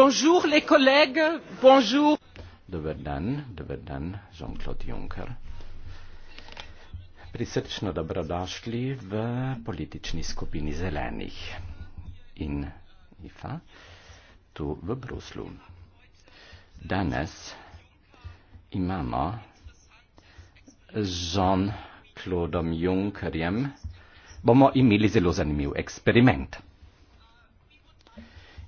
Bonjour les collègues, bonjour. Dober dan, dober dan, Jean-Claude Juncker. Prisrčno dobrodošli v politični skupini zelenih in IFA tu v Bruslu. Danes imamo z Jean-Claude Junckerjem, bomo imeli zelo zanimiv eksperiment.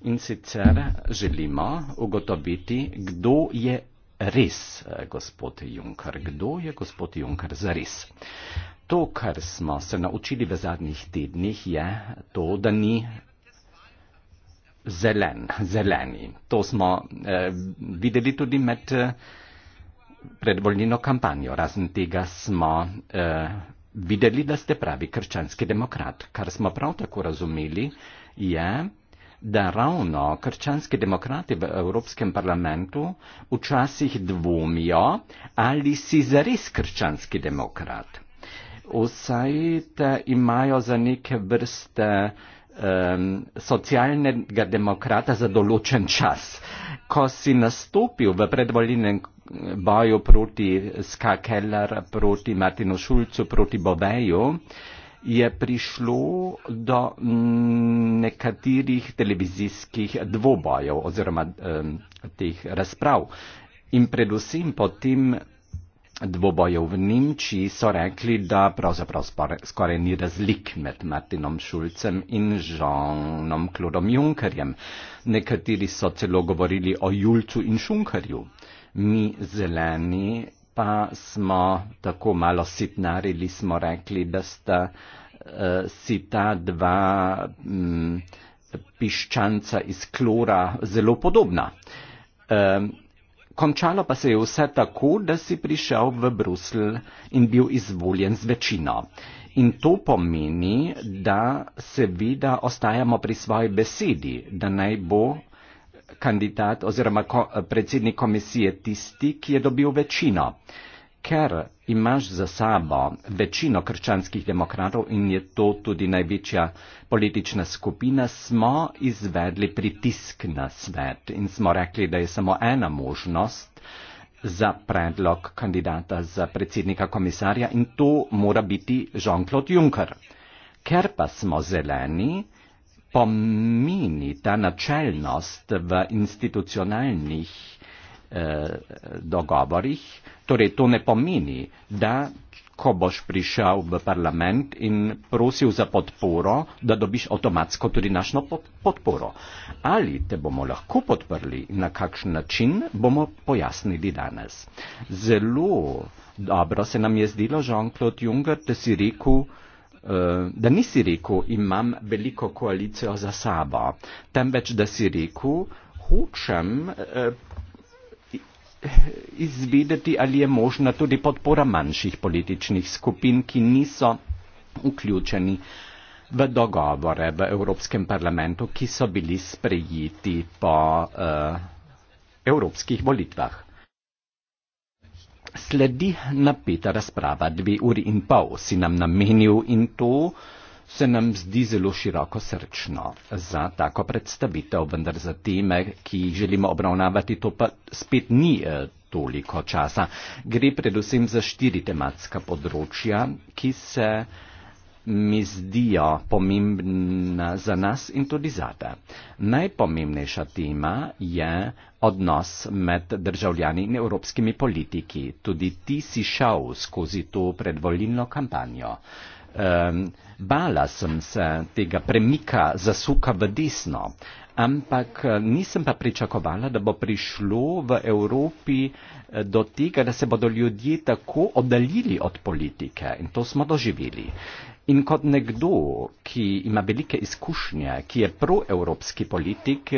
In sicer želimo ugotoviti, kdo je res eh, gospod Junker, kdo je gospod Junker za res. To, kar smo se naučili v zadnjih tednih, je to, da ni zelen, zeleni. To smo eh, videli tudi med eh, predvoljnino kampanjo. Razen tega smo eh, videli, da ste pravi krščanski demokrat. Kar smo prav tako razumeli, je, da ravno krščanske demokrate v Evropskem parlamentu včasih dvomijo, ali si zares krščanski demokrat. Vsaj te imajo za neke vrste um, socialnega demokrata za določen čas. Ko si nastopil v predvoljenem boju proti Skakeller, proti Martinu Šulcu, proti Boveju, je prišlo do nekaterih televizijskih dvobojev oziroma teh razprav. In predvsem potem dvobojev v Nemčiji so rekli, da pravzaprav skoraj ni razlik med Martinom Šulcem in Žonom Klodom Junkerjem. Nekateri so celo govorili o Julcu in Šunkerju. Mi zeleni pa smo tako malo sitnarili, smo rekli, da sta uh, si ta dva um, piščanca iz klora zelo podobna. Um, končalo pa se je vse tako, da si prišel v Bruselj in bil izvoljen z večino. In to pomeni, da seveda ostajamo pri svoji besedi, da naj bo kandidat oziroma ko, predsednik komisije tisti, ki je dobil večino. Ker imaš za sabo večino krščanskih demokratov in je to tudi največja politična skupina, smo izvedli pritisk na svet in smo rekli, da je samo ena možnost za predlog kandidata za predsednika komisarja in to mora biti Jean-Claude Juncker. Ker pa smo zeleni, pomeni ta načelnost v institucionalnih eh, dogovorih, torej to ne pomeni, da ko boš prišel v parlament in prosil za podporo, da dobiš avtomatsko tudi našo podporo. Ali te bomo lahko podprli in na kakšen način, bomo pojasnili danes. Zelo dobro se nam je zdelo, Jean-Claude Juncker, da si rekel, Eh, da nisi rekel, imam veliko koalicijo za sabo, temveč da si rekel, hočem eh, izvedeti, ali je možna tudi podpora manjših političnih skupin, ki niso vključeni v dogovore v Evropskem parlamentu, ki so bili sprejeti po uh, evropskih volitvah. Sledi napeta razprava, dve uri in pol si nam namenil in to se nam zdi zelo široko srčno za tako predstavitev, vendar za teme, ki jih želimo obravnavati, to pa spet ni eh, toliko časa. Gre predvsem za štiri tematska področja, ki se mi zdijo pomembna za nas in tudi zate. Najpomembnejša tema je odnos med državljani in evropskimi politiki. Tudi ti si šel skozi to predvolilno kampanjo. Um, bala sem se tega premika zasuka v desno, ampak eh, nisem pa pričakovala, da bo prišlo v Evropi eh, do tega, da se bodo ljudje tako oddaljili od politike in to smo doživeli. Uh, In kot nekdo, ki ima velike izkušnje, ki je proevropski politik,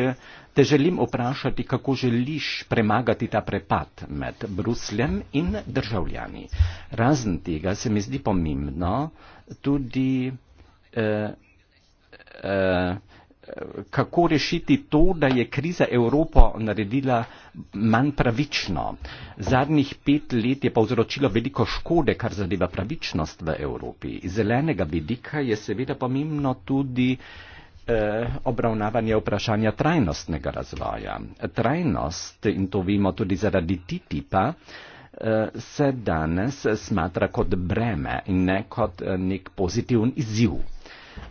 te želim vprašati, kako želiš premagati ta prepad med Brusljem in državljani. Razen tega se mi zdi pomembno tudi eh, eh, kako rešiti to, da je kriza Evropo naredila manj pravično. Zadnjih pet let je povzročilo veliko škode, kar zadeva pravičnost v Evropi. Iz zelenega vidika je seveda pomembno tudi eh, obravnavanje vprašanja trajnostnega razvoja. Trajnost, in to vemo tudi zaradi TTIP-a, eh, se danes smatra kot breme in ne kot eh, nek pozitiven izziv.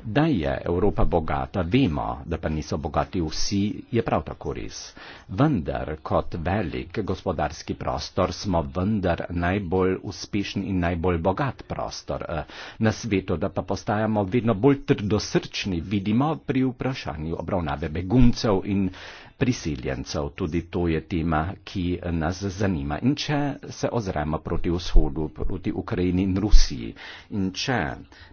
Da je Evropa bogata, vemo, da pa niso bogati vsi, je prav tako res. Vendar kot velik gospodarski prostor smo vendar najbolj uspešen in najbolj bogat prostor eh, na svetu, da pa postajamo vedno bolj trdosrčni, vidimo pri vprašanju obravnave beguncev in prisiljencev. Tudi to je tema, ki nas zanima. In če se ozremo proti vzhodu, proti Ukrajini in Rusiji, in če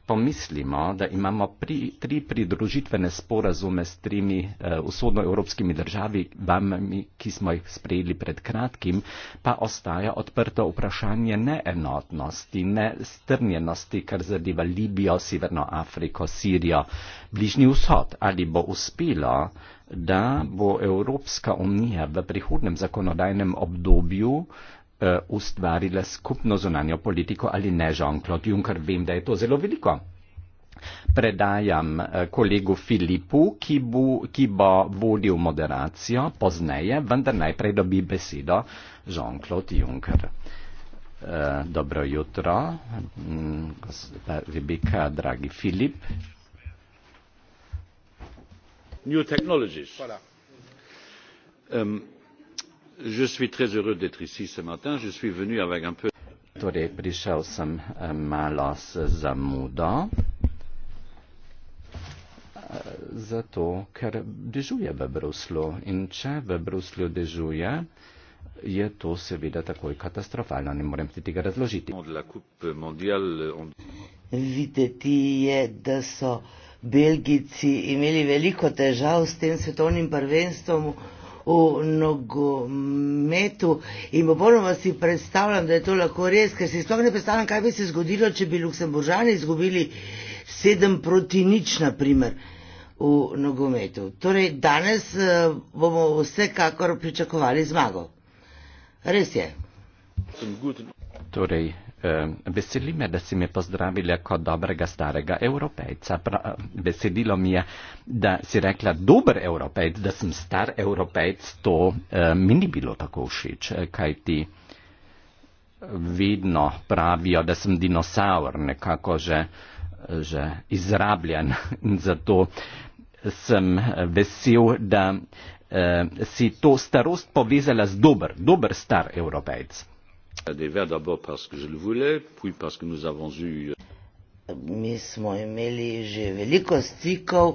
pomislimo, da imamo pri, tri pridružitvene sporazume s trimi eh, vzhodnoevropskimi državami, ki smo jih sprejeli pred kratkim, pa ostaja odprto vprašanje neenotnosti, nestrnjenosti, kar zadeva Libijo, Severno Afriko, Sirijo, Bližnji vzhod. Ali bo uspelo da bo Evropska unija v prihodnem zakonodajnem obdobju uh, ustvarila skupno zunanjo politiko ali ne, Jean-Claude Juncker, vem, da je to zelo veliko. Predajam eh, kolegu Filipu, ki bo, ki bo vodil moderacijo pozneje, vendar najprej dobi besedo Jean-Claude Juncker. Eh, dobro jutro, mm, Rebeka, dragi Filip new technologies. Euh, je suis très heureux d'être ici ce matin. je suis venu avec un peu. ktorý prišiel sem eh, malo s zamudo, eh, zato ker dežuje v Bruslu. In če v Bruslu dežuje, je to seveda takoj katastrofalno, ne morem ti tega razložiti. Videti je, da so Belgici imeli veliko težav s tem svetovnim prvenstvom v nogometu in popolnoma si predstavljam, da je to lahko res, ker si sploh ne predstavljam, kaj bi se zgodilo, če bi Luksemburžani izgubili sedem proti nič, na primer, v nogometu. Torej, danes eh, bomo vsekakor pričakovali zmago. Res je. Torej, Eh, veseli me, da si me pozdravila kot dobrega starega evropejca. Pra, veselilo mi je, da si rekla dober evropejc, da sem star evropejc, to eh, mi ni bilo tako všeč, eh, kaj ti vedno pravijo, da sem dinosaur, nekako že, že izrabljen in zato sem eh, vesel, da eh, si to starost povezala z dober, dober star evropejc adhérer d'abord parce que je le voulais, puis parce que nous avons eu. Euh, Mi smo imeli že veliko stikov,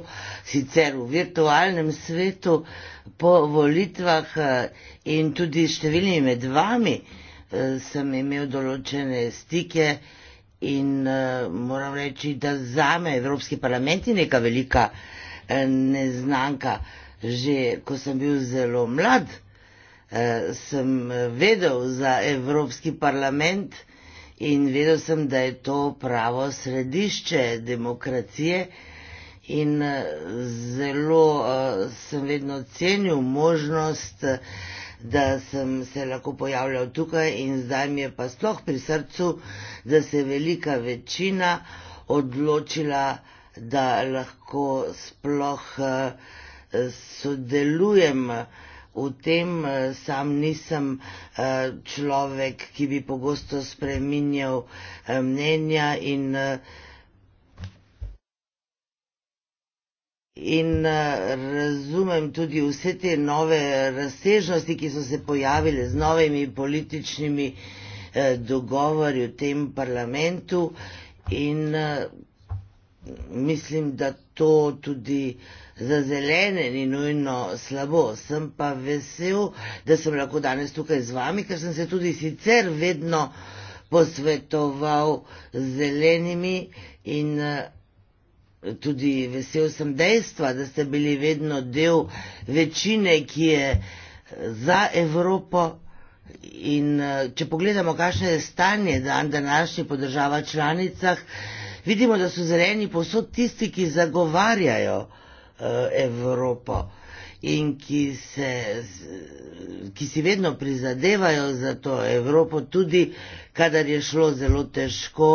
sicer v virtualnem svetu, po volitvah eh, in tudi številni med vami eh, sem imel določene stike in eh, moram reči, da za me Evropski parlament je neka velika neznanka. Že ko sem bil zelo mlad, Eh, sem vedel za Evropski parlament in vedel sem, da je to pravo središče demokracije in eh, zelo eh, sem vedno cenil možnost, da sem se lahko pojavljal tukaj in zdaj mi je pa sploh pri srcu, da se je velika večina odločila, da lahko sploh sodelujem v tem, eh, sam nisem eh, človek, ki bi pogosto spreminjal eh, mnenja in, in razumem tudi vse te nove razsežnosti, ki so se pojavile z novimi političnimi dogovori v tem parlamentu in mislim, da to tudi za zelene ni nujno slabo. Sem pa vesel, da sem lahko danes tukaj z vami, ker sem se tudi sicer vedno posvetoval z zelenimi in eh, tudi vesel sem dejstva, da ste bili vedno del večine, ki je eh, za Evropo. In eh, če pogledamo, kakšno je stanje dan današnji po državah članicah, vidimo, da so zeleni posod tisti, ki zagovarjajo uh, Evropo in ki, se, ki si vedno prizadevajo za to Evropo, tudi kadar je šlo zelo težko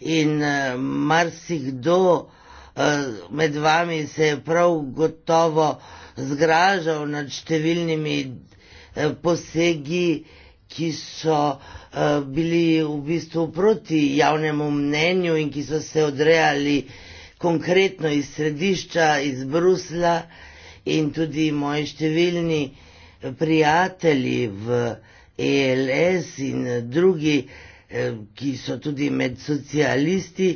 in uh, marsikdo uh, med vami se je prav gotovo zgražal nad številnimi uh, posegi uh, ki so uh, bili v bistvu proti javnemu mnenju in ki so se odrejali konkretno iz središča, iz Brusla in tudi moji številni eh, prijatelji v ELS in eh, drugi, ki so tudi med socialisti,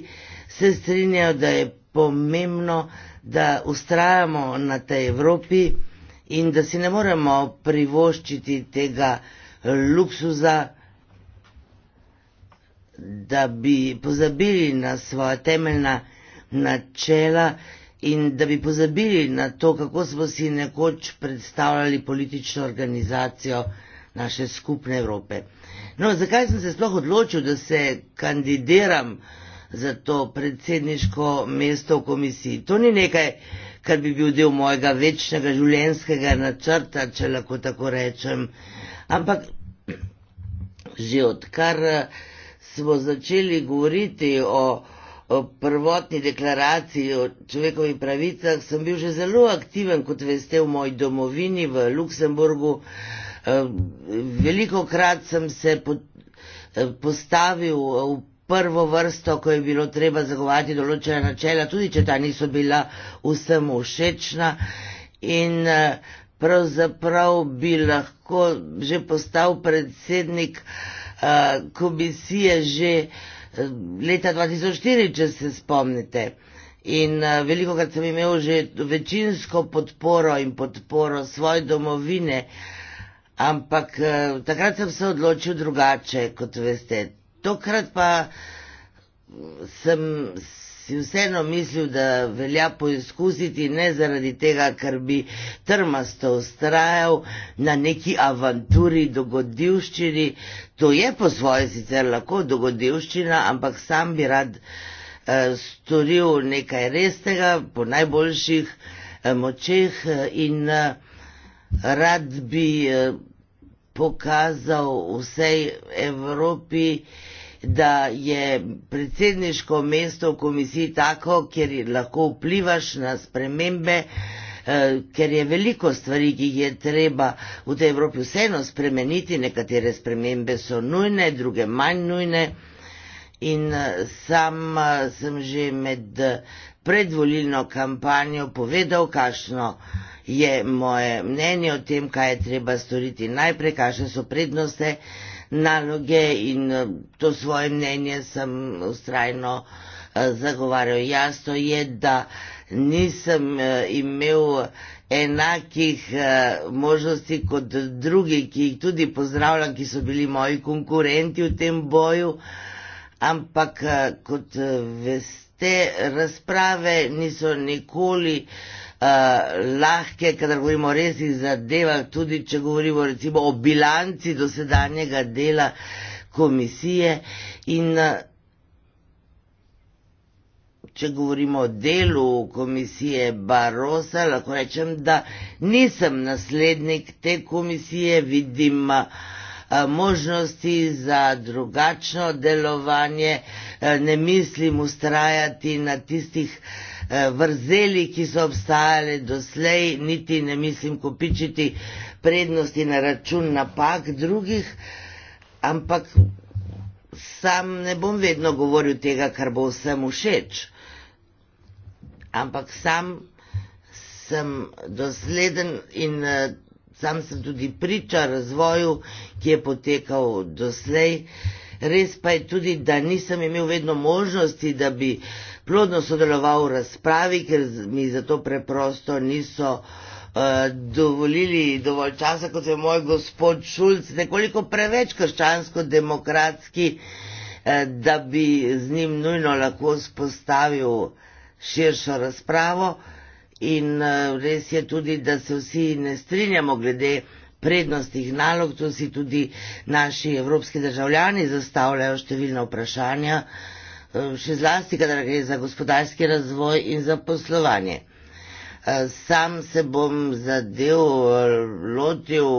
se strinjajo, da je pomembno, da ustrajamo na tej Evropi in da si ne moremo privoščiti tega, luksuza, da bi pozabili na svoje temeljna načela in da bi pozabili na to, kako smo si nekoč predstavljali politično organizacijo naše skupne Evrope. No, zakaj sem se sploh odločil, da se kandidiram za to predsedniško mesto v komisiji? To ni nekaj, kar bi bil del mojega večnega življenjskega načrta, če lahko tako rečem. Ampak že odkar eh, smo začeli govoriti o, o prvotni deklaraciji o človekovih pravicah, sem bil že zelo aktiven, kot veste, v moji domovini v Luksemburgu. Eh, Veliko krat sem se eh, postavil v prvo vrsto, ko je bilo treba zagovati določena načela, tudi če ta niso bila vsem všečna. In uh, pravzaprav bi lahko že postal predsednik uh, komisije že e, leta 2004, če se spomnite. In uh, veliko krat sem imel že večinsko podporo in podporo svoje domovine, ampak uh, takrat sem se odločil drugače, kot veste. Tokrat pa sem si vseeno mislil, da velja poizkusiti, ne zaradi tega, ker bi trmasto ustrajal na neki avanturi, dogodivščini. To je po svoje sicer lahko dogodivščina, ampak sam bi rad eh, storil nekaj resnega, po najboljših eh, močeh eh, in eh, rad bi eh, pokazal vsej Evropi, eh, da je predsedniško mesto v komisiji tako, kjer lahko vplivaš na spremembe, eh, ker je veliko stvari, ki jih je treba v tej Evropi vseeno spremeniti, nekatere spremembe so nujne, druge manj nujne. In eh, sam eh, sem že med predvolilno kampanjo povedal, kakšno je moje mnenje o tem, kaj je treba storiti najprej, kakšne so prednosti naloge in eh, to svoje mnenje sem ustrajno eh, zagovarjal. Jasno je, da nisem eh, imel enakih možnosti kot drugi, ki jih tudi pozdravljam, ki so bili moji konkurenti v tem boju, ampak kot veste, razprave niso nikoli uh, Eh, lahke, kadar govorimo o resnih zadevah, tudi če govorimo recimo o bilanci dosedanjega dela komisije in eh, Če govorimo o delu komisije Barosa, lahko rečem, da nisem naslednik te komisije, vidim a, eh, možnosti za drugačno delovanje, a, ne mislim ustrajati na tistih a, Eh, vrzeli, ki so obstajale doslej, niti ne mislim kopičiti prednosti na račun napak drugih, ampak sam ne bom vedno govoril tega, kar bo vsem všeč. Ampak sam sem dosleden in eh, sam sem tudi priča razvoju, ki je potekal doslej. Res pa je tudi, da nisem imel vedno možnosti, da bi uh, plodno sodeloval v razpravi, ker mi zato preprosto niso uh, dovolili dovolj časa, kot je moj gospod Šulc, nekoliko preveč krščansko-demokratski, uh, da bi z njim nujno lahko spostavil širšo razpravo. In uh, res je tudi, da se vsi ne strinjamo glede prednostih nalog, tu si tudi naši evropski državljani zastavljajo številna vprašanja. Uh, Eh, še zlasti, kadar gre za gospodarski razvoj in za poslovanje. Eh, sam se bom zadev eh, lotil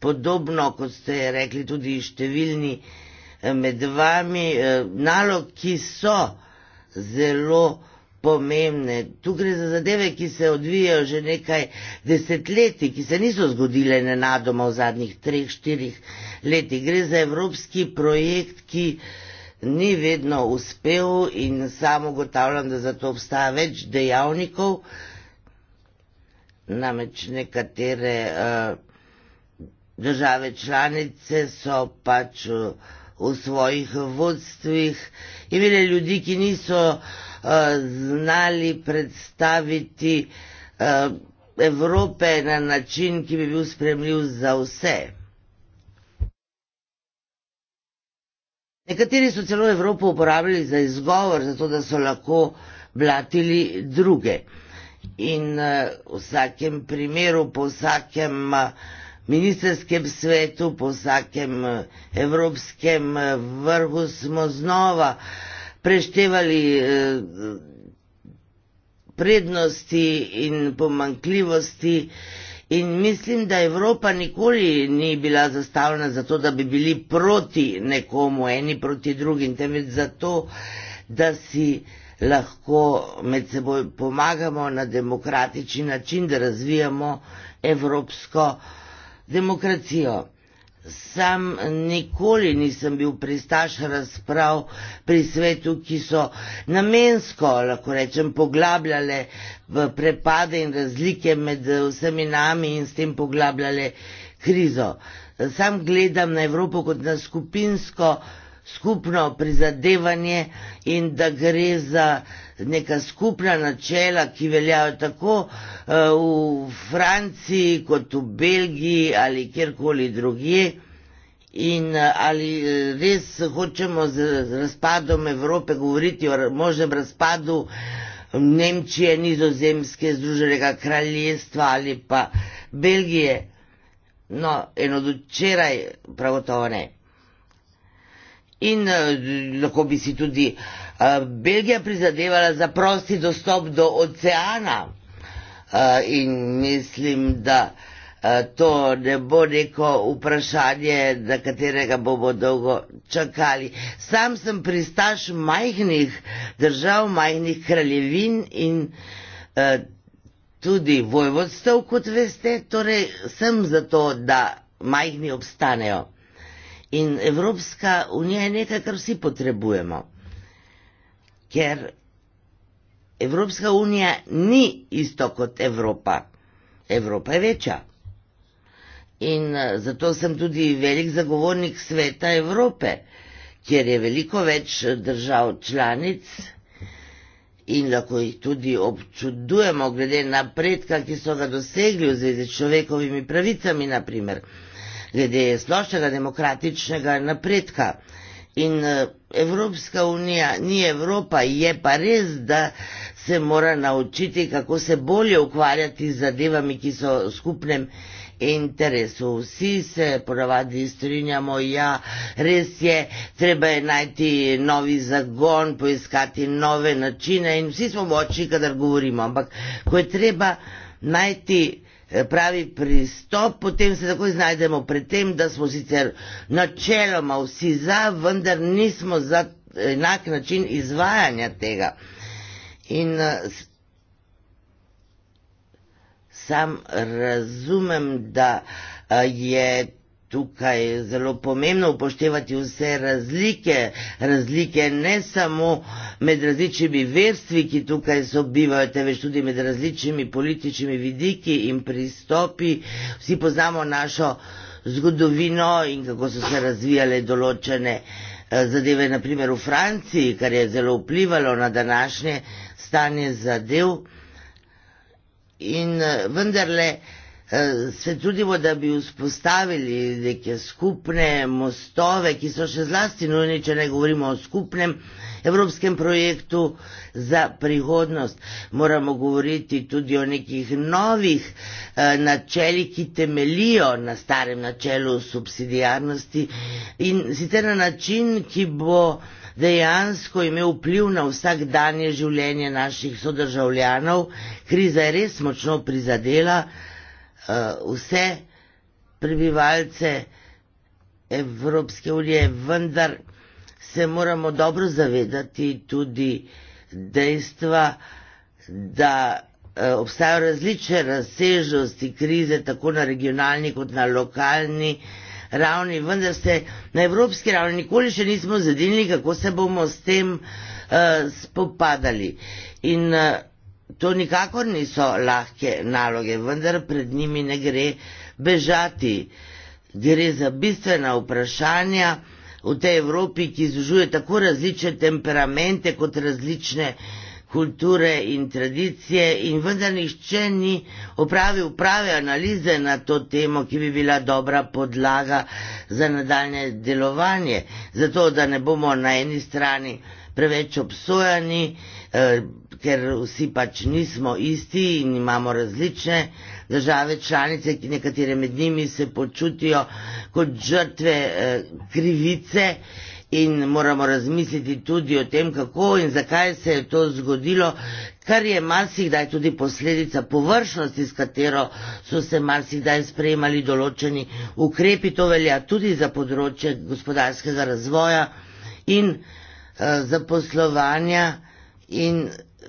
podobno, kot ste rekli tudi številni med vami, nalog, ki so zelo pomembne. Tu gre za zadeve, ki se odvijajo že nekaj desetletji, ki se niso zgodile nenadoma v zadnjih treh, štirih letih. Gre za evropski projekt, ki ni vedno uspel in sam ugotavljam, da za to obstaja več dejavnikov, namreč nekatere eh, države članice so pač eh, v svojih vodstvih imeli ljudi, ki niso eh, znali predstaviti Evrope na način, ki bi bil spremljiv za vse. Nekateri so celo Evropo uporabljali za izgovor, zato da so lahko blatili druge. In eh, v vsakem primeru, po vsakem eh, ministerskem svetu, po vsakem eh, evropskem vrhu smo znova preštevali prednosti in pomankljivosti. In mislim, da Evropa nikoli ni bila zastavljena zato, da bi bili proti nekomu, eni proti drugim, temveč zato, da si lahko med seboj pomagamo na demokratični način, da razvijamo evropsko demokracijo. Sam nikoli nisem bil pristaš razprav pri svetu, ki so namensko, lahko rečem, poglabljale v prepade in razlike med vsemi nami in s tem poglabljale krizo. Sam gledam na Evropo kot na skupinsko skupno prizadevanje in da gre za neka skupna načela, ki veljajo tako eh, v Franciji kot v Belgiji ali kjerkoli drugje. In eh, ali eh, res hočemo z razpadom Evrope govoriti o možnem razpadu Nemčije, Nizozemske, Združenega kraljestva ali pa Belgije? No, eno od včeraj, pravotovo ne in eh, lahko bi si tudi eh, Belgija prizadevala za prosti dostop do oceana. Eh, in mislim, da to ne bo neko vprašanje, na katerega bomo dolgo čakali. Sam sem pristaš majhnih držav, majhnih kraljevin in tudi vojvodstv, kot veste, torej sem zato, da majhni obstanejo. In Evropska unija je nekaj, kar vsi potrebujemo, ker Evropska unija ni isto kot Evropa. Evropa je večja. In eh, zato sem tudi velik zagovornik sveta Evrope, kjer je veliko več držav članic in lahko jih tudi občudujemo glede napredka, ki so ga dosegli v zvezi s človekovimi pravicami, naprimer glede splošnega demokratičnega napredka. In eh, Evropska unija ni Evropa, je pa res, da se mora naučiti, kako se bolje ukvarjati z zadevami, ki so v skupnem interesu. Vsi se ponavadi strinjamo, ja, res je, treba je najti novi zagon, poiskati nove načine in vsi smo moči, kadar govorimo, ampak ko je treba najti Eh, pravi pristop, potem se takoj znajdemo pred tem, da smo sicer načeloma vsi za, vendar nismo za enak način izvajanja tega. In eh, sam razumem, da eh, je Tukaj je zelo pomembno upoštevati vse razlike, razlike ne samo med različnimi verstvi, ki tukaj sobivajo, temveč tudi med različnimi političnimi vidiki in pristopi. Vsi poznamo našo zgodovino in kako so se razvijale določene eh, zadeve, naprimer v Franciji, kar je zelo vplivalo na današnje stanje zadev. In eh, vendarle, Eh, se trudimo, da bi vzpostavili neke skupne mostove, ki so še zlasti nujni, če ne govorimo o skupnem evropskem projektu za prihodnost. Moramo govoriti tudi o nekih novih eh, načeli, ki temelijo na starem načelu subsidijarnosti in sicer na način, ki bo dejansko imel vpliv na vsak danje življenje naših sodržavljanov. Kriza je res močno prizadela, Eh, vse prebivalce Evropske unije, vendar se moramo dobro zavedati tudi dejstva, da eh, obstajajo različne razsežnosti krize, tako na regionalni kot na lokalni ravni, vendar se na evropski ravni nikoli še nismo zadinili, kako se bomo s tem uh, spopadali. In uh, To nikakor niso lahke naloge, vendar pred njimi ne gre bežati. Gre za bistvena vprašanja v tej Evropi, ki združuje tako različne temperamente kot različne kulture in tradicije in vendar nihče ni opravil prave analize na to temo, ki bi bila dobra podlaga za nadaljne delovanje, zato da ne bomo na eni strani preveč obsojani, Eh, ker vsi pač nismo isti in imamo različne države članice, ki nekatere med njimi se počutijo kot žrtve eh, krivice in moramo razmisliti tudi o tem, kako in zakaj se je to zgodilo, kar je marsikdaj tudi posledica površnosti, s katero so se marsikdaj sprejemali določeni ukrepi. To velja tudi za področje gospodarskega razvoja in eh, zaposlovanja in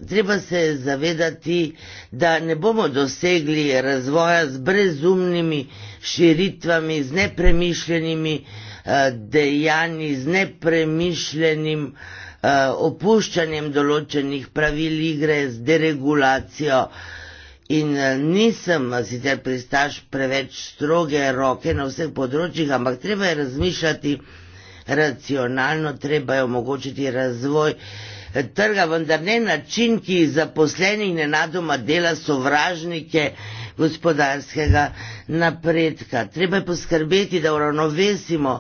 treba se zavedati, da ne bomo dosegli razvoja z brezumnimi širitvami, z nepremišljenimi eh, dejanji, z nepremišljenim eh, opuščanjem določenih pravil igre, z deregulacijo. In eh, nisem sicer pristaš preveč stroge roke na vseh področjih, ampak treba je razmišljati racionalno, treba je omogočiti razvoj trga, vendar ne način, ki zaposlenih nenadoma dela sovražnike gospodarskega napredka. Treba je poskrbeti, da uravnovesimo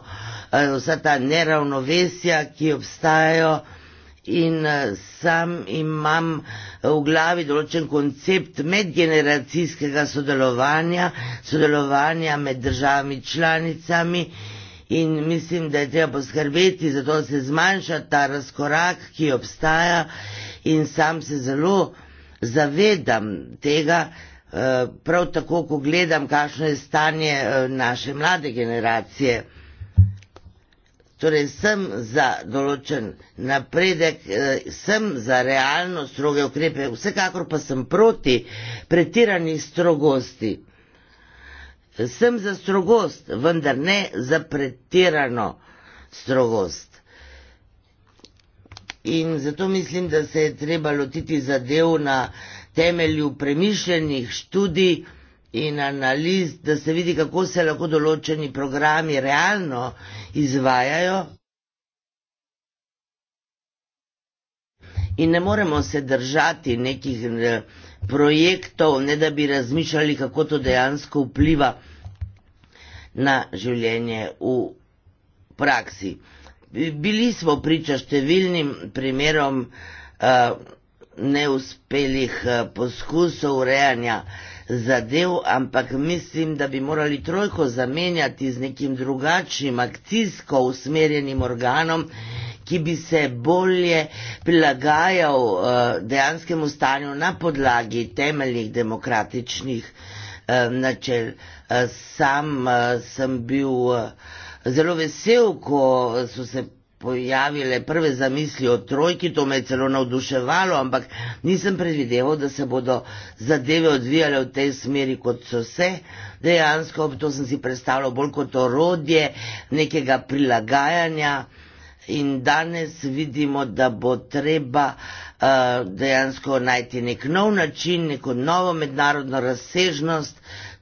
eh, vsa ta neravnovesja, ki obstajajo in eh, sam imam eh, v glavi določen koncept medgeneracijskega sodelovanja, sodelovanja med državami članicami in mislim, da je treba poskrbeti za to, da se zmanjša ta razkorak, ki obstaja in sam se zelo zavedam tega, eh, prav tako, ko gledam, kakšno je stanje eh, naše mlade generacije. Torej, sem za določen napredek, eh, sem za realno stroge ukrepe, vsekakor pa sem proti pretirani strogosti sem za strogost, vendar ne za pretirano strogost. In zato mislim, da se je treba lotiti zadev na temelju premišljenih študij in analiz, da se vidi, kako se lahko določeni programi realno izvajajo. In ne moremo se držati nekih. Ne, eh, projektov, ne da bi razmišljali, kako to dejansko vpliva na življenje v praksi. Bili smo priča številnim primerom uh, neuspelih uh, poskusov urejanja zadev, ampak mislim, da bi morali trojko zamenjati z nekim drugačnim akcijsko usmerjenim organom, uh, ki bi se bolje prilagajal eh, dejanskemu stanju na podlagi temeljnih demokratičnih eh, načel. Eh, sam sem bil zelo vesel, ko so se pojavile prve zamisli o trojki, to me je celo navduševalo, ampak nisem predvideval, da se bodo zadeve odvijale v tej smeri, kot so se dejansko, to sem si predstavljal bolj kot orodje nekega prilagajanja in danes vidimo, da bo treba uh, dejansko najti nek nov način, neko novo mednarodno razsežnost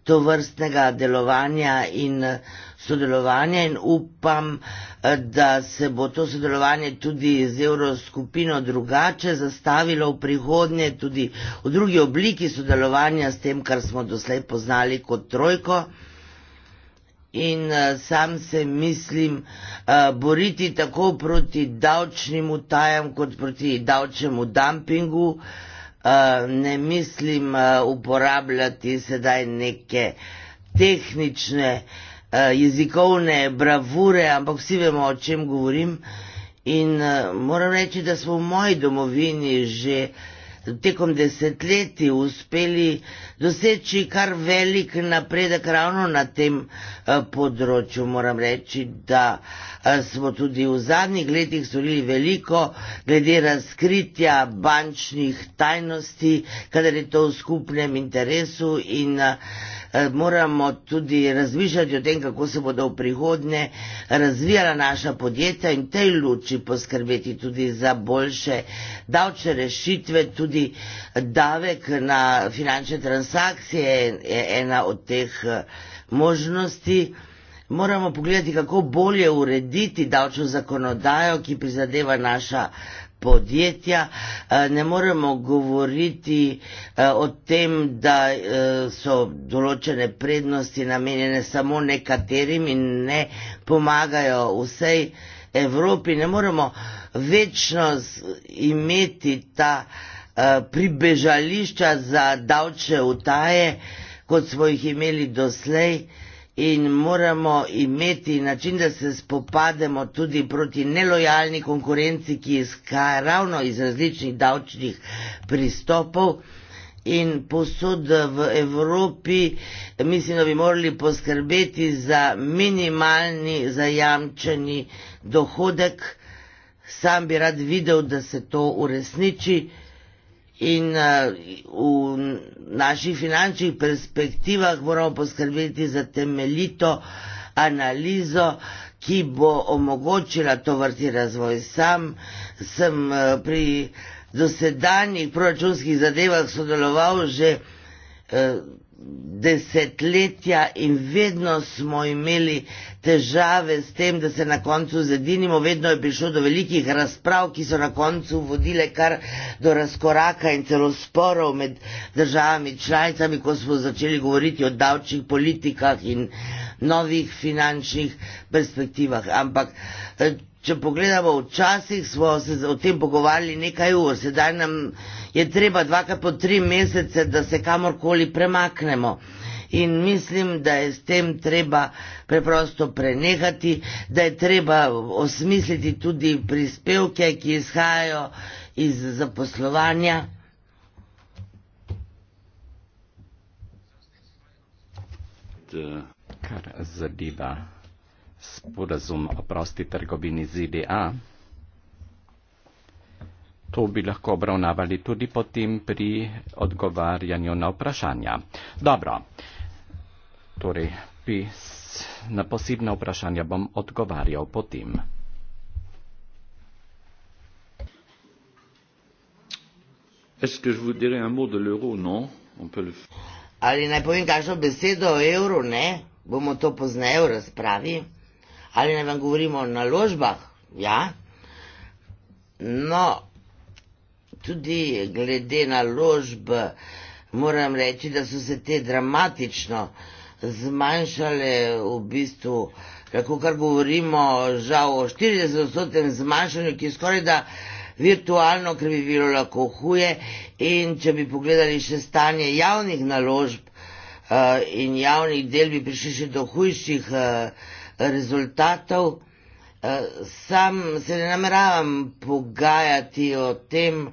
to vrstnega delovanja in eh, sodelovanja in upam, eh, da se bo to sodelovanje tudi z evroskupino drugače zastavilo v prihodnje, tudi v drugi obliki sodelovanja s tem, kar smo doslej poznali kot trojko in uh, sam se mislim uh, boriti tako proti davčnim utajam kot proti davčnemu dumpingu. Uh, ne mislim uh, uporabljati sedaj neke tehnične uh, jezikovne bravure, ampak vsi vemo, o čem govorim. In uh, moram reči, da smo v moji domovini že uh, tekom desetletij uspeli doseči kar velik napredek ravno na tem eh, področju. Moram reči, da eh, smo tudi v zadnjih letih storili veliko glede razkritja bančnih tajnosti, kadar je to v skupnem interesu in eh, Eh, moramo tudi razmišljati o tem, kako se bodo v prihodnje razvijala naša podjetja in tej luči poskrbeti tudi za boljše davčne rešitve, tudi davek na finančne transakcije je ena od teh eh, možnosti. Moramo pogledati, kako bolje urediti davčno zakonodajo, ki prizadeva naša podjetja, eh, ne moremo govoriti eh, o tem, da eh, so določene prednosti namenjene samo nekaterim in ne pomagajo vsej Evropi. Ne moremo večno imeti ta pribežališča za davčne utaje, kot smo jih imeli doslej in moramo imeti način, da se spopademo tudi proti nelojalni konkurenci, ki izhaja ravno iz različnih davčnih pristopov. In posod v Evropi mislim, da bi morali poskrbeti za minimalni zajamčeni dohodek. Sam bi rad videl, da se to uresniči. In eh, v naših finančnih perspektivah moramo poskrbeti za temeljito analizo, ki bo omogočila to vrti razvoj. Sam sem eh, pri dosedanjih proračunskih zadevah sodeloval že eh, desetletja in vedno smo imeli težave s tem, da se na koncu zedinimo, vedno je prišlo do velikih razprav, ki so na koncu vodile kar do razkoraka in celo sporov med državami članicami, ko smo začeli govoriti o davčnih politikah in novih finančnih perspektivah. Ampak, eh, če pogledamo, včasih smo se o tem pogovarjali nekaj ur, sedaj nam je treba dvakrat po tri mesece, da se kamorkoli premaknemo in mislim, da je s tem treba preprosto prenehati, da je treba osmisliti tudi prispevke, ki izhajajo iz zaposlovanja. Kar zadeva sporazum o prosti trgovini ZDA, to bi lahko obravnavali tudi potem pri odgovarjanju na vprašanja. Dobro torej bi na posebna vprašanja bom odgovarjal potem. Est-ce que je vous dirai un mot de l'euro, non? On peut le faire. Ali naj povem kakšno besedo o evru, ne? Bomo to pozneje v razpravi. Ali naj vam govorimo o naložbah? Ja. No, tudi glede naložb moram reči, da so se te dramatično uh, zmanjšale v bistvu, kako kar govorimo, žal o 40-odstotnem zmanjšanju, ki je skoraj da virtualno, ker bi bilo lahko huje. In če bi pogledali še stanje javnih naložb uh, in javnih del, bi prišli še do hujših uh, rezultatov. Uh, sam se ne nameravam pogajati o tem,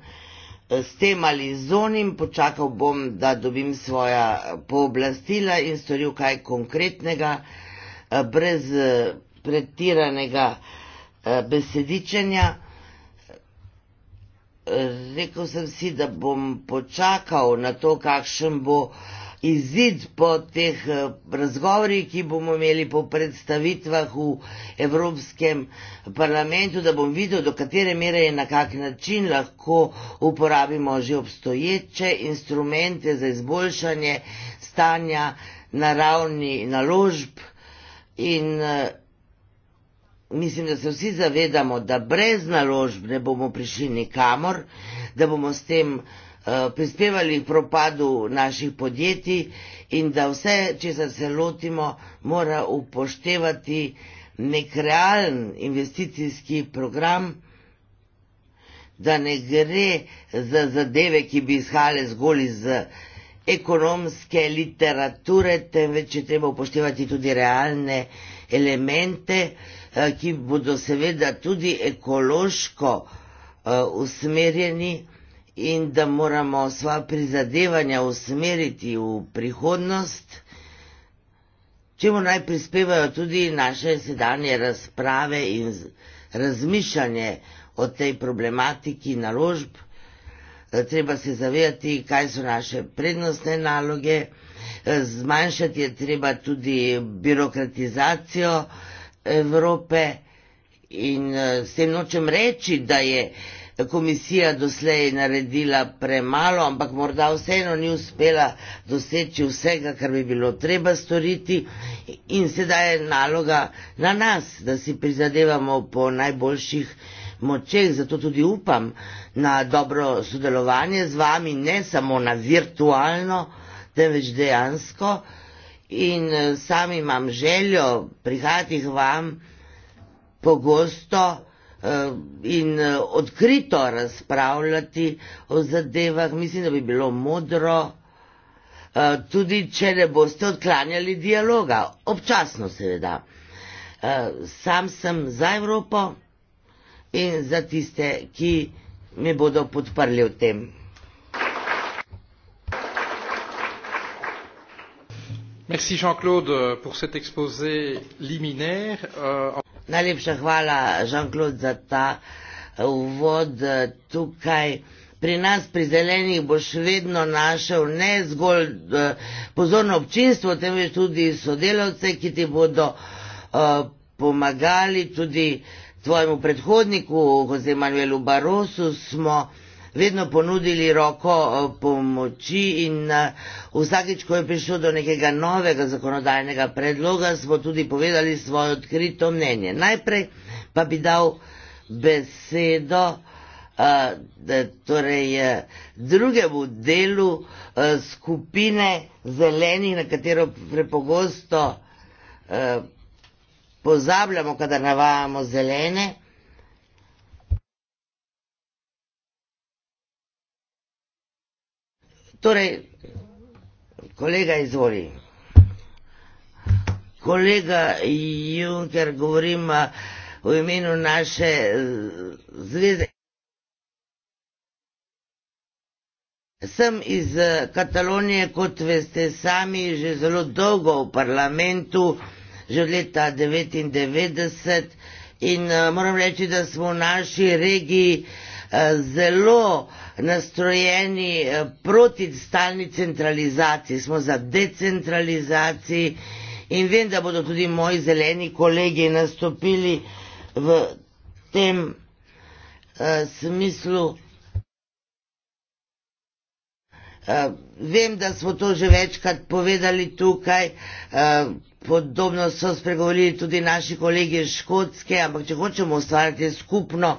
s tem ali z onim, počakal bom, da dobim svoja eh, pooblastila in storil kaj konkretnega, eh, brez eh, pretiranega besedičenja. Rekl sem si, da bom počakal na to, kakšen bo izid po teh eh, razgovorih, ki bomo imeli po predstavitvah v Evropskem parlamentu, da bom videl, do katere mere in na kak način lahko uporabimo že obstoječe instrumente za izboljšanje stanja na ravni naložb in eh, Mislim, da se vsi zavedamo, da brez naložb ne bomo prišli nikamor, da bomo s tem uh, Eh, prispevali k propadu naših podjetij in da vse, če se lotimo, mora upoštevati nek realen investicijski program, da ne gre za zadeve, ki bi izhale zgolj iz ekonomske literature, temveč je treba upoštevati tudi realne elemente, eh, ki bodo seveda tudi ekološko eh, usmerjeni. Uh, in da moramo svoje prizadevanja usmeriti v prihodnost, čemu naj prispevajo tudi naše sedanje razprave in razmišljanje o tej problematiki naložb. E, treba se zavedati, kaj so naše prednostne naloge, e, zmanjšati je treba tudi birokratizacijo Evrope in e, s tem nočem reči, da je komisija doslej naredila premalo, ampak morda vseeno ni uspela doseči vsega, kar bi bilo treba storiti in sedaj je naloga na nas, da si prizadevamo po najboljših močeh, zato tudi upam na dobro sodelovanje z vami, ne samo na virtualno, temveč dejansko in eh, sami imam željo prihajati k vam pogosto, Eh, in eh, odkrito razpravljati o zadevah. Mislim, da bi bilo modro, eh, tudi če ne boste odklanjali dialoga, občasno seveda. Sam sem za Evropo in za tiste, ki me bodo podprli v tem. Merci Jean-Claude pour cet exposé liminaire. Euh... Najlepša hvala, Žan-Klod, za ta eh, uvod eh, tukaj. Pri nas, pri zelenih, boš vedno našel ne zgolj eh, pozorno občinstvo, temveč tudi sodelavce, ki ti bodo pomagali. Tudi tvojemu predhodniku, Jose Manuelu Barosu, smo vedno ponudili roko pomoči in vsakeč, ko je prišlo do nekega novega zakonodajnega predloga, smo tudi povedali svoje odkrito mnenje. Najprej pa bi dal besedo torej, e, drugemu delu e, skupine zelenih, na katero prepogosto e, pozabljamo, kadar navajamo zelene. Torej, kolega izvoli. Kolega Juncker, govorim v imenu naše eh, zveze. Sem iz eh, Katalonije, kot veste sami, že zelo dolgo v parlamentu, že od leta 1999 in eh, moram reči, da smo v naši regiji Eh, zelo nastrojeni eh, proti stalni centralizaciji, smo za decentralizaciji in vem, da bodo tudi moji zeleni kolegi nastopili v tem eh, smislu. Vem, da smo to že večkrat povedali tukaj, podobno so spregovorili tudi naši kolegi iz Škotske, ampak če hočemo ustvariti skupno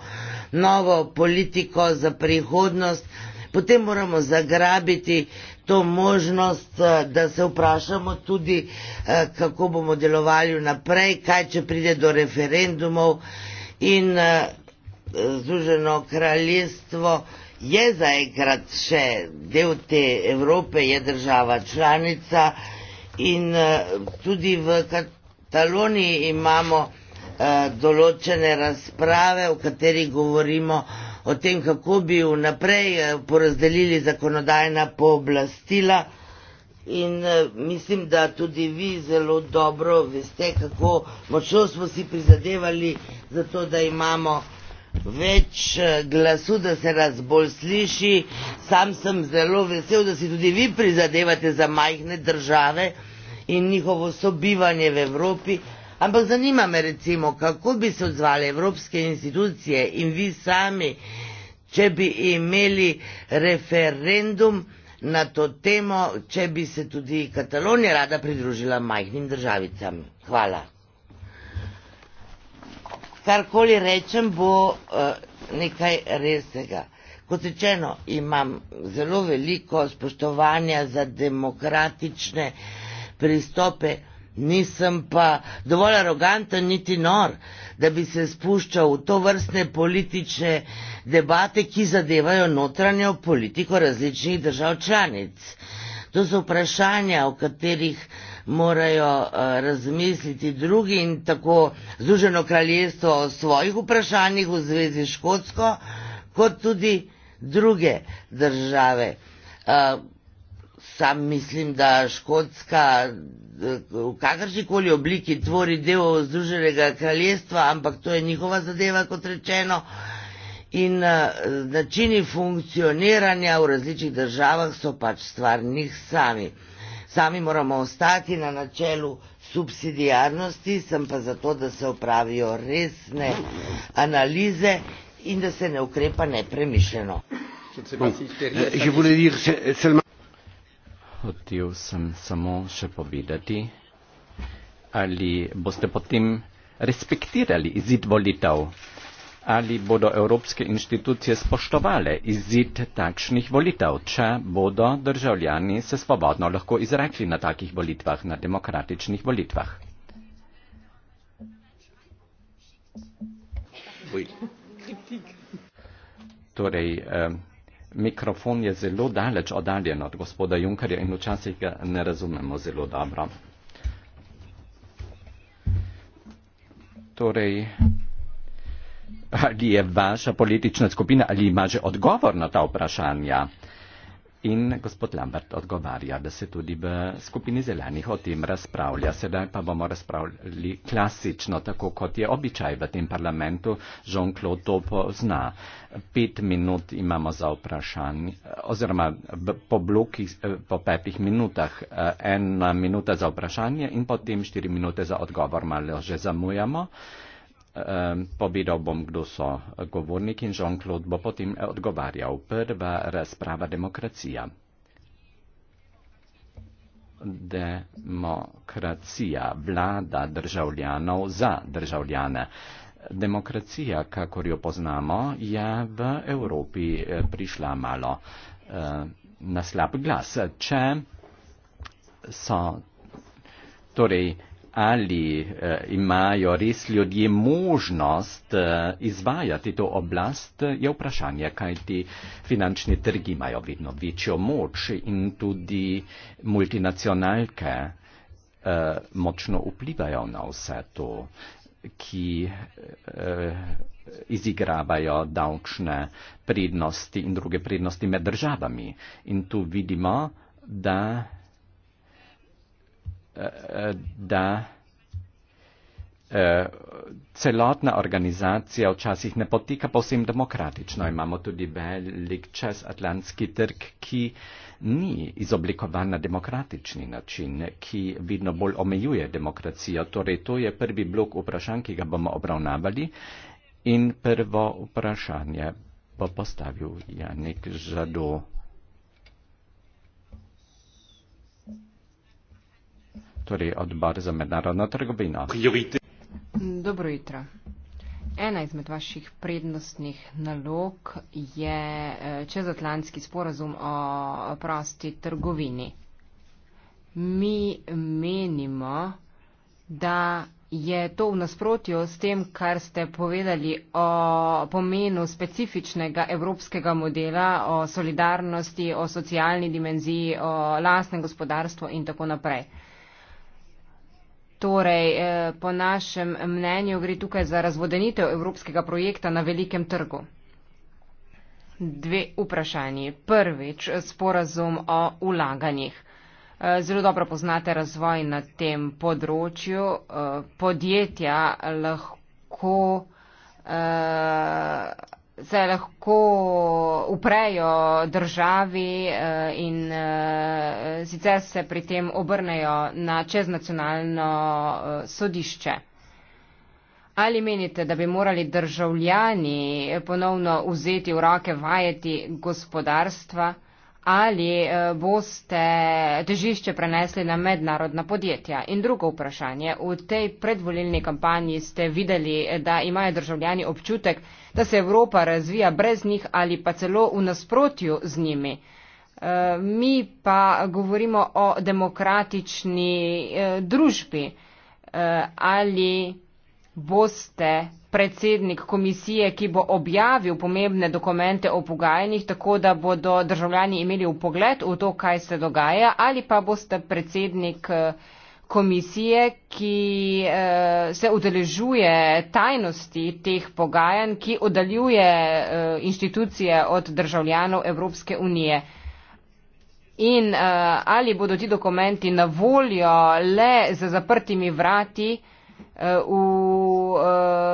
novo politiko za prihodnost, potem moramo zagrabiti to možnost, eh, da se vprašamo tudi, eh, kako bomo delovali naprej, kaj če pride do referendumov in eh, Združeno kraljestvo je zaenkrat še del te Evrope, je država članica in tudi v Kataloniji imamo Eh, določene razprave, v kateri govorimo o tem, kako bi vnaprej eh, porazdelili zakonodajna pooblastila. In eh, mislim, da tudi vi zelo dobro veste, kako močno smo si prizadevali za to, da imamo več glasu, da se nas bolj sliši. Sam sem zelo vesel, da si tudi vi prizadevate za majhne države in njihovo sobivanje v Evropi. Ampak zanima me recimo, kako bi se odzvali evropske institucije in vi sami, če bi imeli referendum na to temo, če bi se tudi Katalonija rada pridružila majhnim državicam. Hvala. Karkoli rečem, bo uh, nekaj resnega. Kot rečeno, imam zelo veliko spoštovanja za demokratične pristope nisem pa dovolj aroganten niti nor, da bi se spuščal v to vrstne politične debate, ki zadevajo notranjo politiko različnih držav članic. To so vprašanja, o katerih morajo eh, razmisliti drugi in tako Združeno kraljestvo o svojih vprašanjih v zvezi s Škotsko, kot tudi druge države. Eh, sam mislim, da Škotska eh, v kakršni koli obliki tvori del Združenega kraljestva, ampak to je njihova zadeva, kot rečeno. In eh, načini funkcioniranja v različnih državah so pač stvar njih sami. Sami moramo ostati na načelu subsidijarnosti, sem pa zato, da se opravijo resne analize in da se ne ukrepa nepremišljeno. Hm. Je, je, je, je, je, je, je, je hotel sem samo še povedati, ali boste potem respektirali izid volitev, ali bodo evropske inštitucije spoštovale izid takšnih volitev, če bodo državljani se svobodno lahko izrekli na takih volitvah, na demokratičnih volitvah. Torej, eh, mikrofon je zelo daleč oddaljen od gospoda Junkarja in včasih ga ne razumemo zelo dobro. Torej, ali je vaša politična skupina, ali ima že odgovor na ta vprašanja? In gospod Lambert odgovarja, da se tudi v skupini zelenih o tem razpravlja. Sedaj pa bomo razpravljali klasično, tako kot je običaj v tem parlamentu. Jean-Claude to pozna. Pet minut imamo za vprašanje, oziroma po blokih, eh, po petih minutah, eh, ena minuta za vprašanje in potem štiri minute za odgovor, malo že zamujamo po bi dobom, kdo so govornik in Jean-Claude bo potem odgovarjal. Prva razprava demokracija. Demokracija, vlada državljanov za državljane. Demokracija, kakor jo poznamo, je v Evropi eh, prišla malo eh, na slab glas. Če so, torej, ali eh, imajo res ljudje možnost eh, izvajati to oblast, je vprašanje, kaj ti finančni trgi imajo vedno večjo moč in tudi multinacionalke eh, močno vplivajo na vse to, ki eh, izigravajo davčne prednosti in druge prednosti med državami. In tu vidimo, da da eh, celotna organizacija včasih ne poteka povsem demokratično. Imamo tudi velik čez Atlantski trg, ki ni izoblikovan na demokratični način, ki vidno bolj omejuje demokracijo. Torej, to je prvi blok vprašanj, ki ga bomo obravnavali. In prvo vprašanje bo postavil Janik Žadov. torej odbor za mednarodno trgovino. Dobro jutro. Ena izmed vaših prednostnih nalog je eh, čezatlantski sporazum o prosti trgovini. Mi menimo, da je to v nasprotju s tem, kar ste povedali o pomenu specifičnega evropskega modela, o solidarnosti, o socialni dimenziji, o lasnem gospodarstvu in tako naprej. Torej, eh, po našem mnenju gre tukaj za razvodenitev evropskega projekta na velikem trgu. Dve vprašanji. Prvič, sporazum o ulaganjih. Eh, zelo dobro poznate razvoj na tem področju. Eh, podjetja lahko. Uh, se lahko uprejo državi eh, in eh, sicer se pri tem obrnejo na čeznacionalno eh, sodišče. Ali menite, da bi morali državljani ponovno vzeti v roke vajeti gospodarstva ali boste težišče prenesli na mednarodna podjetja? In drugo vprašanje, v tej predvolilni kampanji ste videli, da imajo državljani občutek, da se Evropa razvija brez njih ali pa celo v nasprotju z njimi. Eh, mi pa govorimo o demokratični eh, družbi. Eh, ali boste predsednik komisije, ki bo objavil pomembne dokumente o pogajanjih, tako da bodo državljani imeli v pogled v to, kaj se dogaja, ali pa boste predsednik. Uh, komisije, ki uh, se udeležuje tajnosti teh pogajanj, ki oddaljuje uh, inštitucije od državljanov Evropske unije. In uh, ali bodo ti dokumenti na voljo le za zaprtimi vrati uh, v uh,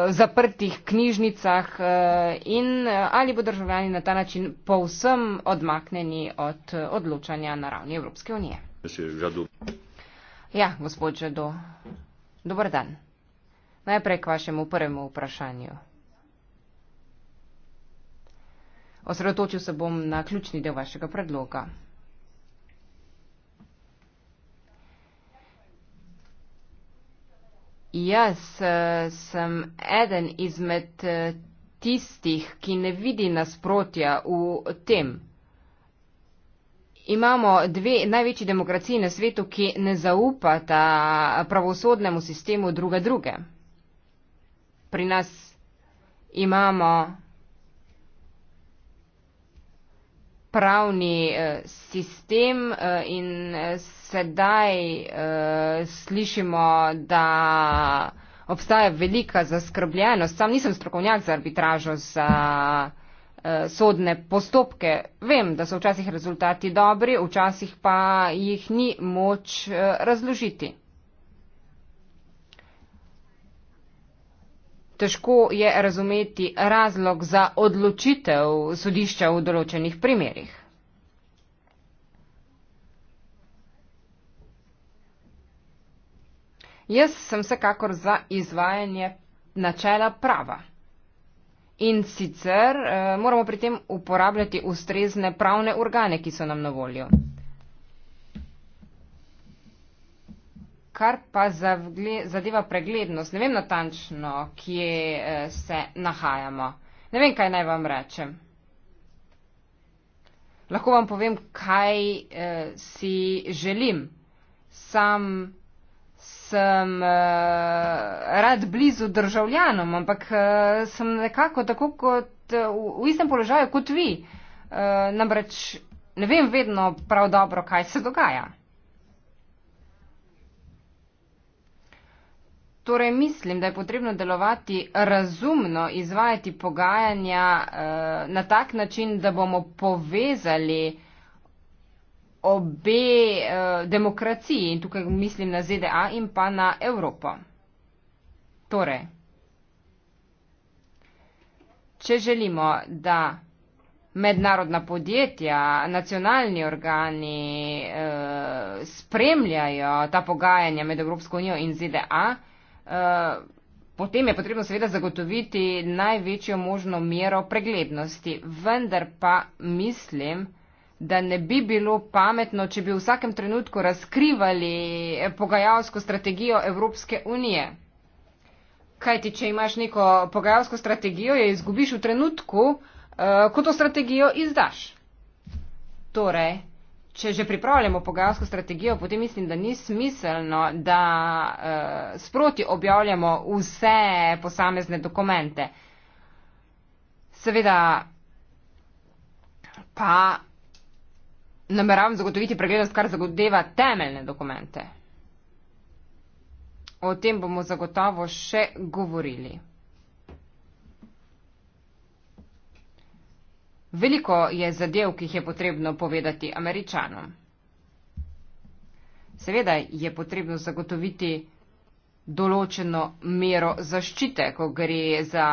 zaprtih knjižnicah uh, in uh, ali bodo državljani na ta način povsem odmaknjeni od uh, odločanja na ravni Evropske unije. Monsieur, Ja, gospod Žedo, dobr dan. Najprej k vašemu prvemu vprašanju. Osredotočil se bom na ključni del vašega predloga. Jaz eh, sem eden izmed eh, tistih, ki ne vidi nasprotja v tem, imamo dve največji demokraciji na svetu, ki ne zaupata pravosodnemu sistemu druga druge. Pri nas imamo pravni eh, sistem eh, in eh, sedaj slišimo, da obstaja velika zaskrbljenost. Sam nisem strokovnjak za arbitražo, za sodne postopke. Vem, da so včasih rezultati dobri, včasih pa jih ni moč eh, razložiti. Težko je razumeti razlog za odločitev sodišča v določenih primerjih. Jaz sem vsekakor za izvajanje načela prava. In sicer uh, moramo pri tem uporabljati ustrezne pravne organe, ki so nam na voljo. Kar pa zadeva preglednost, ne vem natančno, kje eh, se nahajamo. Ne vem, kaj naj vam rečem. Lahko vam povem, kaj eh, si želim. Sam sem uh, rad blizu državljanom, ampak uh, sem nekako tako kot uh, v istem položaju kot vi. Uh, namreč ne vem vedno prav dobro, kaj se dogaja. Torej mislim, da je potrebno delovati razumno, izvajati pogajanja uh, na tak način, da bomo povezali uh, obe uh, demokraciji in tukaj mislim na ZDA in pa na Evropo. Torej, če želimo, da mednarodna podjetja, nacionalni organi uh, spremljajo ta pogajanja med Evropsko unijo in ZDA, uh, eh, Potem je potrebno seveda zagotoviti največjo možno mero preglednosti, vendar pa mislim, da ne bi bilo pametno, če bi v vsakem trenutku razkrivali eh, pogajalsko strategijo Evropske unije. Kaj ti, če imaš neko pogajalsko strategijo, jo izgubiš v trenutku, eh, ko to strategijo izdaš. Torej, če že pripravljamo pogajalsko strategijo, potem mislim, da ni smiselno, da eh, sproti objavljamo vse posamezne dokumente. Seveda, pa nameravam zagotoviti preglednost, kar zagodeva temeljne dokumente. O tem bomo zagotovo še govorili. Veliko je zadev, ki jih je potrebno povedati američanom. Seveda je potrebno zagotoviti določeno mero zaščite, ko gre za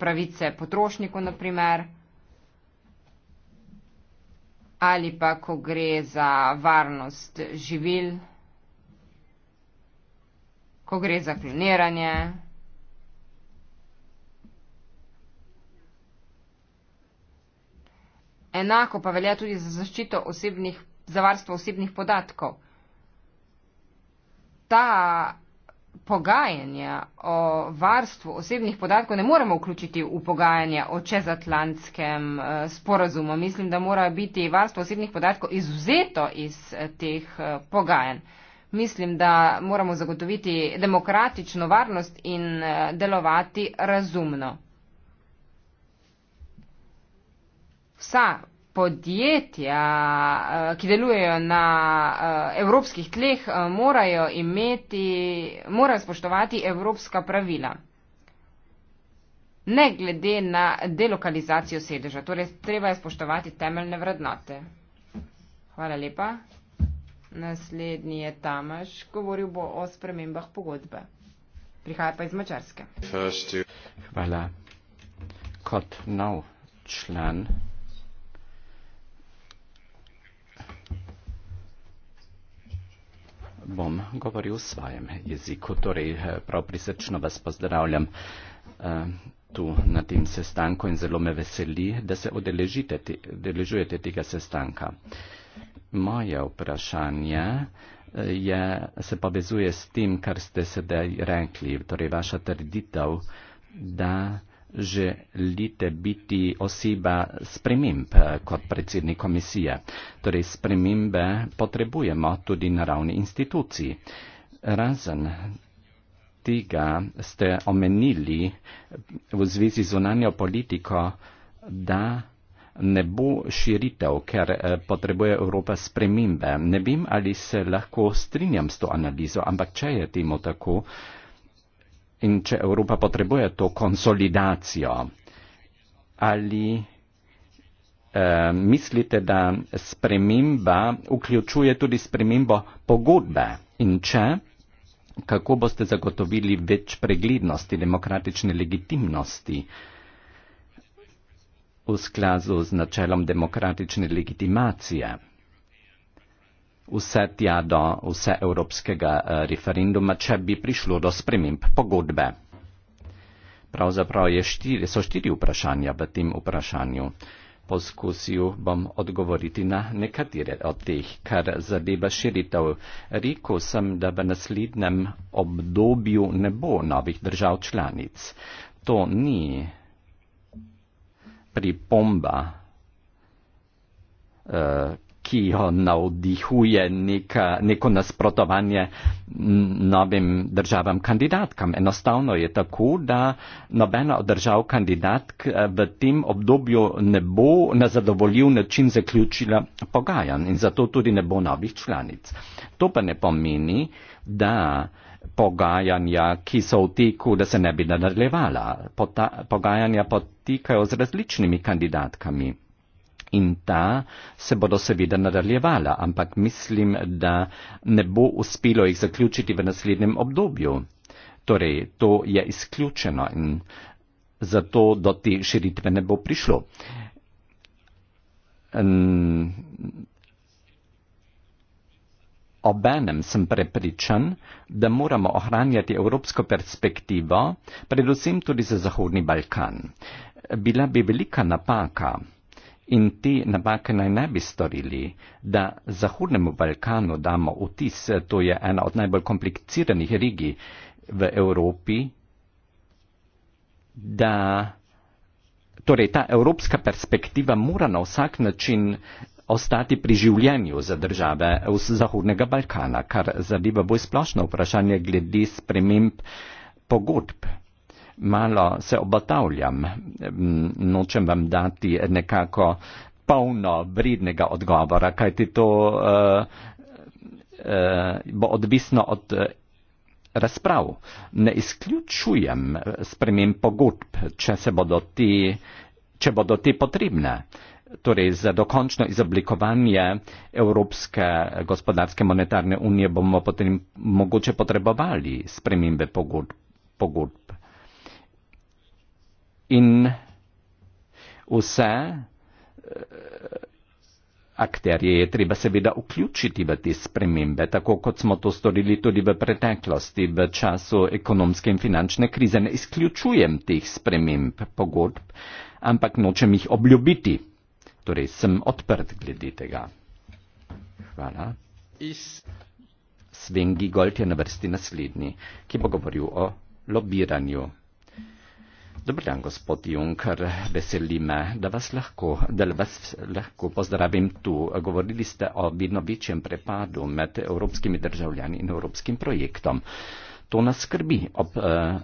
pravice potrošnikov, naprimer ali pa ko gre za varnost živil, ko gre za kloniranje. Enako pa velja tudi za zaščito osebnih, za varstvo osebnih podatkov. Ta pogajanja o varstvu osebnih podatkov ne moremo vključiti v pogajanja o čezatlantskem eh, sporazumu. Mislim, da mora biti varstvo osebnih podatkov izuzeto iz eh, teh eh, pogajanj. Mislim, da moramo zagotoviti demokratično varnost in delovati razumno. Vsa podjetja, eh, ki delujejo na eh, evropskih tleh, eh, morajo imeti, morajo spoštovati evropska pravila. Ne glede na delokalizacijo sedeža, torej treba je spoštovati temeljne vrednote. Hvala lepa. Naslednji je Tamaš, govoril bo o spremembah pogodbe. Prihaja pa iz Mačarske. Hvala. Kot nov član bom govoril v svojem jeziku, torej eh, prav prisrčno vas pozdravljam eh, tu na tem sestanku in zelo me veseli, da se odeležujete tega sestanka. Moje vprašanje eh, je, se povezuje s tem, kar ste sedaj rekli, torej vaša trditev, da želite biti oseba sprememb eh, kot predsednik komisije. Torej spremembe potrebujemo tudi na ravni institucij. Razen tega ste omenili v zvezi z unanjo politiko, da ne bo širitev, ker eh, potrebuje Evropa spremembe. Ne vem, ali se lahko strinjam s to analizo, ampak če je temu tako, in če Evropa potrebuje to konsolidacijo, ali eh, mislite, da sprememba vključuje tudi spremembo pogodbe in če, kako boste zagotovili več preglednosti, demokratične legitimnosti v skladu z načelom demokratične legitimacije? vse tja do vseevropskega eh, referenduma, če bi prišlo do sprememb pogodbe. Pravzaprav štiri, so štiri vprašanja v tem vprašanju. Poskusil bom odgovoriti na nekatere od teh, kar zadeva širitev. Rekl sem, da v naslednjem obdobju ne bo novih držav članic. To ni pripomba, eh, ki jo navdihuje neka, neko nasprotovanje novim državam kandidatkam. Enostavno je tako, da nobena od držav kandidatk eh, v tem obdobju ne bo na zadovoljiv način zaključila pogajan in zato tudi ne bo novih članic. To pa ne pomeni, da pogajanja, ki so v teku, da se ne bi nadaljevala. Pogajanja potekajo z različnimi kandidatkami in ta se bodo seveda nadaljevala, ampak mislim, da ne bo uspelo jih zaključiti v naslednjem obdobju. Torej, to je izključeno in zato do te širitve ne bo prišlo. In Obenem sem prepričan, da moramo ohranjati evropsko perspektivo, predvsem tudi za Zahodni Balkan. Bila bi velika napaka, in te napake naj ne bi storili, da Zahodnemu Balkanu damo vtis, to je ena od najbolj kompliciranih regij v Evropi, da torej, ta evropska perspektiva mora na vsak način ostati pri življenju za države z Zahodnega Balkana, kar zadeva bolj splošno vprašanje glede sprememb pogodb malo se obotavljam, nočem vam dati nekako polno vrednega odgovora, kajti to uh, uh, bo odvisno od eh, razprav. Ne izključujem spremem pogodb, če, se bodo ti, če bodo ti potrebne. Torej, za dokončno izoblikovanje Evropske gospodarske monetarne unije bomo potem mogoče potrebovali spremembe pogodb. pogodb in vse eh, akterje je treba seveda vključiti v te spremembe, tako kot smo to storili tudi v preteklosti, v času ekonomske in finančne krize. Ne izključujem teh sprememb pogodb, ampak nočem jih obljubiti. Torej sem odprt glede tega. Hvala. Sven Gigolt je na vrsti naslednji, ki bo govoril o lobiranju. Dobr dan, gospod Juncker, veseli me, da vas lahko, da vas lahko pozdravim tu. Govorili ste o vidno večjem prepadu med evropskimi državljani in evropskim projektom. To nas skrbi. Ob eh,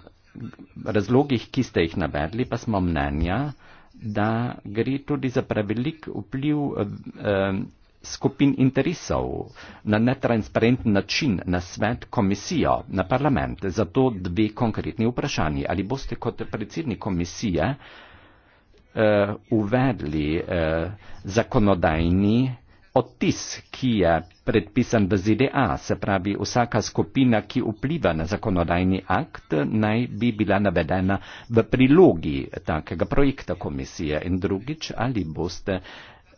razlogih, ki ste jih navedli, pa smo mnenja, da gre tudi za prevelik vpliv. Eh, skupin interesov, na netransparenten način na svet, komisijo, na parlament. Zato dve konkretni vprašanji. Ali boste kot predsednik komisije eh, uvedli eh, zakonodajni odtis, ki je predpisan v ZDA, se pravi vsaka skupina, ki vpliva na zakonodajni akt, naj bi bila navedena v prilogi takega projekta komisije. In drugič, ali boste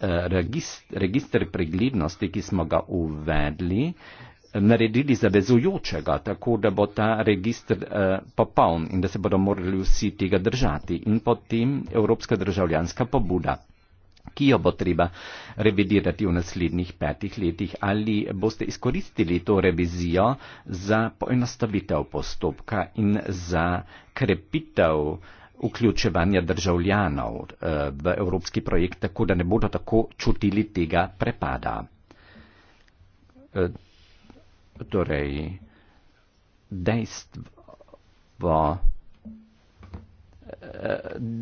regist, register preglednosti, ki smo ga uvedli, naredili zavezujočega, tako da bo ta registr eh, popoln in da se bodo morali vsi tega držati. In potem Evropska državljanska pobuda, ki jo bo treba revidirati v naslednjih petih letih. Ali boste izkoristili to revizijo za poenostavitev postopka in za krepitev eh, vključevanja državljanov eh, v evropski projekt, tako da ne bodo tako čutili tega prepada. Eh, torej, dejstvo,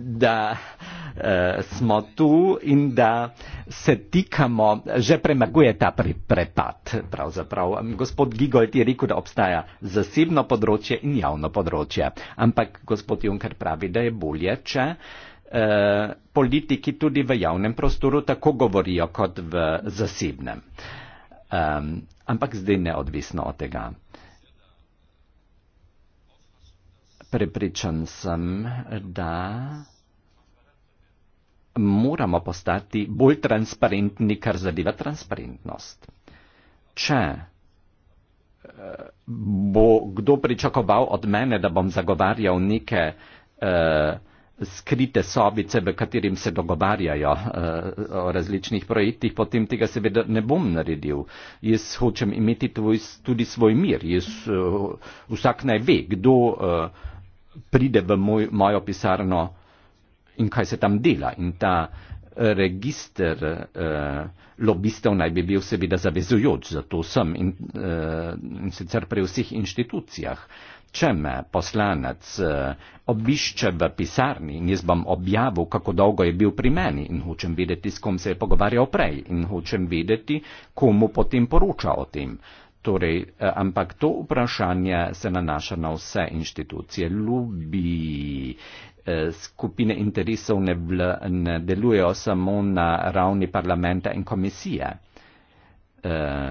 da eh, smo tu in da se tikamo, že premaguje ta prepad. Pravzaprav. Gospod Gigold je rekel, da obstaja zasebno področje in javno področje. Ampak gospod Juncker pravi, da je bolje, če eh, politiki tudi v javnem prostoru tako govorijo kot v zasebnem. Ampak zdaj neodvisno od tega. prepričan sem, da moramo postati bolj transparentni, kar zadeva transparentnost. Če eh, bo kdo pričakoval od mene, da bom zagovarjal neke eh, skrite sobice, v katerim se dogovarjajo eh, o različnih projektih, potem tega seveda ne bom naredil. Jaz hočem imeti tvoj, tudi svoj mir. Jaz, eh, vsak naj ve, kdo. Eh, pride v moj, mojo pisarno in kaj se tam dela. In ta eh, register uh, lobistov naj bi bil seveda zavezujoč, zato sem in, uh, in sicer pri vseh inštitucijah. Če me poslanec uh, obišče v pisarni in jaz bom objavil, kako dolgo je bil pri meni in hočem vedeti, s kom se je pogovarjal prej in hočem vedeti, komu potem poroča o tem. Torej, eh, ampak to vprašanje se nanaša na vse inštitucije. Ljubi eh, skupine interesov ne, vl, ne delujejo samo na ravni parlamenta in komisije. Eh,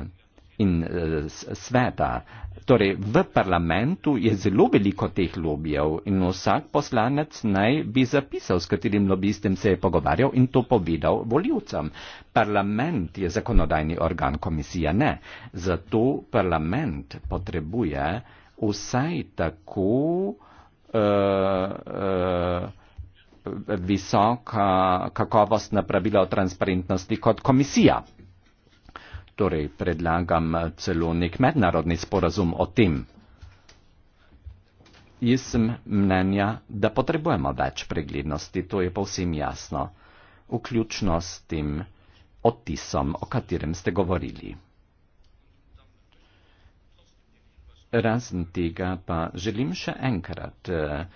in eh, sveta. Torej, v parlamentu je zelo veliko teh lobijev in vsak poslanec naj bi zapisal, s katerim lobistem se je pogovarjal in to povedal voljivcem. Parlament je zakonodajni organ, komisija ne. Zato parlament potrebuje vsaj tako uh, uh, visoka kakovostna pravila o transparentnosti kot komisija. Torej predlagam celo nek mednarodni sporazum o tem. Jaz sem mnenja, da potrebujemo več preglednosti, to je povsem jasno, vključno s tem odtisom, o katerem ste govorili. Razen tega pa želim še enkrat eh,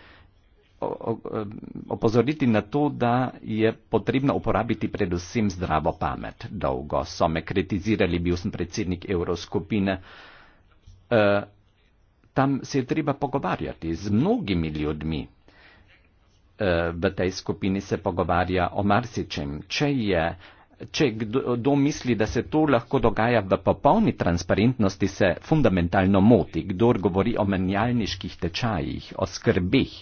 opozoriti na to, da je potrebno uporabiti predvsem zdravo pamet. Dolgo so me kritizirali, bil sem predsednik Evroskupine. E, tam se je treba pogovarjati z mnogimi ljudmi. E, v tej skupini se pogovarja o marsičem. Če, je, če kdo, kdo misli, da se to lahko dogaja v popolni transparentnosti, se fundamentalno moti. Kdor govori o menjalniških tečajih, o skrbih,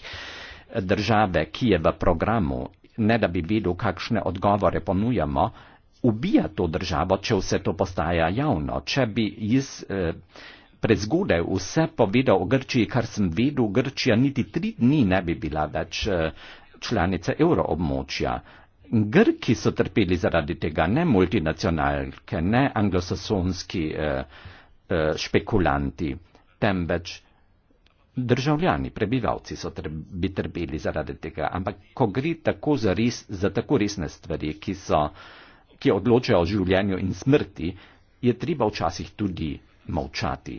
države, ki je v programu, ne da bi videl, kakšne odgovore ponujamo, ubija to državo, če vse to postaja javno. Če bi jaz eh, prezgode vse povedal o Grčiji, kar sem videl, Grčija niti tri dni ne bi bila več eh, članica euroobmočja. Grki so trpeli zaradi tega, ne multinacionalke, ne anglosasonski eh, eh, špekulanti, temveč državljani, prebivalci so treb, bi trpeli zaradi tega, ampak ko gre tako za, res, za tako resne stvari, ki, so, ki odločajo o življenju in smrti, je treba včasih tudi molčati.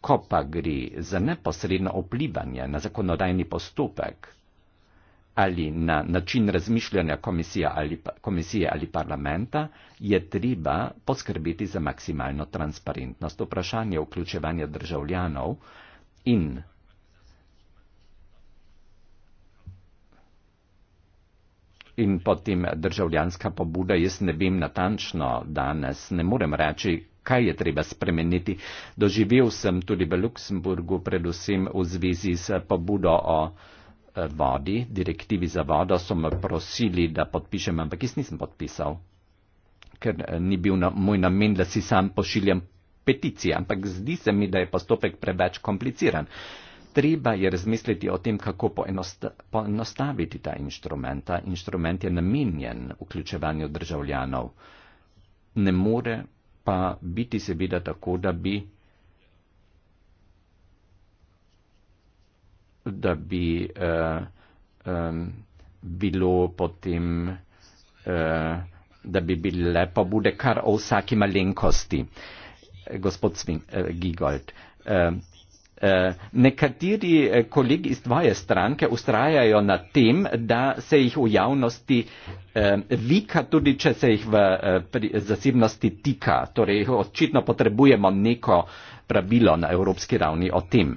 Ko pa gre za neposredno vplivanje na zakonodajni postopek ali na način razmišljanja komisije ali, komisije ali parlamenta, je treba poskrbeti za maksimalno transparentnost vprašanja vključevanja državljanov in In potem državljanska pobuda, jaz ne vem natančno danes, ne morem reči, kaj je treba spremeniti. Doživel sem tudi v Luksemburgu, predvsem v zvezi s pobudo o eh, vodi, direktivi za vodo, so me prosili, da podpišem, ampak jaz nisem podpisal, ker eh, ni bil na, moj namen, da si sam pošiljam peticije, ampak zdi se mi, da je postopek preveč kompliciran. Uh, treba je razmisliti o tem, kako poenostaviti ta inštrument. Ta inštrument je namenjen vključevanju državljanov. Ne more pa biti seveda tako, da bi, da bi eh, eh, bilo potem, eh, da bi bile pobude kar o vsaki malenkosti, gospod Sving, eh, Gigold. Eh, Eh, nekateri eh, kolegi iz tvoje stranke ustrajajo na tem, da se jih v javnosti vika, eh, tudi če se jih v zasebnosti tika. Torej, očitno potrebujemo neko pravilo na evropski ravni o tem.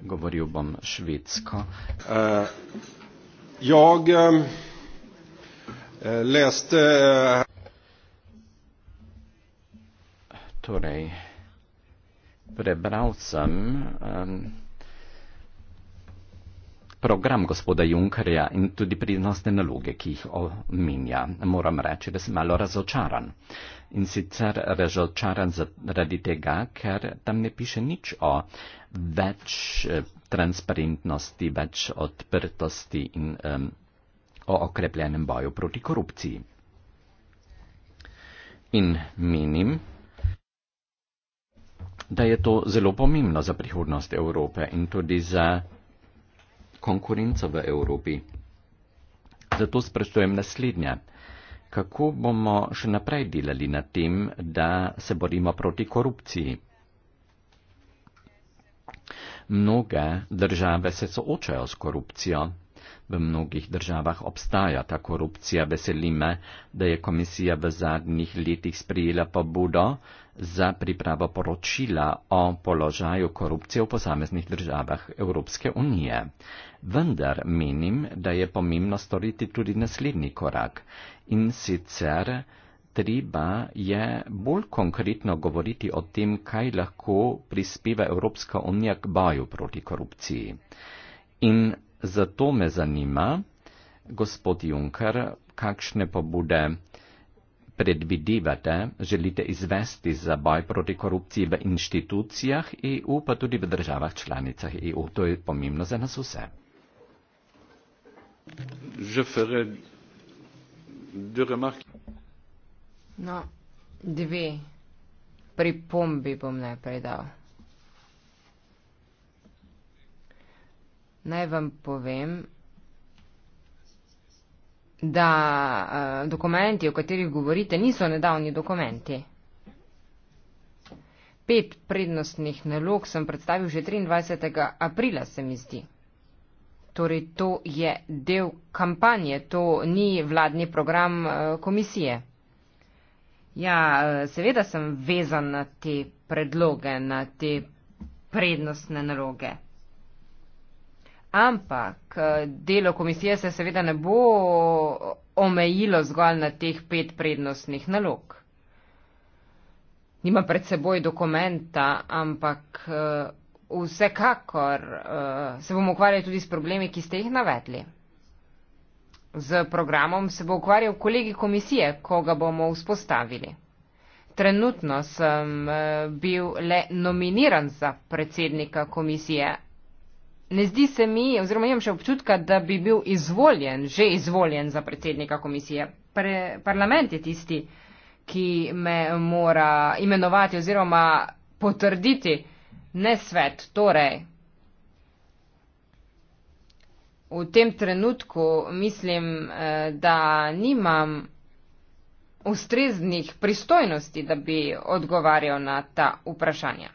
Govoril bom švedsko. Eh, eh, Jag eh, läste... Torej, prebral sem... Um, program gospoda Junkerja in tudi prinosne naloge, ki jih ominja. Moram reči, da sem malo razočaran. In sicer razočaran zaradi tega, ker tam ne piše nič o več eh, transparentnosti, več odprtosti in um, o okrepljenem boju proti korupciji. In menim, da je to zelo pomembno za prihodnost Evrope in tudi za konkurenco v Evropi. Zato sprašujem naslednja. Kako bomo še naprej delali na tem, da se borimo proti korupciji? Mnoge države se soočajo s korupcijo. V mnogih državah obstaja ta korupcija. Veselime, da je komisija v zadnjih letih sprijela pobudo za pripravo poročila o položaju korupcije v posameznih državah Evropske unije vendar menim, da je pomembno storiti tudi naslednji korak in sicer treba je bolj konkretno govoriti o tem, kaj lahko prispeva Evropska unija k boju proti korupciji. In zato me zanima, gospod Juncker, kakšne pobude predvidevate, želite izvesti za boj proti korupciji v institucijah EU, pa tudi v državah članicah EU. To je pomembno za nas vse je ferai deux remarques. No, dve pripombi bom najprej dal. Naj vam povem, da uh, dokumenti, o katerih govorite, niso nedavni dokumenti. Pet prednostnih nalog sem predstavil že 23. aprila, se mi zdi. Torej, to je del kampanje, to ni vladni program eh, komisije. Ja, eh, seveda sem vezan na te predloge, na te prednostne naloge. Ampak eh, delo komisije se seveda ne bo omejilo zgolj na teh pet prednostnih nalog. Nima pred seboj dokumenta, ampak Vsekakor uh, se bom ukvarjal tudi s problemi, ki ste jih navedli. Z programom se bo ukvarjal kolegi komisije, ko ga bomo vzpostavili. Trenutno sem uh, bil le nominiran za predsednika komisije. Ne zdi se mi, oziroma imam še občutka, da bi bil izvoljen, že izvoljen za predsednika komisije. Pre, parlament je tisti, ki me mora imenovati oziroma potrditi ne svet, torej. V tem trenutku mislim, eh, da nimam ustreznih pristojnosti, da bi odgovarjal na ta vprašanja.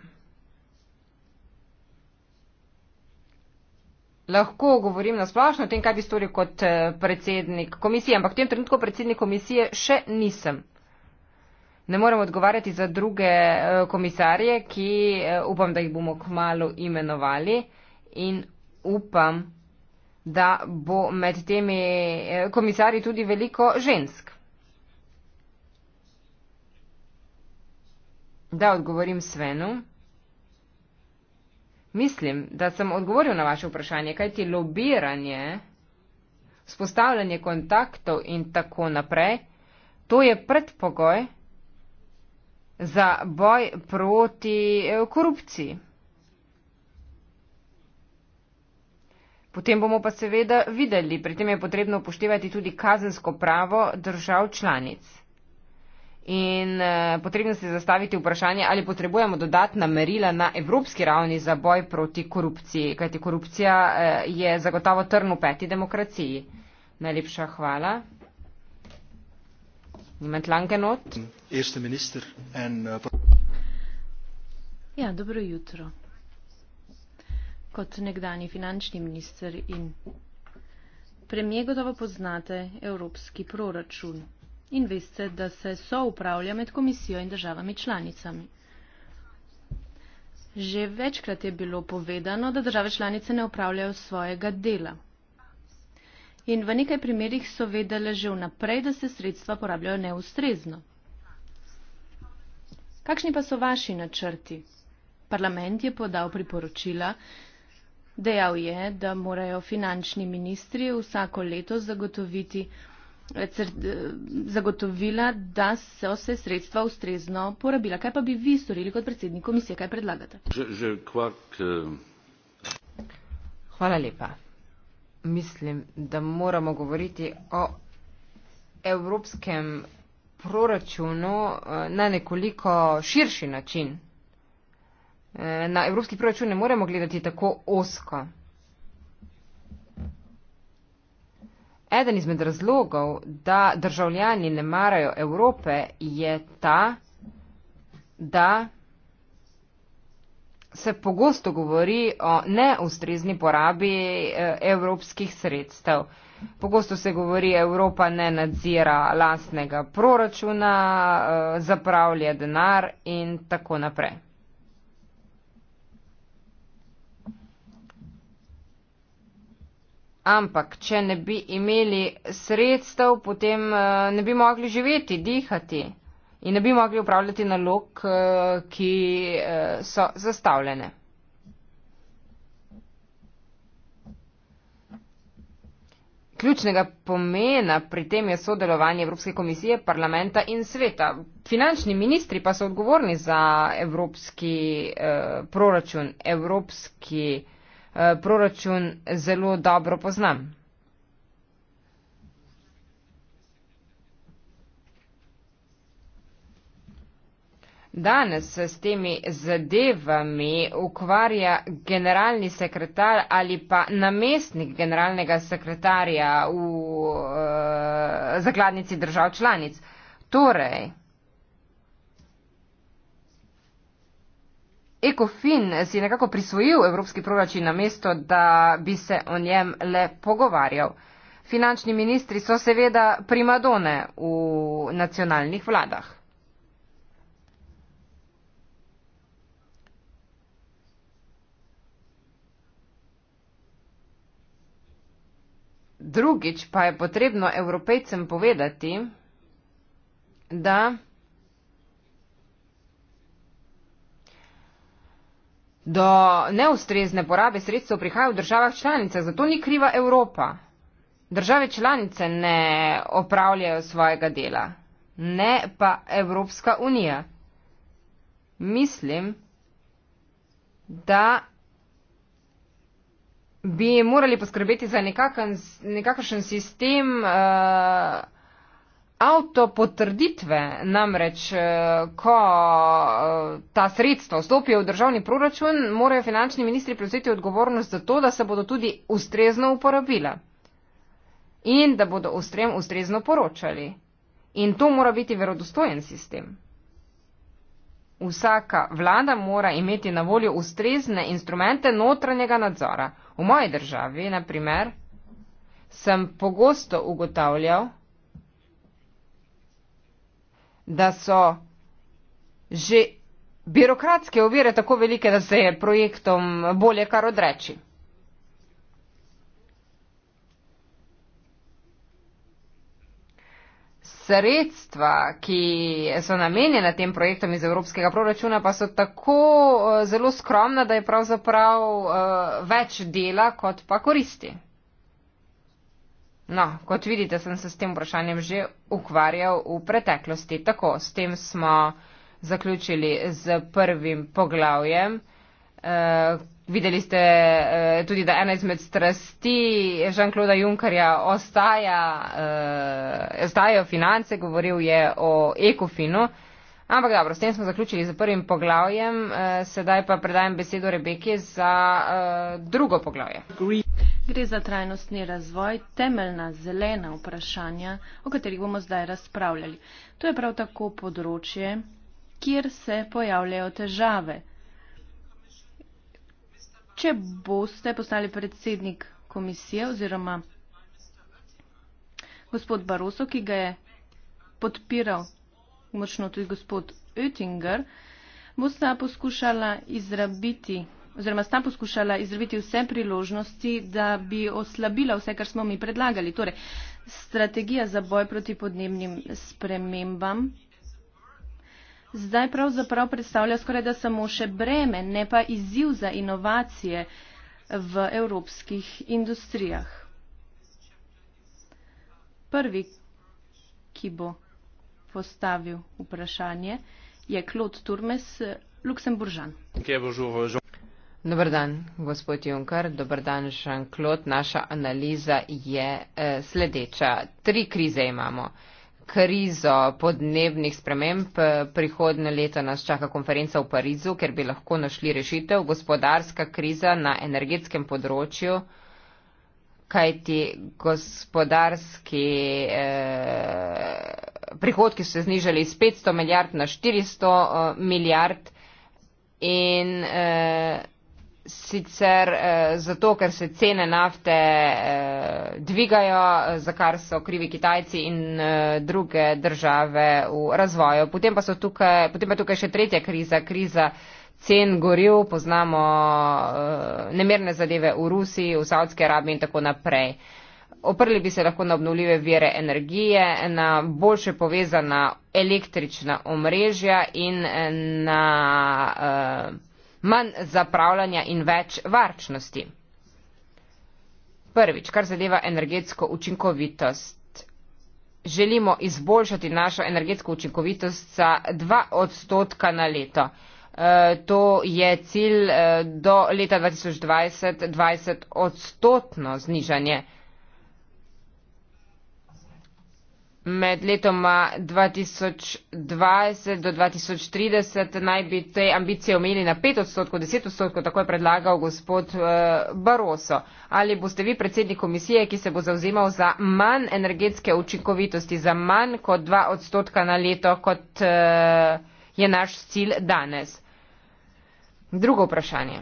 Lahko govorim na splošno o tem, kaj bi storil kot eh, predsednik komisije, ampak v tem trenutku predsednik komisije še nisem ne morem odgovarjati za druge eh, komisarje, ki eh, upam, da jih bomo kmalo imenovali in upam, da bo med temi eh, komisarji tudi veliko žensk. Da odgovorim Svenu. Mislim, da sem odgovoril na vaše vprašanje, kaj ti lobiranje, spostavljanje kontaktov in tako naprej, to je predpogoj, za boj proti eh, korupciji. Potem bomo pa seveda videli, pri tem je potrebno upoštevati tudi kazensko pravo držav članic. In eh, potrebno se zastaviti vprašanje, ali potrebujemo dodatna merila na evropski ravni za boj proti korupciji, kajti korupcija eh, je zagotovo trn v peti demokraciji. Najlepša hvala. Niemand Langenot. Eerste minister en... Uh, ja, dobro jutro. Kot nekdani finančni minister in premije gotovo poznate evropski proračun in veste, da se so upravlja med komisijo in državami članicami. Že večkrat je bilo povedano, da države članice ne upravljajo svojega dela in v nekaj primerjih so vedele že vnaprej, da se sredstva porabljajo neustrezno. Kakšni pa so vaši načrti? Parlament je podal priporočila, dejal je, da morajo finančni ministri vsako leto zagotoviti eh, eh, zagotovila, da so se sredstva ustrezno porabila. Kaj pa bi vi storili kot predsednik komisije? Kaj predlagate? Eh. Hvala lepa mislim, da moramo govoriti o evropskem proračunu eh, na nekoliko širši način. Eh, na evropski proračun ne moremo gledati tako osko. Eden izmed razlogov, da državljani ne marajo Evrope, je ta, da se pogosto govori o neustrezni porabi eh, evropskih sredstev. Pogosto se govori, Evropa ne nadzira lastnega proračuna, eh, zapravlja denar in tako naprej. Ampak, če ne bi imeli sredstev, potem eh, ne bi mogli živeti, dihati in ne bi mogli upravljati nalog, eh, ki eh, so zastavljene. Ključnega pomena pri tem je sodelovanje Evropske komisije, parlamenta in sveta. Finančni ministri pa so odgovorni za evropski eh, proračun. Evropski eh, proračun zelo dobro poznam. Danes se s temi zadevami ukvarja generalni sekretar ali pa namestnik generalnega sekretarja v uh, zakladnici držav članic. Torej, ECOFIN si je nekako prisvojil evropski proračun na mesto, da bi se o njem le pogovarjal. Finančni ministri so seveda primadone v nacionalnih vladah. Drugič pa je potrebno evropejcem povedati, da do neustrezne porabe sredstev prihaja v državah članicah, zato ni kriva Evropa. Države članice ne opravljajo svojega dela, ne pa Evropska unija. Mislim, da bi morali poskrbeti za nekakšen, nekakšen sistem uh, avtopotrditve. Namreč, uh, ko uh, ta sredstva vstopijo v državni proračun, morajo finančni ministri prevzeti odgovornost za to, da se bodo tudi ustrezno uporabila in da bodo ustrem, ustrezno poročali. In to mora biti verodostojen sistem. Vsaka vlada mora imeti na voljo ustrezne instrumente notranjega nadzora. V moji državi, na primer, sem pogosto ugotavljal, da so že birokratske ovire tako velike, da se je projektom bolje kar odreči. sredstva, ki so namenjena tem projektom iz evropskega proračuna, pa so tako uh, zelo skromna, da je pravzaprav uh, več dela, kot pa koristi. No, kot vidite, sem se s tem vprašanjem že ukvarjal v preteklosti. Tako, s tem smo zaključili z prvim poglavjem. Eh, videli ste uh, tudi, da ena izmed strasti Žan-Kloda Junkarja ostaja, uh, ostajajo finance, govoril je o ekofinu. Ampak dobro, s tem smo zaključili za prvim poglavjem, sedaj pa predajem besedo Rebeki za drugo poglavje. Gre za trajnostni razvoj, temeljna zelena vprašanja, o katerih bomo zdaj razpravljali. To je prav tako področje, kjer se pojavljajo težave če boste postali predsednik komisije oziroma gospod Baroso, ki ga je podpiral močno tudi gospod Oettinger, bosta poskušala izrabiti oziroma sta poskušala izrabiti vse priložnosti, da bi oslabila vse, kar smo mi predlagali. Torej, strategija za boj proti podnebnim spremembam zdaj pravzaprav predstavlja skoraj da samo še breme, ne pa izziv za inovacije v evropskih industrijah. Prvi, ki bo postavil vprašanje, je Klod Turmes, Luksemburžan. Dobar dan, gospod Juncker, dobar dan, Jean-Claude. Naša analiza je eh, sledeča. Tri krize imamo. Eh, krizo podnebnih sprememb. Prihodne leto nas čaka konferenca v Parizu, ker bi lahko našli rešitev. Gospodarska kriza na energetskem področju, kajti gospodarski eh, prihodki so se znižali iz 500 milijard na 400 eh, milijard in. Eh, sicer eh, zato, ker se cene nafte eh, dvigajo, eh, za kar so krivi Kitajci in eh, druge države v razvoju. Potem pa, tukaj, potem pa tukaj še tretja kriza, kriza cen goril, poznamo eh, nemerne zadeve v Rusiji, v Saudski Arabiji in tako naprej. Oprli bi se lahko na obnovljive vire energije, na boljše povezana električna omrežja in na. Eh, manj zapravljanja in več varčnosti. Prvič, kar zadeva energetsko učinkovitost. Želimo izboljšati našo energetsko učinkovitost za 2 odstotka na leto. E, to je cilj e, do leta 2020, 20 odstotno znižanje. Med letoma 2020 do 2030 naj bi te ambicije omenili na 5 odstotkov, 10 odstotkov, tako je predlagal gospod eh, Baroso. Ali boste vi predsednik komisije, ki se bo zauzemal za manj energetske učinkovitosti, za manj kot 2 odstotka na leto, kot eh, je naš cilj danes? Drugo vprašanje.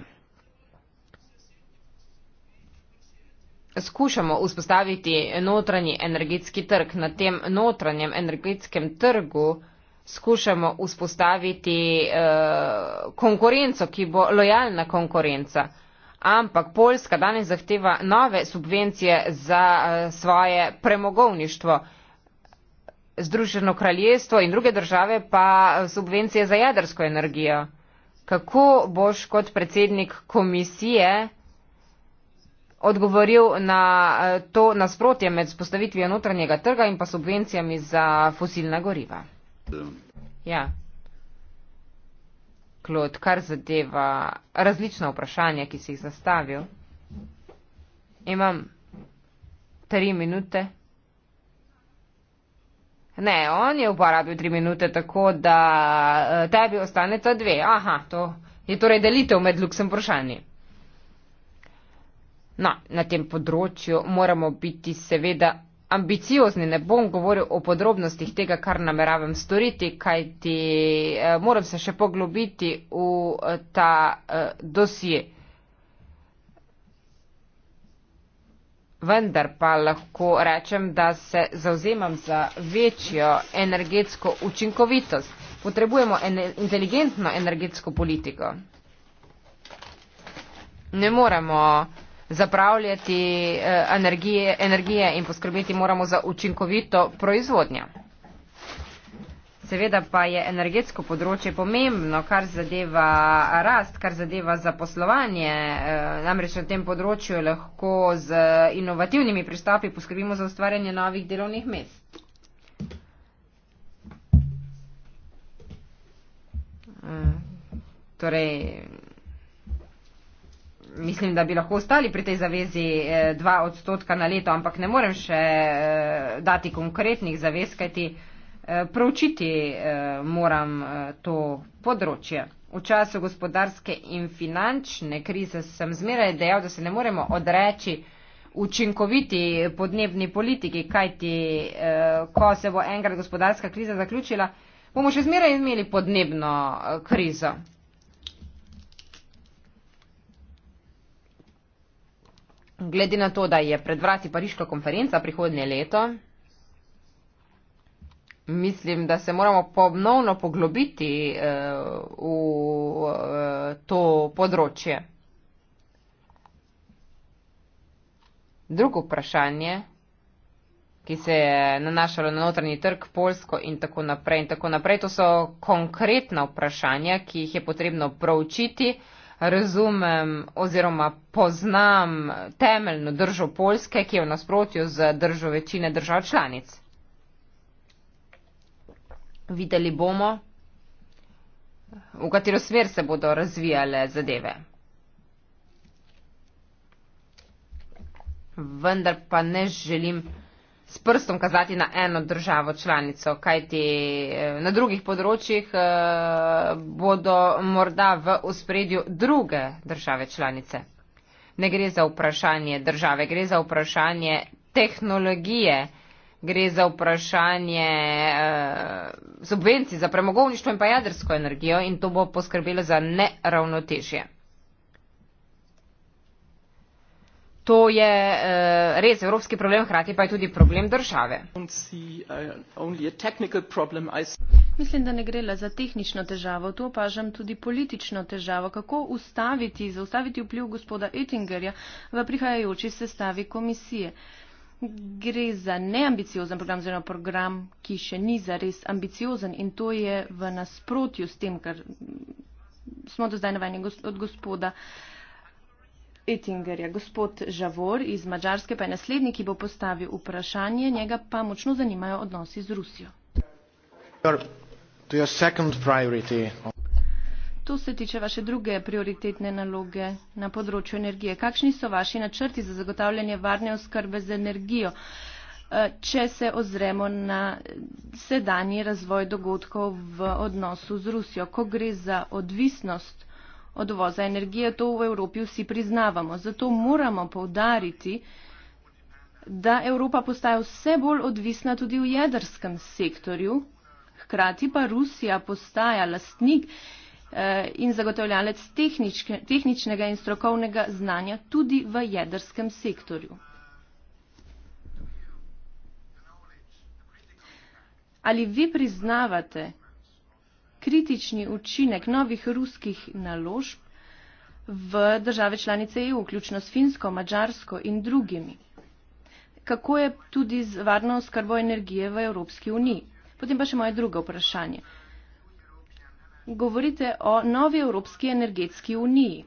skušamo vzpostaviti notranji energetski trg. Na tem notranjem energetskem trgu skušamo vzpostaviti uh, konkurenco, ki bo lojalna konkurenca. Ampak Poljska danes zahteva nove subvencije za uh, svoje premogovništvo. Združeno kraljestvo in druge države pa eh, subvencije za jedrsko energijo. Kako boš kot predsednik komisije odgovoril na eh, to nasprotje med spostavitvijo notranjega trga in pa subvencijami za fosilna goriva. Ja. Klod, kar zadeva različna vprašanja, ki si jih zastavil. Imam tri minute. Ne, on je uporabil tri minute, tako da eh, tebi ostane ta dve. Aha, to je torej delitev med Luksemburšani. Na, no, na tem področju moramo biti seveda ambiciozni. Ne bom govoril o podrobnostih tega, kar nameravam storiti, kajti eh, moram se še poglobiti v eh, ta eh, dosje. Vendar pa lahko rečem, da se zauzemam za večjo energetsko učinkovitost. Potrebujemo ene, inteligentno energetsko politiko. Ne moremo zapravljati eh, energije, energije in poskrbeti moramo za učinkovito proizvodnjo. Seveda pa je energetsko področje pomembno, kar zadeva rast, kar zadeva zaposlovanje. Eh, namreč na tem področju lahko z inovativnimi pristopi poskrbimo za ustvarjanje novih delovnih mest. Eh, torej, mislim, da bi lahko ostali pri tej zavezi 2 eh, odstotka na leto, ampak ne morem še eh, dati konkretnih zavez, kajti eh, proučiti moram to področje. V času gospodarske in finančne krize sem zmeraj dejal, da se ne moremo odreči učinkoviti podnebni politiki, kajti ko se bo enkrat gospodarska kriza zaključila, bomo še zmeraj imeli podnebno krizo. Glede na to, da je pred vrati Pariška konferenca prihodnje leto, mislim, da se moramo ponovno poglobiti eh, v eh, to področje. Drugo vprašanje, ki se je nanašalo na notranji trg, Polsko in tako naprej in tako naprej, to so konkretna vprašanja, ki jih je potrebno proučiti razumem oziroma poznam temeljno držo Poljske, ki je v nasprotju z držo večine držav članic. Videli bomo, v katero smer se bodo razvijale zadeve. Vendar pa ne želim s prstom kazati na eno državo članico, kajti eh, na drugih področjih eh, bodo morda v uspredju druge države članice. Ne gre za vprašanje države, gre za vprašanje tehnologije, gre za vprašanje eh, subvencij za premogovništvo in pa jadrsko energijo in to bo poskrbelo za neravnotežje. to je eh, res evropski problem, hkrati pa je tudi problem države. Eh, Mislim, da ne gre le za tehnično težavo, to opažam tudi politično težavo. Kako ustaviti, zaustaviti vpliv gospoda Ettingerja v prihajajoči sestavi komisije? Gre za neambiciozen program, oziroma program, ki še ni zares ambiciozen in to je v nasprotju s tem, kar smo do zdaj navajeni od gospoda. Ettingerja. Gospod Žavor iz Mačarske pa je naslednji, ki bo postavil vprašanje, njega pa močno zanimajo odnosi z Rusijo. To se tiče vaše druge prioritetne naloge na področju energije. Kakšni so vaši načrti za zagotavljanje varne oskrbe z energijo, eh, če se ozremo na sedanji razvoj dogodkov v odnosu z Rusijo, ko gre za odvisnost od uvoza energije. To v Evropi vsi priznavamo. Zato moramo povdariti, da Evropa postaja vse bolj odvisna tudi v jedrskem sektorju, hkrati pa Rusija postaja lastnik eh, in zagotovljalec tehničnega in strokovnega znanja tudi v jedrskem sektorju. Ali vi priznavate, kritični učinek novih ruskih naložb v države članice EU, vključno s Finsko, Mačarsko in drugimi. Kako je tudi z varno oskrbo energije v Evropski uniji? Potem pa še moje drugo vprašanje. Govorite o novi Evropski energetski uniji.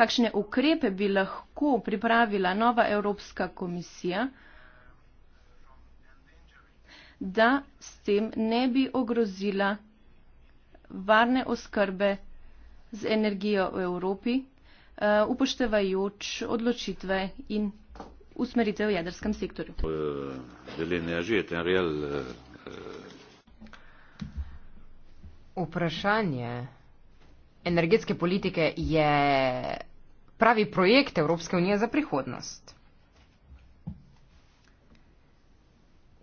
Kakšne ukrepe bi lahko pripravila nova Evropska komisija? da s tem ne bi ogrozila varne oskrbe z energijo v Evropi, eh, upoštevajoč odločitve in usmerite v jedrskem sektorju. Eh, eh, Vprašanje energetske politike je pravi projekt Evropske unije za prihodnost.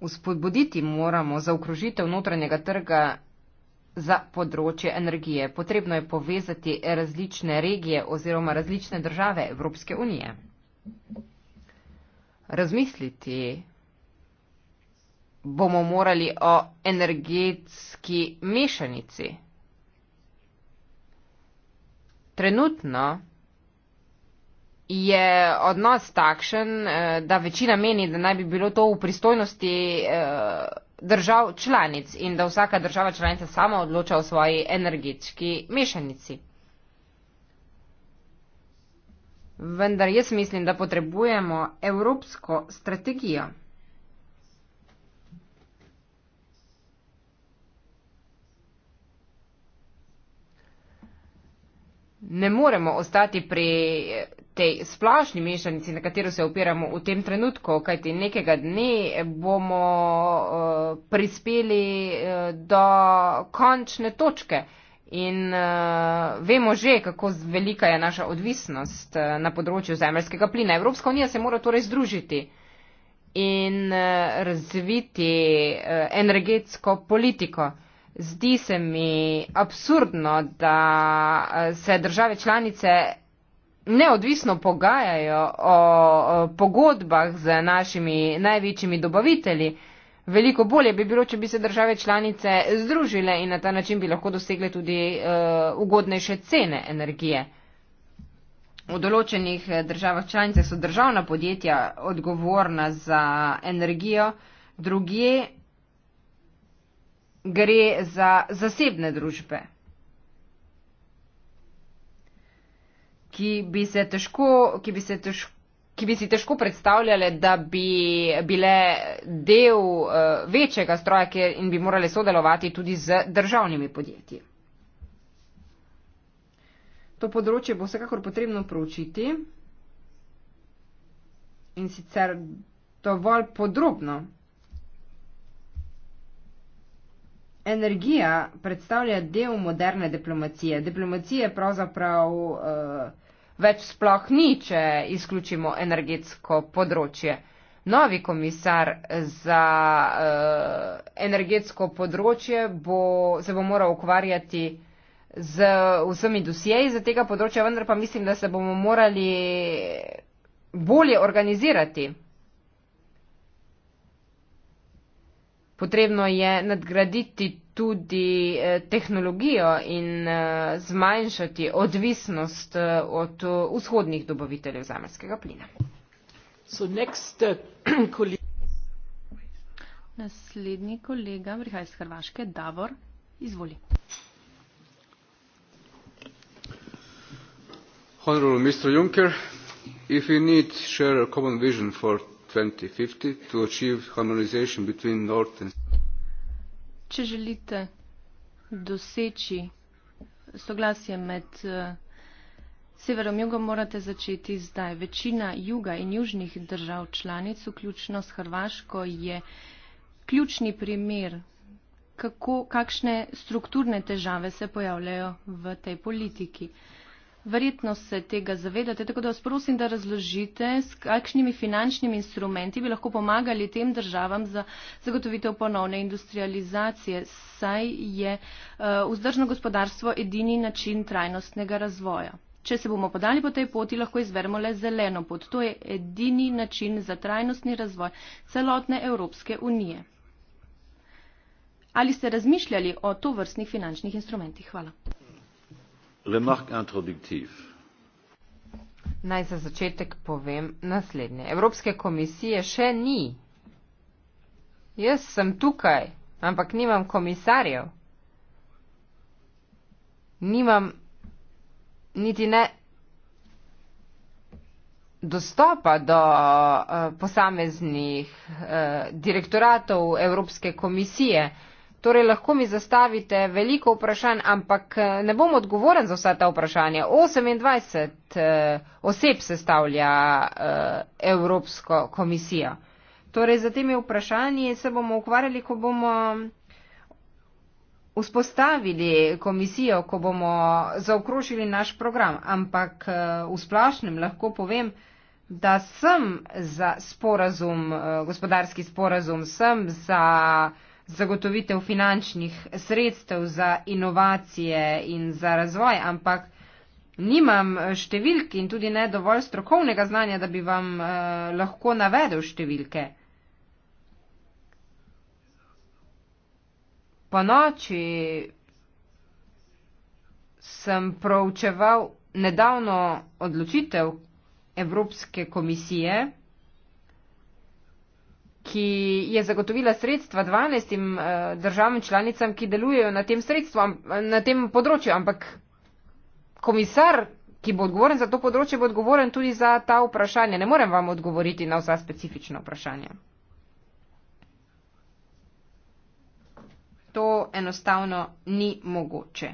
Vzpodbuditi moramo za okrožitev notranjega trga za področje energije. Potrebno je povezati različne regije oziroma različne države Evropske unije. Razmisliti bomo morali o energetski mešanici. Trenutno je odnos takšen, eh, da večina meni, da naj bi bilo to v pristojnosti eh, držav članic in da vsaka država članica sama odloča o svoji energetski mešanici. Vendar jaz mislim, da potrebujemo evropsko strategijo. Ne moremo ostati pri tej splošni mešanici, na katero se opiramo v tem trenutku, kajti nekega dne bomo eh, prispeli eh, do končne točke. In uh, vemo že, kako velika je naša odvisnost uh, na področju zemljskega plina. Evropska unija se mora torej združiti in uh, razviti uh, energetsko politiko. Zdi se mi absurdno, da uh, se države članice neodvisno pogajajo o, o pogodbah z našimi največjimi dobavitelji. Veliko bolje bi bilo, če bi se države članice združile in na ta način bi lahko dosegle tudi e, ugodnejše cene energije. V določenih eh, državah članicah so državna podjetja odgovorna za energijo, drugi gre za zasebne družbe. ki bi se težko, ki bi se težko ki bi si težko predstavljali, da bi bile del uh, večjega stroja kjer, in bi morali sodelovati tudi z državnimi podjetji. To področje bo vsekakor potrebno proučiti in sicer dovolj podrobno. Energija predstavlja del moderne diplomacije. Diplomacija je pravzaprav. Uh, več sploh ni, če izključimo energetsko področje. Novi komisar za uh, energetsko področje bo, se bo moral ukvarjati z vsemi dosjeji za tega področja, vendar pa mislim, da se bomo morali bolje organizirati. potrebno je nadgraditi tudi eh, tehnologijo in eh, zmanjšati odvisnost eh, od vzhodnih dobaviteljev zamrskega plina. Naslednji kolega prihaja iz Hrvaške, Davor, izvoli. Honorable Mr. Juncker, if we need share a common vision for 2050, če želite doseči soglasje med uh, severom in jugom, morate začeti zdaj. Večina juga in južnih držav članic, vključno s Hrvaško, je ključni primer, kako, kakšne strukturne težave se pojavljajo v tej politiki. Uh, Verjetno se tega zavedate, tako da vas prosim, da razložite, s kakšnimi finančnimi instrumenti bi lahko pomagali tem državam za zagotovitev ponovne industrializacije, saj je eh, vzdržno gospodarstvo edini način trajnostnega razvoja. Če se bomo podali po tej poti, lahko izvermo le zeleno pot. To je edini način za trajnostni razvoj celotne Evropske unije. Ali ste razmišljali o tovrstnih finančnih instrumentih? Hvala. Naj za začetek povem naslednje. Evropske komisije še ni. Jaz sem tukaj, ampak nimam komisarjev. Nimam niti ne dostopa do uh, posameznih uh, direktoratov Evropske komisije. Uh, Torej, lahko mi zastavite veliko vprašanj, ampak eh, ne bom odgovoren za vsa ta vprašanja. 28 eh, oseb sestavlja eh, Evropsko komisijo. Torej, za temi vprašanji se bomo ukvarjali, ko bomo vzpostavili komisijo, ko bomo zaokrožili naš program. Ampak v splašnem lahko povem, da sem za sporazum, gospodarski sporazum, sem za zagotovitev finančnih sredstev za inovacije in za razvoj, ampak nimam številk in tudi ne dovolj strokovnega znanja, da bi vam eh, lahko navedel številke. Po noči sem proučeval nedavno odločitev Evropske komisije, ki je zagotovila sredstva 12 eh, državam članicam, ki delujejo na tem, sredstvu, na tem področju. Ampak komisar, ki bo odgovoren za to področje, bo odgovoren tudi za ta vprašanja. Ne morem vam odgovoriti na vsa specifična vprašanja. To enostavno ni mogoče.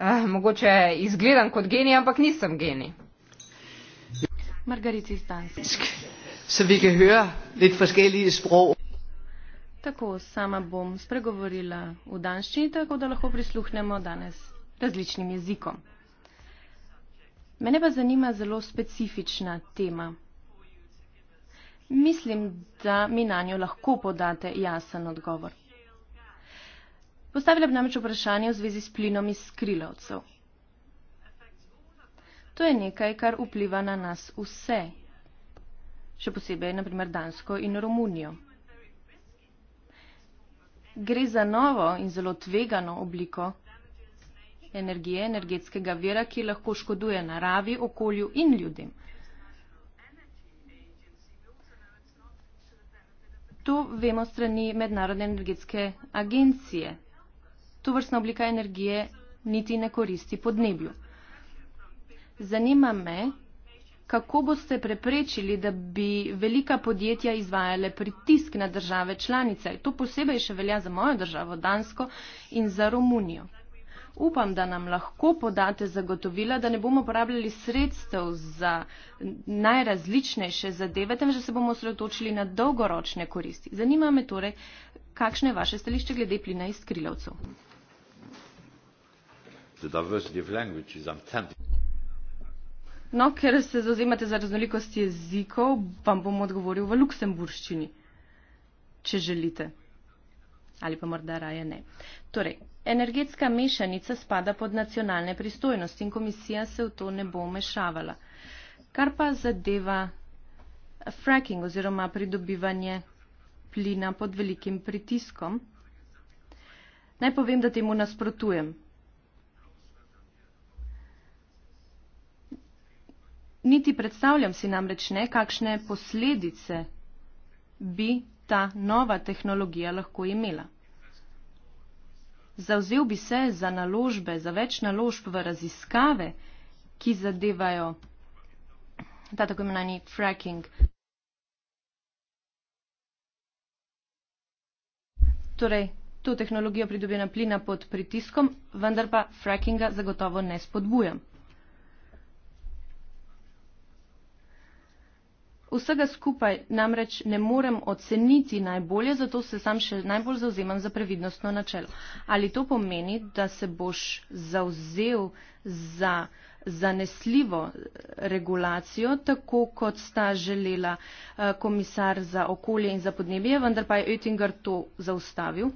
Eh, mogoče izgledam kot genij, ampak nisem genij. Margarita Stanski så vi kan høre lidt forskellige sprog. Tako sama bom spregovorila v danščini, tako da lahko prisluhnemo danes različnim jezikom. Mene pa zanima zelo specifična tema. Mislim, da mi na njo lahko podate jasen odgovor. Postavila bi namreč vprašanje v zvezi s plinom iz skrilavcev. To je nekaj, kar vpliva na nas vse še posebej naprimer Dansko in Romunijo. Gre za novo in zelo tvegano obliko energije, energetskega vira, ki lahko škoduje naravi, okolju in ljudem. To vemo strani Mednarodne energetske agencije. To vrstna oblika energije niti ne koristi podnebju. Zanima me, kako boste preprečili, da bi velika podjetja izvajale pritisk na države članice. To posebej še velja za mojo državo Dansko in za Romunijo. Upam, da nam lahko podate zagotovila, da ne bomo porabljali sredstev za najrazličnejše zadeve, temveč da se bomo osredotočili na dolgoročne koristi. Zanima me torej, kakšno je vaše stališče glede plina iz krilovcev. No, ker se zauzemate za raznolikost jezikov, vam bom odgovoril v luksemburščini, če želite. Ali pa morda raje ne. Torej, energetska mešanica spada pod nacionalne pristojnosti in komisija se v to ne bo mešavala. Kar pa zadeva fracking oziroma pridobivanje plina pod velikim pritiskom, naj povem, da temu nasprotujem. Niti predstavljam si namreč ne, kakšne posledice bi ta nova tehnologija lahko imela. Zauzel bi se za naložbe, za več naložb v raziskave, ki zadevajo ta tako imenovani fracking. Torej, to tehnologijo pridobljena plina pod pritiskom, vendar pa frackinga zagotovo ne spodbujam. Vsega skupaj namreč ne morem oceniti najbolje, zato se sam še najbolj zauzemam za previdnostno načelo. Ali to pomeni, da se boš zauzel za zanesljivo eh, regulacijo, tako kot sta želela eh, komisar za okolje in za podnebje, vendar pa je Oettinger to zaustavil?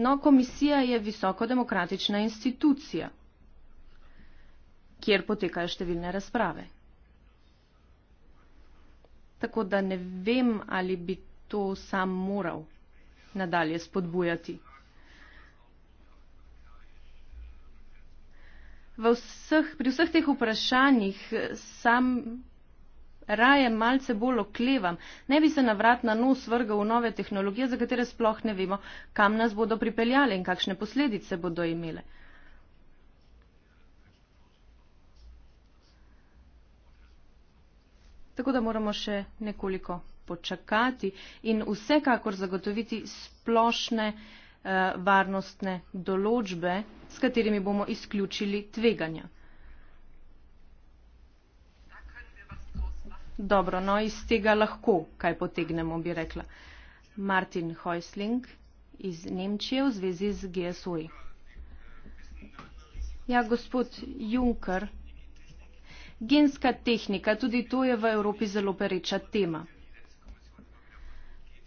No, komisija je visokodemokratična institucija, kjer potekajo številne razprave tako da ne vem, ali bi to sam moral nadalje spodbujati. Vseh, pri vseh teh vprašanjih sam raje malce bolj oklevam. Ne bi se na vrat na nos vrgal v nove tehnologije, za katere sploh ne vemo, kam nas bodo pripeljale in kakšne posledice bodo imele. tako da moramo še nekoliko počakati in vsekakor zagotoviti splošne eh, varnostne določbe, s katerimi bomo izključili tveganja. Dobro, no iz tega lahko kaj potegnemo, bi rekla. Martin Heusling iz Nemčije v zvezi z GSOI. Ja, gospod Juncker genska tehnika, tudi to je v Evropi zelo pereča tema.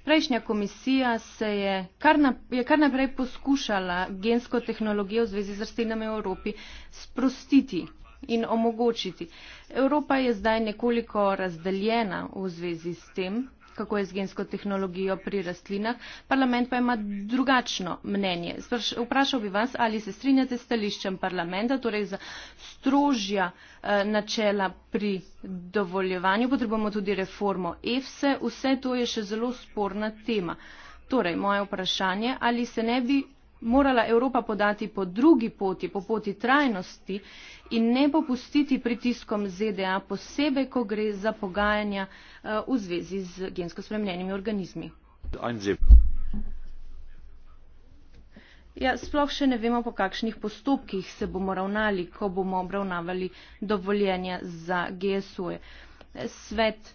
Prejšnja komisija se je kar, na, je kar naprej poskušala gensko tehnologijo v zvezi z rastlinami v Evropi sprostiti in omogočiti. Evropa je zdaj nekoliko razdeljena v zvezi s tem, kako je z gensko tehnologijo pri rastlinah, parlament pa ima drugačno mnenje. Sprš, vprašal bi vas, ali se strinjate s stališčem parlamenta, torej za strožja eh, načela pri dovoljevanju, potrebujemo tudi reformo EFSE, vse to je še zelo sporna tema. Torej, moje vprašanje, ali se ne bi morala Evropa podati po drugi poti, po poti trajnosti in ne popustiti pritiskom ZDA, posebej, ko gre za pogajanja eh, v zvezi z gensko spremenjenimi organizmi. Ja, sploh še ne vemo, po kakšnih postopkih se bomo ravnali, ko bomo obravnavali dovoljenja za GSO. -je. Svet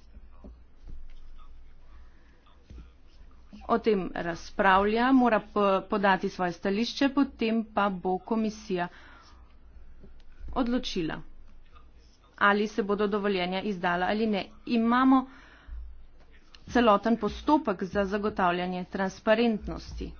o tem razpravlja, mora podati svoje stališče, potem pa bo komisija odločila, ali se bodo dovoljenja izdala ali ne. Imamo celoten postopek za zagotavljanje transparentnosti.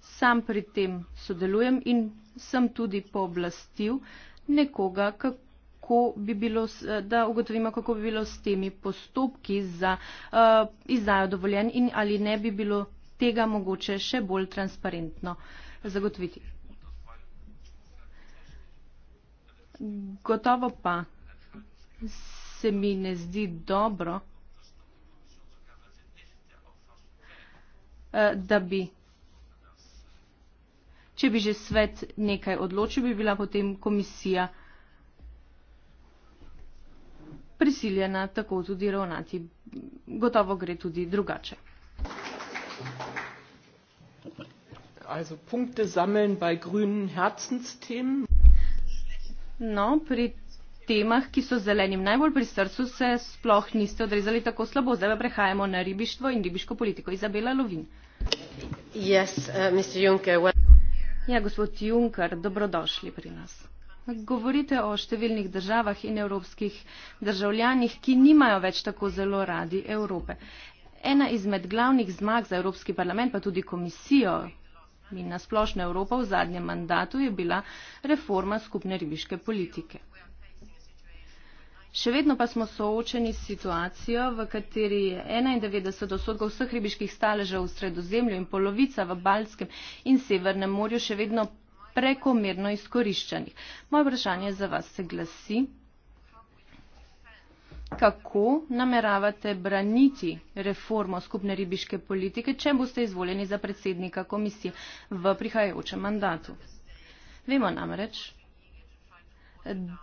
Sam pri tem sodelujem in sem tudi pooblastil nekoga, kako kako bi bilo, da ugotovimo, kako bi bilo s temi postopki za uh, izdajo dovoljen in ali ne bi bilo tega mogoče še bolj transparentno zagotoviti. Gotovo pa se mi ne zdi dobro, eh, da bi, če bi že svet nekaj odločil, bi bila potem komisija prisiljena tako tudi ravnati. Gotovo gre tudi drugače. Also, punkte sammeln bei grünen Herzensthemen. No, pri temah, ki so zelenim najbolj pri srcu, se sploh niste odrezali tako slabo. Zdaj pa prehajamo na ribištvo in ribiško politiko. Izabela Lovin. Yes, uh, Juncker, well... Ja, gospod Juncker, dobrodošli pri nas. Govorite o številnih državah in evropskih državljanih, ki nimajo več tako zelo radi Evrope. Ena izmed glavnih zmag za Evropski parlament, pa tudi komisijo in na splošno Evropo v zadnjem mandatu je bila reforma skupne ribiške politike. Še vedno pa smo soočeni s situacijo, v kateri je 91 odstotkov vseh ribiških staležev v sredozemlju in polovica v Balskem in Severnem morju še vedno prekomerno izkoriščanih. Moje vprašanje za vas se glasi, kako nameravate braniti reformo skupne ribiške politike, če boste izvoljeni za predsednika komisije v prihajajočem mandatu. Vemo namreč,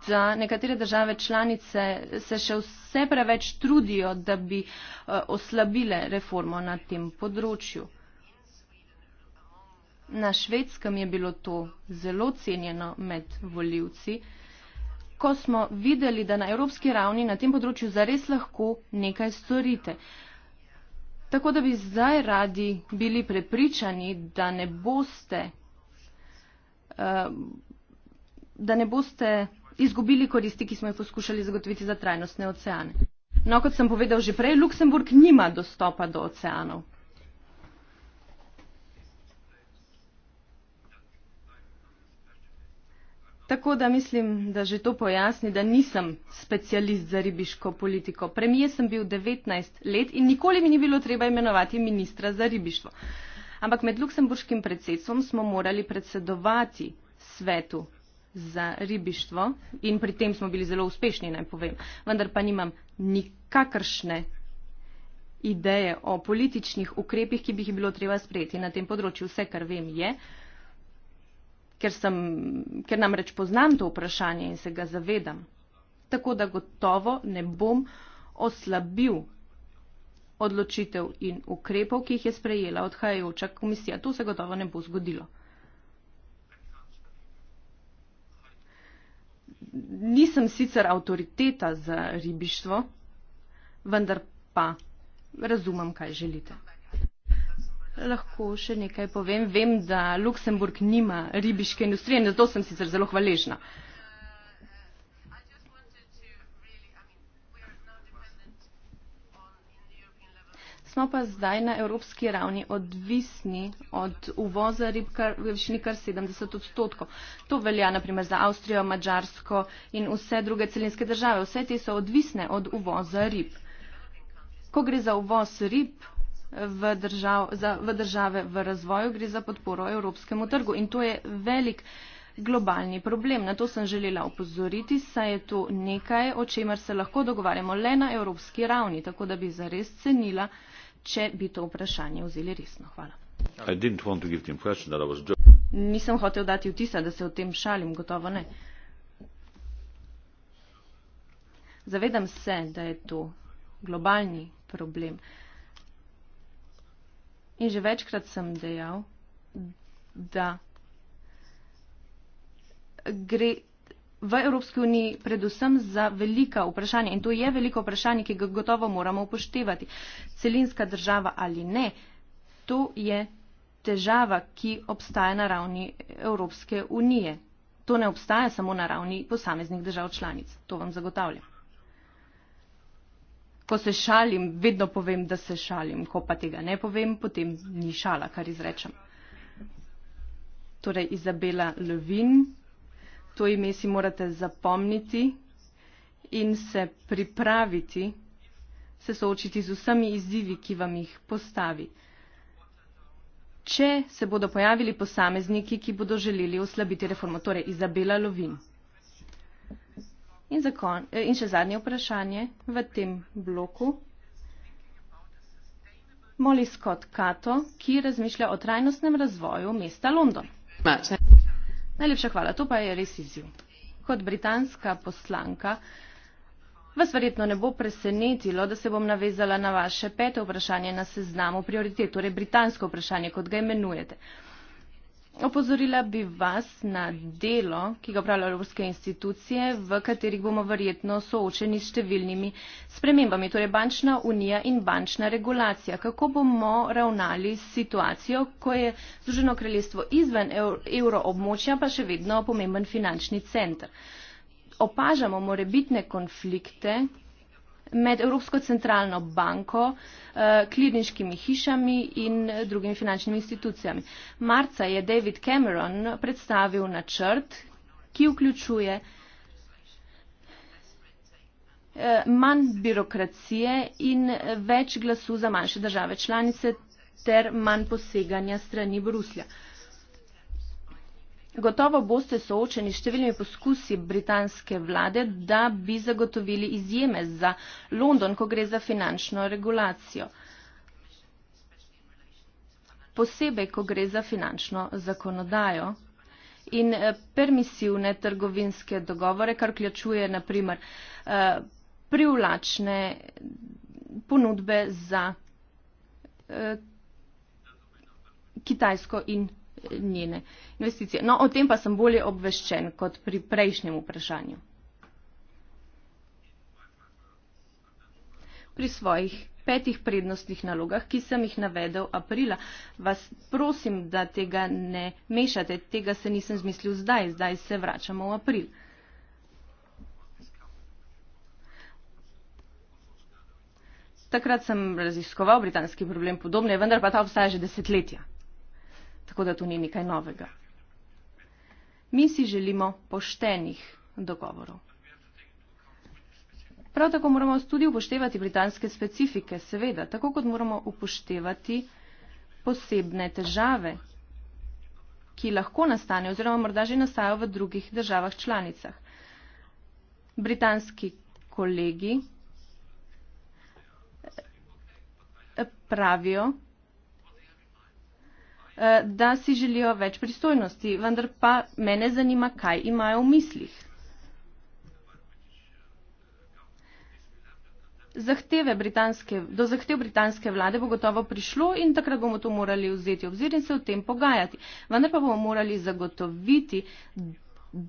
da nekatere države članice se še vse preveč trudijo, da bi eh, oslabile reformo na tem področju. Na švedskem je bilo to zelo cenjeno med voljivci. Ko smo videli, da na evropski ravni na tem področju zares lahko nekaj storite. Tako da bi zdaj radi bili prepričani, da ne boste, eh, da ne boste izgubili koristi, ki smo jih poskušali zagotoviti za trajnostne oceane. No, kot sem povedal že prej, Luksemburg nima dostopa do oceanov. Tako da mislim, da že to pojasni, da nisem specialist za ribiško politiko. Premije sem bil 19 let in nikoli mi ni bilo treba imenovati ministra za ribištvo. Ampak med luksemburškim predsedstvom smo morali predsedovati svetu za ribištvo in pri tem smo bili zelo uspešni, naj povem. Vendar pa nimam nikakršne ideje o političnih ukrepih, ki bi jih bilo treba sprejeti na tem področju. Vse, kar vem, je, ker, sem, ker namreč poznam to vprašanje in se ga zavedam. Tako da gotovo ne bom oslabil odločitev in ukrepov, ki jih je sprejela odhajajoča komisija. To se gotovo ne bo zgodilo. Nisem sicer avtoriteta za ribištvo, vendar pa razumem, kaj želite lahko še nekaj povem. Vem, da Luksemburg nima ribiške industrije in zato sem sicer zelo hvaležna. Smo pa zdaj na evropski ravni odvisni od uvoza rib v višini kar 70 odstotkov. To velja naprimer za Avstrijo, Mačarsko in vse druge celinske države. Vse te so odvisne od uvoza rib. Ko gre za uvoz rib, v, držav, za, v države v razvoju, gre za podporo evropskemu trgu in to je velik globalni problem. Na to sem želela opozoriti, saj je to nekaj, o čemer se lahko dogovarjamo le na evropski ravni, tako da bi zares cenila, če bi to vprašanje vzeli resno. Hvala. Nisem hotel dati vtisa, da se o tem šalim, gotovo ne. Zavedam se, da je to globalni problem. In že večkrat sem dejal, da gre v Evropski uniji predvsem za velika vprašanja in to je veliko vprašanje, ki ga gotovo moramo upoštevati. Celinska država ali ne, to je težava, ki obstaja na ravni Evropske unije. To ne obstaja samo na ravni posameznih držav članic. To vam zagotavljam ko se šalim, vedno povem, da se šalim. Ko pa tega ne povem, potem ni šala, kar izrečem. Torej, Izabela Levin, to ime si morate zapomniti in se pripraviti, se soočiti z vsemi izzivi, ki vam jih postavi. Če se bodo pojavili posamezniki, ki bodo želeli oslabiti reformo, torej Izabela Levin. In, kon, eh, in še zadnje vprašanje v tem bloku. Moli Scott Kato, ki razmišlja o trajnostnem razvoju mesta London. Mačne. Najlepša hvala, to pa je res izziv. Kot britanska poslanka vas verjetno ne bo presenetilo, da se bom navezala na vaše peto vprašanje na seznamu prioritet, torej britansko vprašanje, kot ga imenujete. Opozorila bi vas na delo, ki ga upravljajo evropske institucije, v katerih bomo verjetno soočeni s številnimi spremembami, torej bančna unija in bančna regulacija. Kako bomo ravnali s situacijo, ko je Združeno kraljestvo izven evroobmočja, pa še vedno pomemben finančni center? Opažamo morebitne konflikte, med Evropsko centralno banko, eh, klirniškimi hišami in drugimi finančnimi institucijami. Marca je David Cameron predstavil načrt, ki vključuje eh, manj birokracije in več glasu za manjše države članice ter manj poseganja strani Bruslja. Gotovo boste soočeni s številnimi poskusi britanske vlade, da bi zagotovili izjeme za London, ko gre za finančno regulacijo. Posebej, ko gre za finančno zakonodajo in eh, permisivne trgovinske dogovore, kar vključuje naprimer eh, privlačne ponudbe za eh, kitajsko in njene investicije. No, o tem pa sem bolje obveščen kot pri prejšnjem vprašanju. Pri svojih petih prednostnih nalogah, ki sem jih navedel aprila, vas prosim, da tega ne mešate. Tega se nisem zmislil zdaj, zdaj se vračamo v april. Takrat sem raziskoval britanski problem podobne, vendar pa ta obstaja že desetletja tako da to ni nekaj novega. Mi si želimo poštenih dogovorov. Prav tako moramo tudi upoštevati britanske specifike, seveda, tako kot moramo upoštevati posebne težave, ki lahko nastane oziroma morda že nastajajo v drugih državah članicah. Britanski kolegi pravijo, Eh, da si želijo več pristojnosti, vendar pa mene zanima, kaj imajo v mislih. Zahteve britanske, do zahtev britanske vlade bo gotovo prišlo in takrat bomo to morali vzeti obzir in se o tem pogajati. Vendar pa bomo morali zagotoviti,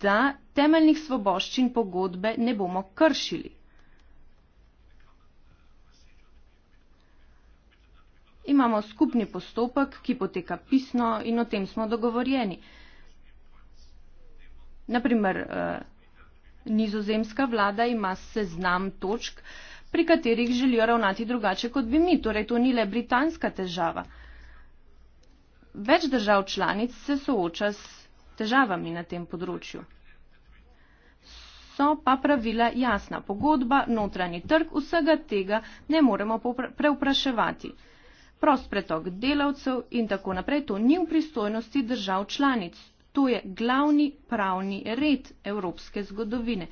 da temeljnih svoboščin pogodbe ne bomo kršili. imamo skupni postopek, ki poteka pisno in o tem smo dogovorjeni. Naprimer, eh, nizozemska vlada ima seznam točk, pri katerih želijo ravnati drugače kot bi mi, torej to ni le britanska težava. Več držav članic se sooča s težavami na tem področju. So pa pravila jasna. Pogodba, notranji trg, vsega tega ne moremo preupraševati prost pretok delavcev in tako naprej, to ni v pristojnosti držav članic. To je glavni pravni red evropske zgodovine.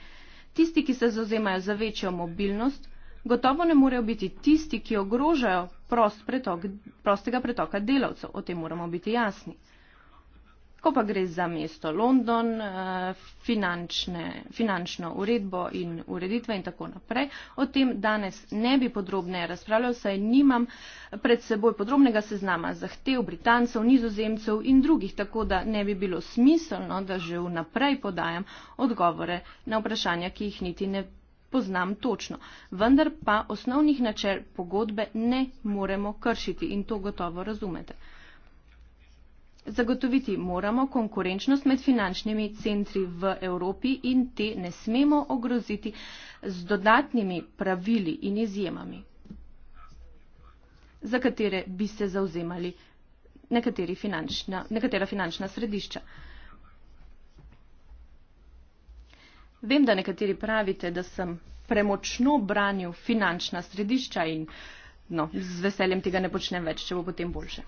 Tisti, ki se zauzemajo za večjo mobilnost, gotovo ne morejo biti tisti, ki ogrožajo prost pretok, prostega pretoka delavcev. O tem moramo biti jasni ko pa gre za mesto London, eh, finančne, finančno uredbo in ureditve in tako naprej. O tem danes ne bi podrobne razpravljal, saj nimam pred seboj podrobnega seznama zahtev Britancev, nizozemcev in drugih, tako da ne bi bilo smiselno, da že vnaprej podajam odgovore na vprašanja, ki jih niti ne poznam točno. Vendar pa osnovnih načel pogodbe ne moremo kršiti in to gotovo razumete. Zagotoviti moramo konkurenčnost med finančnimi centri v Evropi in te ne smemo ogroziti z dodatnimi pravili in izjemami, za katere bi se zauzemali finančna, nekatera finančna središča. Vem, da nekateri pravite, da sem premočno branil finančna središča in no, z veseljem tega ne počnem več, če bo potem boljše.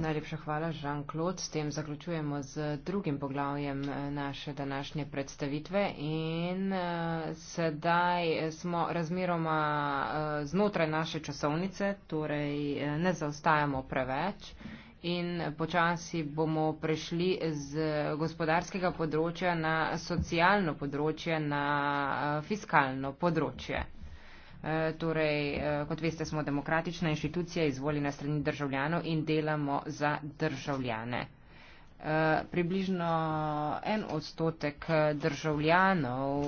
Najlepša hvala, Jean-Claude. S tem zaključujemo z drugim poglavjem eh, naše današnje predstavitve. In uh, sedaj smo razmeroma uh, znotraj naše časovnice, torej uh, ne zaostajamo preveč. In počasi bomo prešli z gospodarskega področja na socialno področje, na fiskalno področje. Eh, torej, eh, kot veste, smo demokratična inštitucija, izvoljena strani državljanov in delamo za državljane. Eh, približno en odstotek državljanov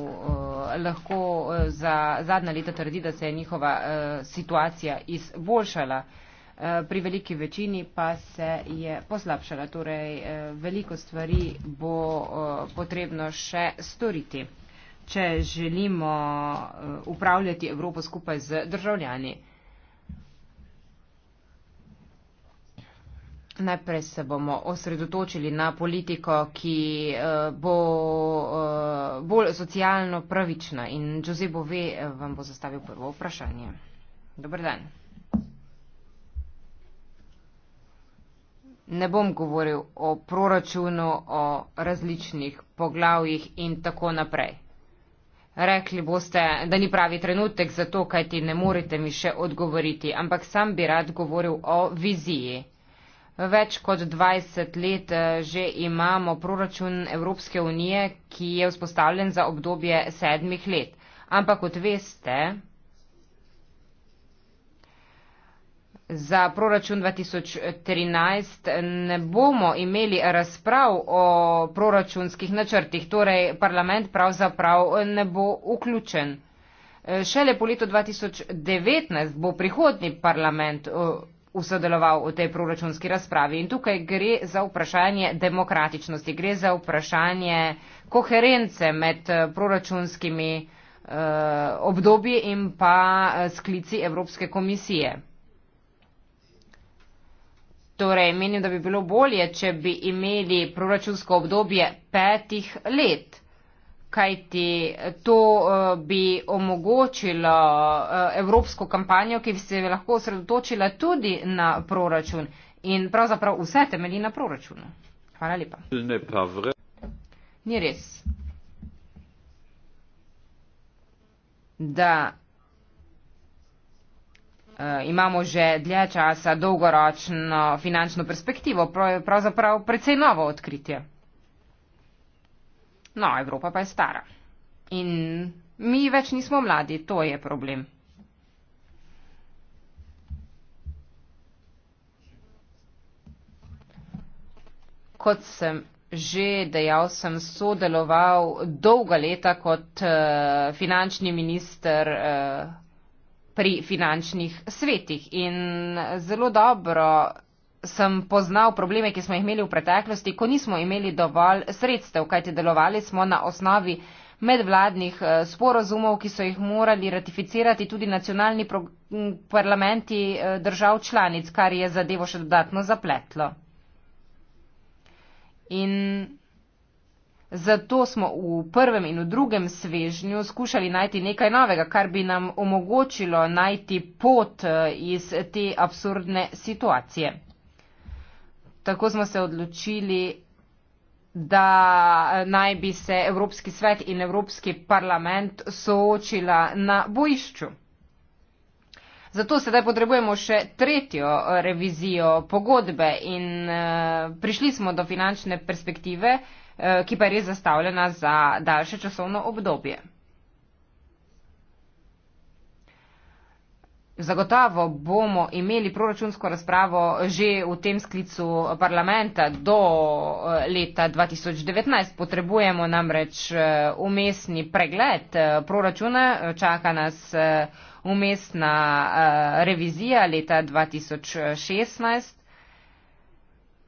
lahko za zadnja leta trdi, da se je njihova situacija izboljšala. Pri veliki večini pa se je poslabšala, torej veliko stvari bo potrebno še storiti če želimo eh, upravljati Evropo skupaj z državljani. Najprej se bomo osredotočili na politiko, ki eh, bo eh, bolj socialno pravična in Jose Bove vam bo zastavil prvo vprašanje. Dobar dan. Ne bom govoril o proračunu, o različnih poglavjih in tako naprej. Rekli boste, da ni pravi trenutek za to, kaj ti ne morete mi še odgovoriti, ampak sam bi rad govoril o viziji. Več kot 20 let eh, že imamo proračun Evropske unije, ki je vzpostavljen za obdobje sedmih let. Ampak kot veste, za proračun 2013 ne bomo imeli razprav o proračunskih načrtih, torej parlament pravzaprav ne bo vključen. Šele po letu 2019 bo prihodni parlament usodeloval v tej proračunski razpravi in tukaj gre za vprašanje demokratičnosti, gre za vprašanje koherence med eh, proračunskimi eh, obdobji in pa eh, sklici Evropske komisije. Torej, menim, da bi bilo bolje, če bi imeli proračunsko obdobje petih let, kajti to eh, bi omogočilo eh, evropsko kampanjo, ki bi se lahko osredotočila tudi na proračun in pravzaprav vse temelji na proračunu. Hvala lepa. Ni res. Da Eh, imamo že dlje časa dolgoročno finančno perspektivo, pravzaprav precej novo odkritje. No, Evropa pa je stara. In mi več nismo mladi, to je problem. Kot sem že dejal, sem sodeloval dolga leta kot eh, finančni minister eh, pri finančnih svetih in zelo dobro sem poznal probleme, ki smo jih imeli v preteklosti, ko nismo imeli dovolj sredstev, kajti delovali smo na osnovi medvladnih eh, sporozumov, ki so jih morali ratificirati tudi nacionalni parlamenti eh, držav članic, kar je zadevo še dodatno zapletlo. In Zato smo v prvem in v drugem svežnju skušali najti nekaj novega, kar bi nam omogočilo najti pot eh, iz te absurdne situacije. Tako smo se odločili, da eh, naj bi se Evropski svet in Evropski parlament soočila na bojišču. Zato sedaj potrebujemo še tretjo eh, revizijo pogodbe in prišli smo do finančne perspektive, Eh, ki pa je res zastavljena za daljše časovno obdobje. Zagotovo bomo imeli proračunsko razpravo že v tem sklicu parlamenta do eh, leta 2019. Potrebujemo namreč eh, umestni pregled proračuna, čaka nas umestna revizija leta 2016.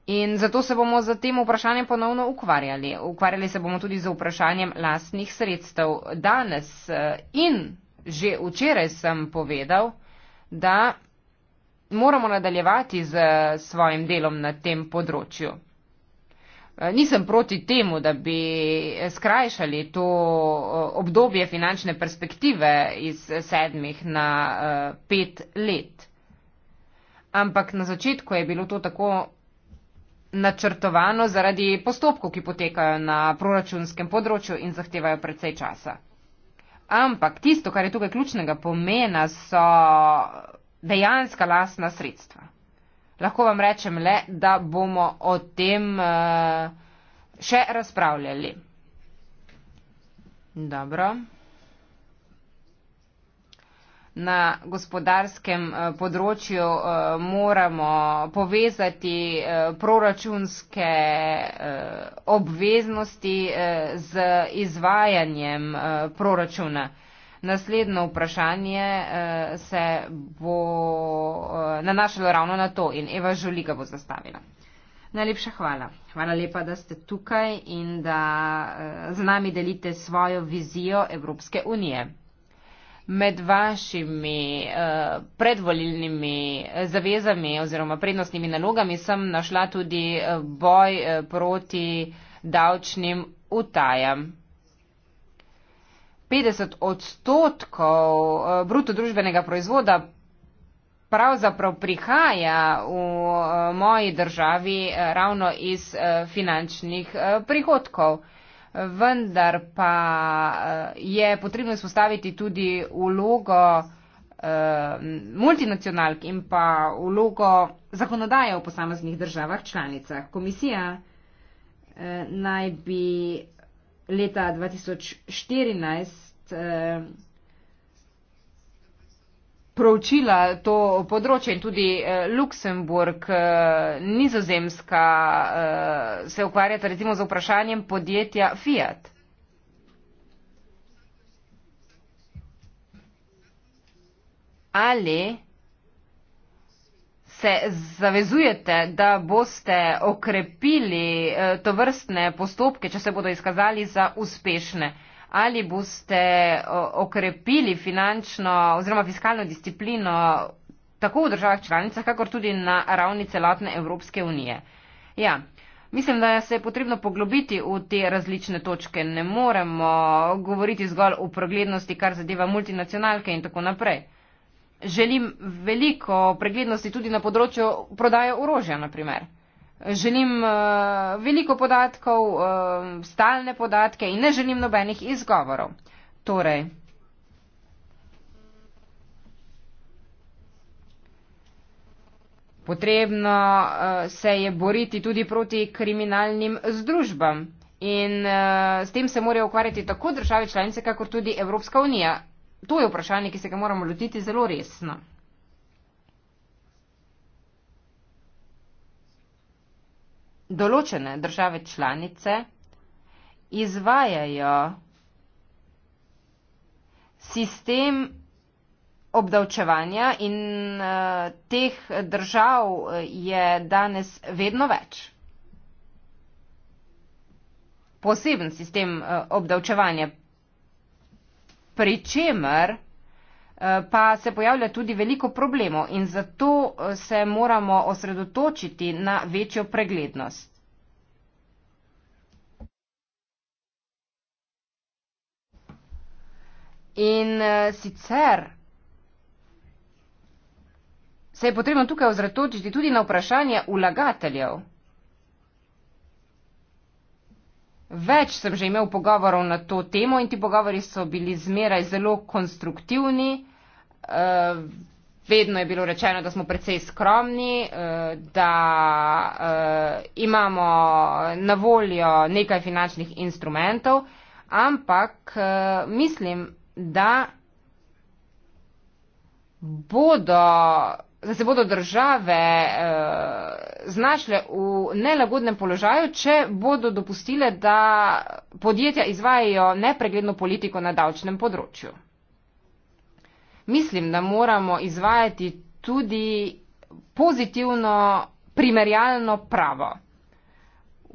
In zato se bomo z tem vprašanjem ponovno ukvarjali. Ukvarjali se bomo tudi z vprašanjem lastnih sredstev. Danes eh, in že včeraj sem povedal, da moramo nadaljevati z eh, svojim delom na tem področju. Eh, nisem proti temu, da bi skrajšali to obdobje finančne perspektive iz sedmih na pet let. Ampak na začetku je bilo to tako načrtovano zaradi postopkov, ki potekajo na proračunskem področju in zahtevajo precej časa. Ampak tisto, kar je tukaj ključnega pomena, so dejanska lasna sredstva. Lahko vam rečem le, da bomo o tem eh, še razpravljali. Dobro na gospodarskem eh, področju eh, moramo povezati eh, proračunske obveznosti z izvajanjem proračuna. Naslednje vprašanje se bo nanašalo ravno na to in Eva Žuli ga bo zastavila. Najlepša hvala. Hvala lepa, da ste tukaj in da z nami delite svojo vizijo Evropske unije med vašimi uh, predvolilnimi zavezami oziroma prednostnimi nalogami sem našla tudi eh, boj uh, proti davčnim utajam. 50 odstotkov uh, brutodružbenega proizvoda pravzaprav prihaja v uh, moji državi uh, ravno iz uh, finančnih uh, prihodkov. Uh, vendar pa eh, je potrebno spostaviti tudi ulogo eh, multinacionalk in pa ulogo zakonodaje v posameznih državah članicah. Komisija eh, naj bi leta 2014 proučila to področje in tudi eh, Luksemburg, eh, Nizozemska eh, se ukvarjata recimo z vprašanjem podjetja Fiat. Ali se zavezujete, da boste okrepili to vrstne postopke, če se bodo izkazali za uspešne? ali boste okrepili finančno oziroma fiskalno disciplino tako v državah članicah, kakor tudi na ravni celotne Evropske unije. Ja. Mislim, da se je potrebno poglobiti v te različne točke. Ne moremo govoriti zgolj o preglednosti, kar zadeva multinacionalke in tako naprej. Želim veliko preglednosti tudi na področju prodaje orožja, na primer. Želim eh, veliko podatkov, eh, stalne podatke in ne želim nobenih izgovorov. Torej, potrebno eh, se je boriti tudi proti kriminalnim združbam in s tem se morajo ukvarjati tako države članice, kakor tudi Evropska unija. To je vprašanje, ki se ga moramo lotiti zelo resno. določene države članice izvajajo sistem obdavčevanja in uh, teh držav eh, je danes vedno več. Poseben sistem uh, obdavčevanja, pri čemer Eh, pa se pojavlja tudi veliko problemov in zato eh, se moramo osredotočiti na večjo preglednost. In eh, sicer se je potrebno tukaj ozretočiti tudi na vprašanje vlagateljev. Več sem že imel pogovorov na to temo in ti pogovori so bili zmeraj zelo konstruktivni. Eh, vedno je bilo rečeno, da smo precej skromni, eh, da eh, imamo na voljo nekaj finančnih instrumentov, ampak mislim, da bodo da se bodo države eh, znašle v nelagodnem položaju, če bodo dopustile, da podjetja izvajajo nepregledno politiko na davčnem področju. Mislim, da moramo izvajati tudi pozitivno primerjalno pravo.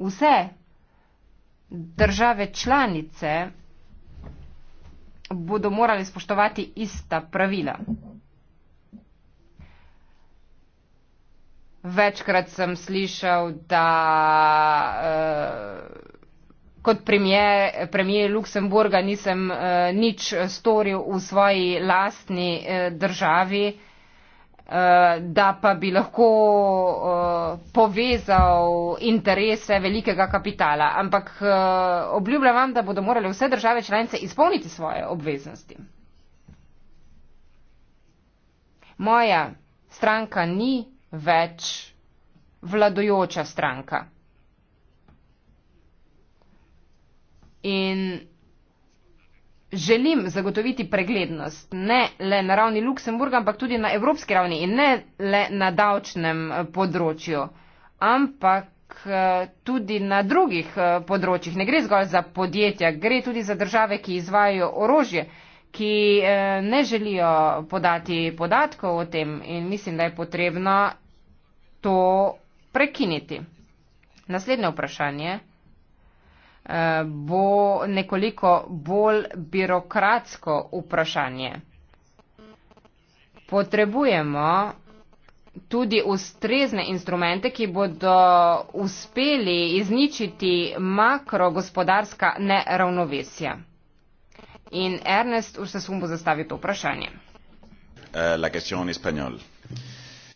Vse države članice bodo morali spoštovati ista pravila. Večkrat sem slišal, da uh, kot premijer, premijer Luksemburga nisem uh, nič storil v svoji lastni uh, državi, uh, da pa bi lahko uh, povezal interese velikega kapitala. Ampak uh, obljubljam vam, da bodo morali vse države članice izpolniti svoje obveznosti. Moja stranka ni več vladojoča stranka. In želim zagotoviti preglednost ne le na ravni Luksemburga, ampak tudi na evropski ravni in ne le na davčnem eh, področju, ampak eh, tudi na drugih eh, področjih. Ne gre zgolj za podjetja, gre tudi za države, ki izvajajo orožje ki eh, ne želijo podati podatkov o tem in mislim, da je potrebno to prekiniti. Naslednje vprašanje eh, bo nekoliko bolj birokratsko vprašanje. Potrebujemo tudi ustrezne instrumente, ki bodo uspeli izničiti makrogospodarska neravnovesja. In Ernest Ursasumbo zastavi to vprašanje. Eh, la question en español.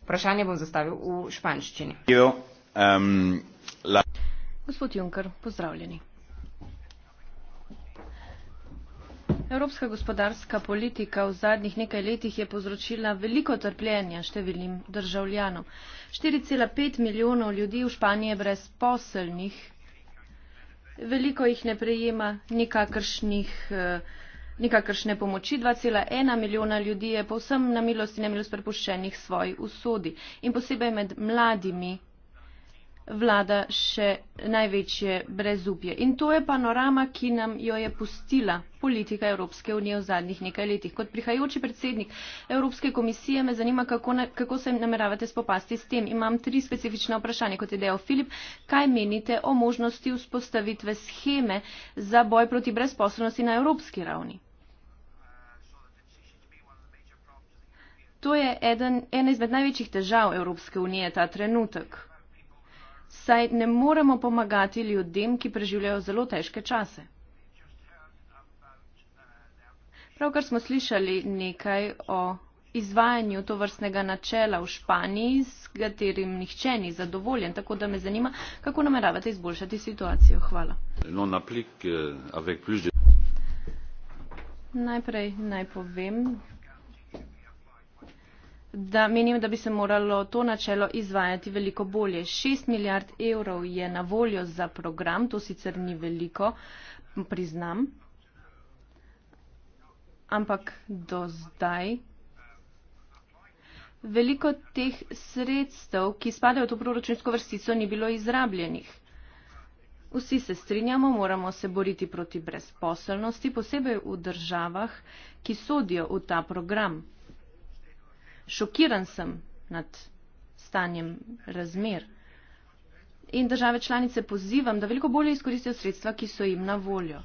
Vprašanje bom zastavil v španščini. Um, la... Gospod Juncker, pozdravljeni. Evropska gospodarska politika v zadnjih nekaj letih je povzročila veliko trpljenja številnim državljanom. 4,5 milijonov ljudi v Španiji je brezposelnih. Veliko jih ne prejema nikakršnih. Uh, nikakršne pomoči, 2,1 milijona ljudi je povsem na milost in nemilost prepuščenih svoji usodi in posebej med mladimi vlada še največje brezupje. In to je panorama, ki nam jo je pustila politika Evropske unije v zadnjih nekaj letih. Kot prihajajoči predsednik Evropske komisije me zanima, kako, na, kako se nameravate spopasti s tem. Imam tri specifične vprašanja, kot je dejal Filip. Kaj menite o možnosti vzpostavitve scheme za boj proti brezposobnosti na evropski ravni? To je eden, ena izmed največjih težav Evropske unije ta trenutek saj ne moremo pomagati ljudem, ki preživljajo zelo težke čase. Pravkar smo slišali nekaj o izvajanju to vrstnega načela v Španiji, s katerim nihče ni zadovoljen, tako da me zanima, kako nameravate izboljšati situacijo. Hvala. Euh, Najprej naj povem, da menim, da bi se moralo to načelo izvajati veliko bolje. 6 milijard evrov je na voljo za program, to sicer ni veliko, priznam, ampak do zdaj. Veliko teh sredstev, ki spadajo v to proračunsko vrstico, ni bilo izrabljenih. Vsi se strinjamo, moramo se boriti proti brezposelnosti, posebej v državah, ki sodijo v ta program šokiran sem nad stanjem razmer. In države članice pozivam, da veliko bolje izkoristijo sredstva, ki so jim na voljo.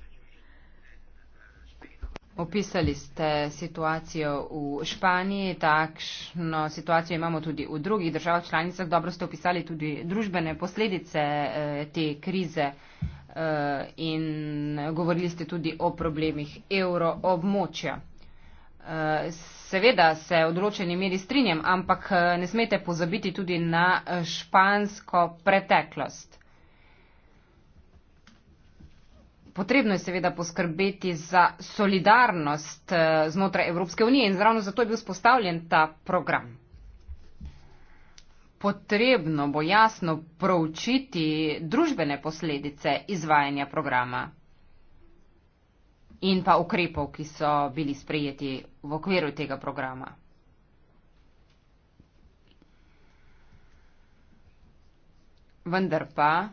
Opisali ste situacijo v Španiji, takšno situacijo imamo tudi v drugih državah članicah. Dobro ste opisali tudi družbene posledice eh, te krize eh, in govorili ste tudi o problemih evroobmočja. Eh, Seveda se v določeni meri strinjam, ampak eh, ne smete pozabiti tudi na eh, špansko preteklost. Potrebno je seveda poskrbeti za solidarnost eh, znotraj Evropske unije in ravno zato je bil spostavljen ta program. Potrebno bo jasno proučiti družbene posledice izvajanja programa in pa ukrepov, ki so bili sprejeti v okviru tega programa. Vendar pa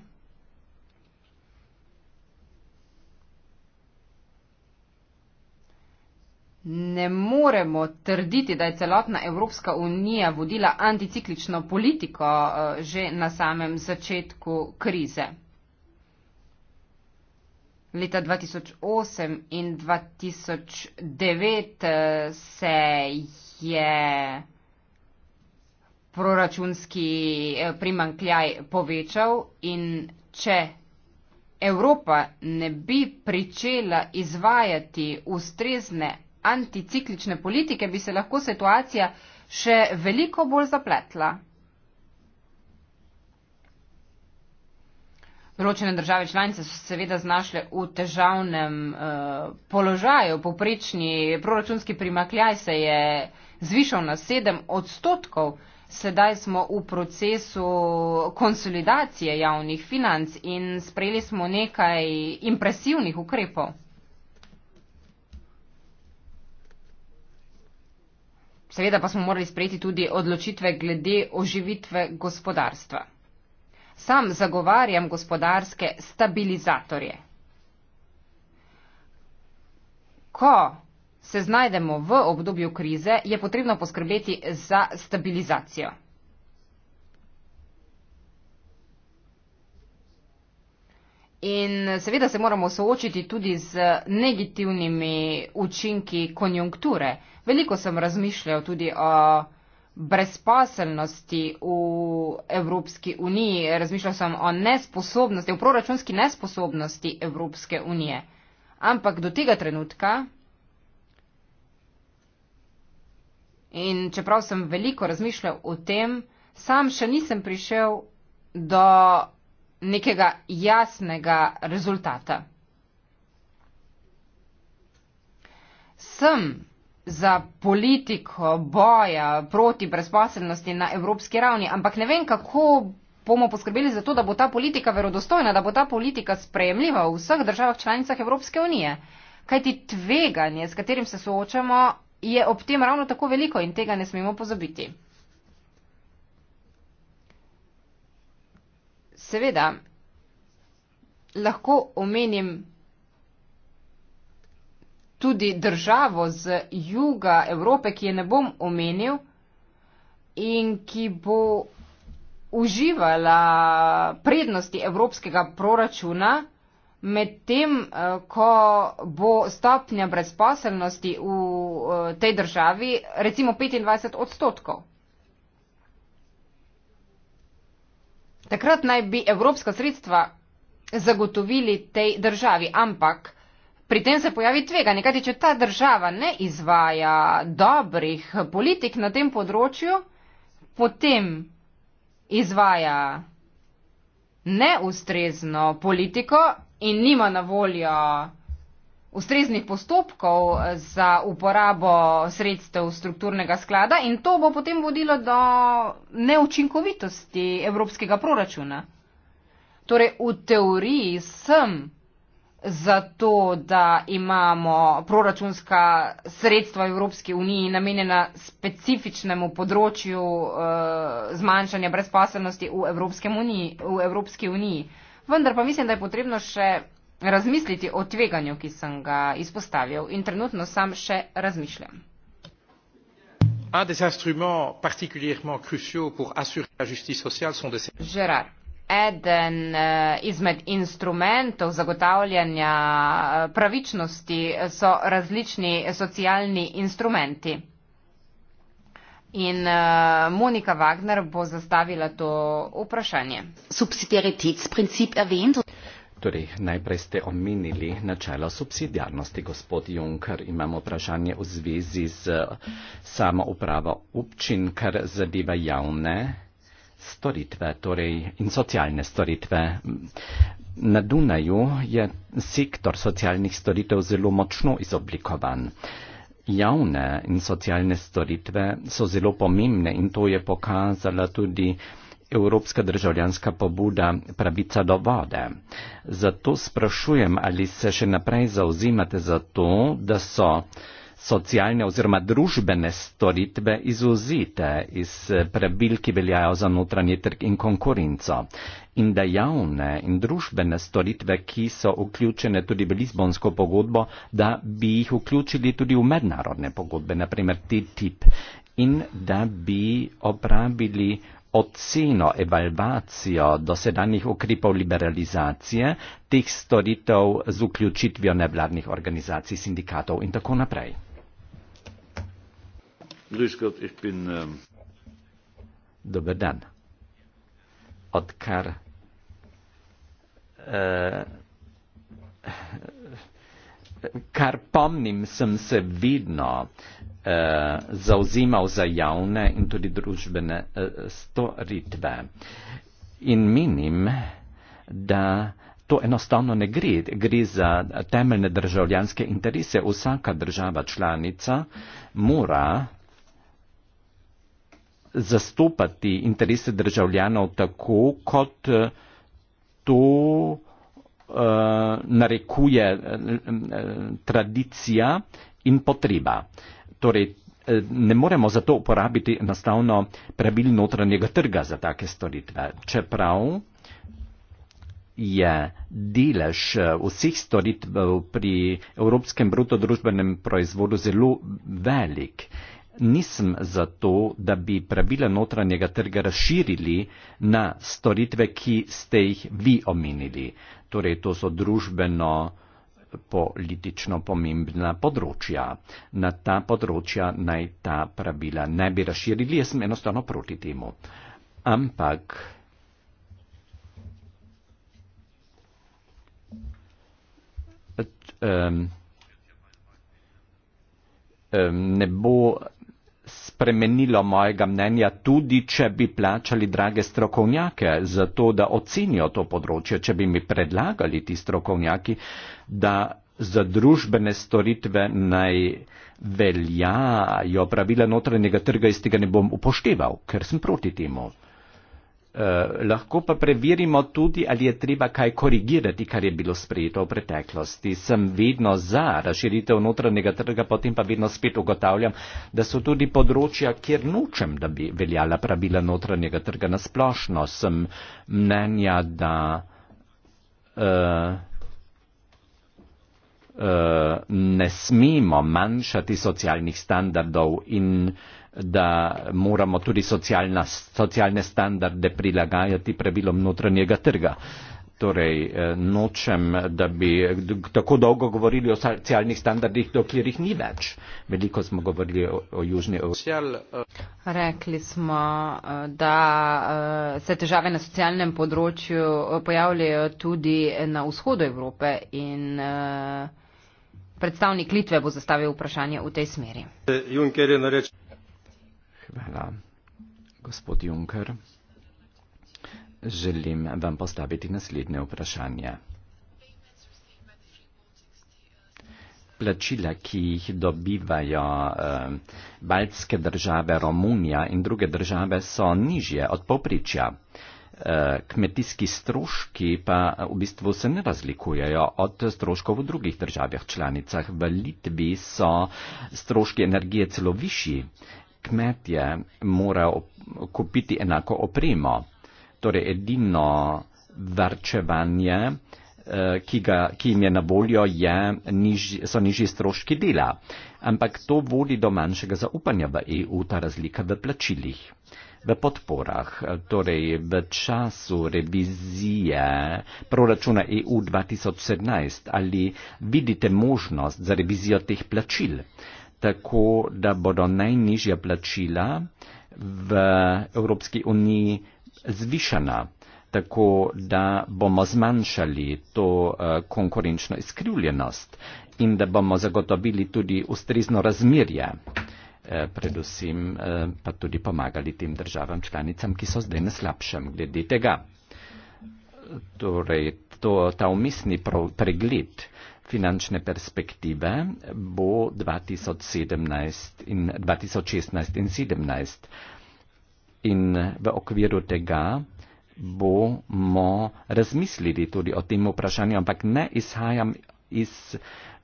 ne moremo trditi, da je celotna Evropska unija vodila anticiklično politiko eh, že na samem začetku krize leta 2008 in 2009 eh, se je proračunski eh, primankljaj povečal in če Evropa ne bi pričela izvajati ustrezne anticiklične politike, bi se lahko situacija še veliko bolj zapletla. Določene države članice so seveda znašle v težavnem uh, položaju. Poprečni proračunski primakljaj se je zvišal na 7 odstotkov. Sedaj smo v procesu konsolidacije javnih financ in sprejeli smo nekaj impresivnih ukrepov. Seveda pa smo morali sprejeti tudi odločitve glede oživitve gospodarstva sam zagovarjam gospodarske stabilizatorje. Ko se znajdemo v obdobju krize, je potrebno poskrbeti za stabilizacijo. In seveda se moramo soočiti tudi z negativnimi učinki konjunkture. Veliko sem razmišljal tudi o brezposelnosti v Evropski uniji, razmišljal sem o nesposobnosti, o proračunski nesposobnosti Evropske unije. Ampak do tega trenutka, in čeprav sem veliko razmišljal o tem, sam še nisem prišel do nekega jasnega rezultata. Sem za politiko boja proti brezposelnosti na evropski ravni, ampak ne vem, kako bomo poskrbeli za to, da bo ta politika verodostojna, da bo ta politika sprejemljiva v vseh državah članicah Evropske unije. Kaj ti tveganje, s katerim se soočamo, je ob tem ravno tako veliko in tega ne smemo pozabiti. Seveda, lahko omenim tudi državo z juga Evrope, ki je ne bom omenil in ki bo uživala prednosti evropskega proračuna, medtem eh, ko bo stopnja brezposelnosti v eh, tej državi recimo 25 odstotkov. Takrat naj bi evropska sredstva zagotovili tej državi, ampak pri tem se pojavi tveganje. Kajti, če ta država ne izvaja dobrih politik na tem področju, potem izvaja neustrezno politiko in nima na voljo ustreznih postopkov za uporabo sredstev strukturnega sklada in to bo potem vodilo do neučinkovitosti evropskega proračuna. Torej, v teoriji sem zato, da imamo proračunska sredstva Evropske unije namenjena specifičnemu področju uh, zmanjšanja brezposelnosti v, v Evropski uniji. Vendar pa mislim, da je potrebno še razmisliti o tveganju, ki sem ga izpostavil in trenutno sam še razmišljam. Gerard eden eh, izmed instrumentov zagotavljanja eh, pravičnosti eh, so različni socialni instrumenti. In Monika Wagner bo zastavila to vprašanje. Subsidiaritetsprincip erwähnt. Torej, najprej ste omenili načelo subsidijarnosti, gospod Juncker. Imamo vprašanje v zvezi z samo upravo občin, kar zadeva javne storitve torej, in socialne storitve. Na Dunaju je sektor socialnih storitev zelo močno izoblikovan. Javne in socialne storitve so zelo pomembne in to je pokazala tudi Evropska državljanska pobuda pravica do vode. Zato sprašujem, ali se še naprej zauzimate za to, da so uh, socialne oziroma družbene storitve izuzite iz pravil, ki veljajo za notranji trg in konkurenco. In da javne in družbene storitve, ki so vključene tudi v Lizbonsko pogodbo, da bi jih vključili tudi v mednarodne pogodbe, naprimer TTIP. In da bi opravili oceno, evalvacijo dosedanjih ukripov liberalizacije teh storitev z vključitvijo nevladnih organizacij, sindikatov in tako naprej. Grüß Gott, ich bin. Ähm, Dobr dan. Odkar. Eh, kar pomnim, sem se vidno eh, zauzimal za javne in tudi družbene eh, storitve. In menim, da to enostavno ne gre. Gre za temeljne državljanske interese. Vsaka država članica mora zastopati interese državljanov tako, kot eh, to uh, narekuje uh, tradicija in potreba. Torej, ne moremo zato uporabiti enostavno pravil notranjega trga za take storitve. Čeprav je delež vseh storitev pri evropskem bruto družbenem proizvodu zelo velik. Uh, nisem za to, da bi pravila notranjega trga razširili na storitve, ki ste jih vi omenili. Torej, to so družbeno politično pomembna področja. Na ta področja naj ta pravila ne bi razširili, jaz sem enostavno proti temu. Ampak um, um, ne bo spremenilo mojega mnenja, tudi če bi plačali drage strokovnjake za to, da ocenijo to področje, če bi mi predlagali ti strokovnjaki, da za družbene storitve naj veljajo pravila notranjega trga, iz tega ne bom upošteval, ker sem proti temu. Eh, lahko pa preverimo tudi, ali je treba kaj korigirati, kar je bilo sprejeto v preteklosti. Sem vedno za razširitev notranjega trga, potem pa vedno spet ugotavljam, da so tudi področja, kjer nočem, da bi veljala pravila notranjega trga na splošno. Sem mnenja, da. Uh, Ne smemo manjšati socialnih standardov in uh, da moramo tudi socialna, socialne standarde prilagajati pravilom notranjega trga. Torej, eh, nočem, da bi tako dolgo govorili o socialnih standardih, dokler jih ni več. Veliko smo govorili o, o Južni Evropi. Eh, Rekli smo, eh, da se težave na socialnem področju pojavljajo tudi na vzhodu Evrope in predstavnik Litve bo zastavil vprašanje v tej smeri. Junker je narečen. Hvala, gospod Juncker. Želim vam postaviti naslednje vprašanje. Plačila, ki jih dobivajo eh, baltske države, Romunija in druge države, so nižje od povpričja. Eh, kmetijski stroški pa v bistvu se ne razlikujejo od stroškov v drugih državah članicah. V Litvi so stroški energije celo višji kmetje morajo kupiti enako opremo. Torej edino varčevanje, eh, ki, ga, ki jim je na voljo, je, so nižji stroški dela. Ampak to vodi do manjšega zaupanja v EU, ta razlika v plačilih, v podporah. Torej v času revizije proračuna EU 2017 ali vidite možnost za revizijo teh plačil? tako da bodo najnižja plačila v Evropski uniji zvišana, tako da bomo zmanjšali to eh, konkurenčno izkrivljenost in da bomo zagotovili tudi ustrezno razmerje, eh, predvsem eh, pa tudi pomagali tem državam članicam, ki so zdaj na slabšem glede tega. Torej, to, ta umestni pregled finančne perspektive bo 2017 in 2016 in 2017. In v okviru tega bomo razmislili tudi o tem vprašanju, ampak ne izhajam iz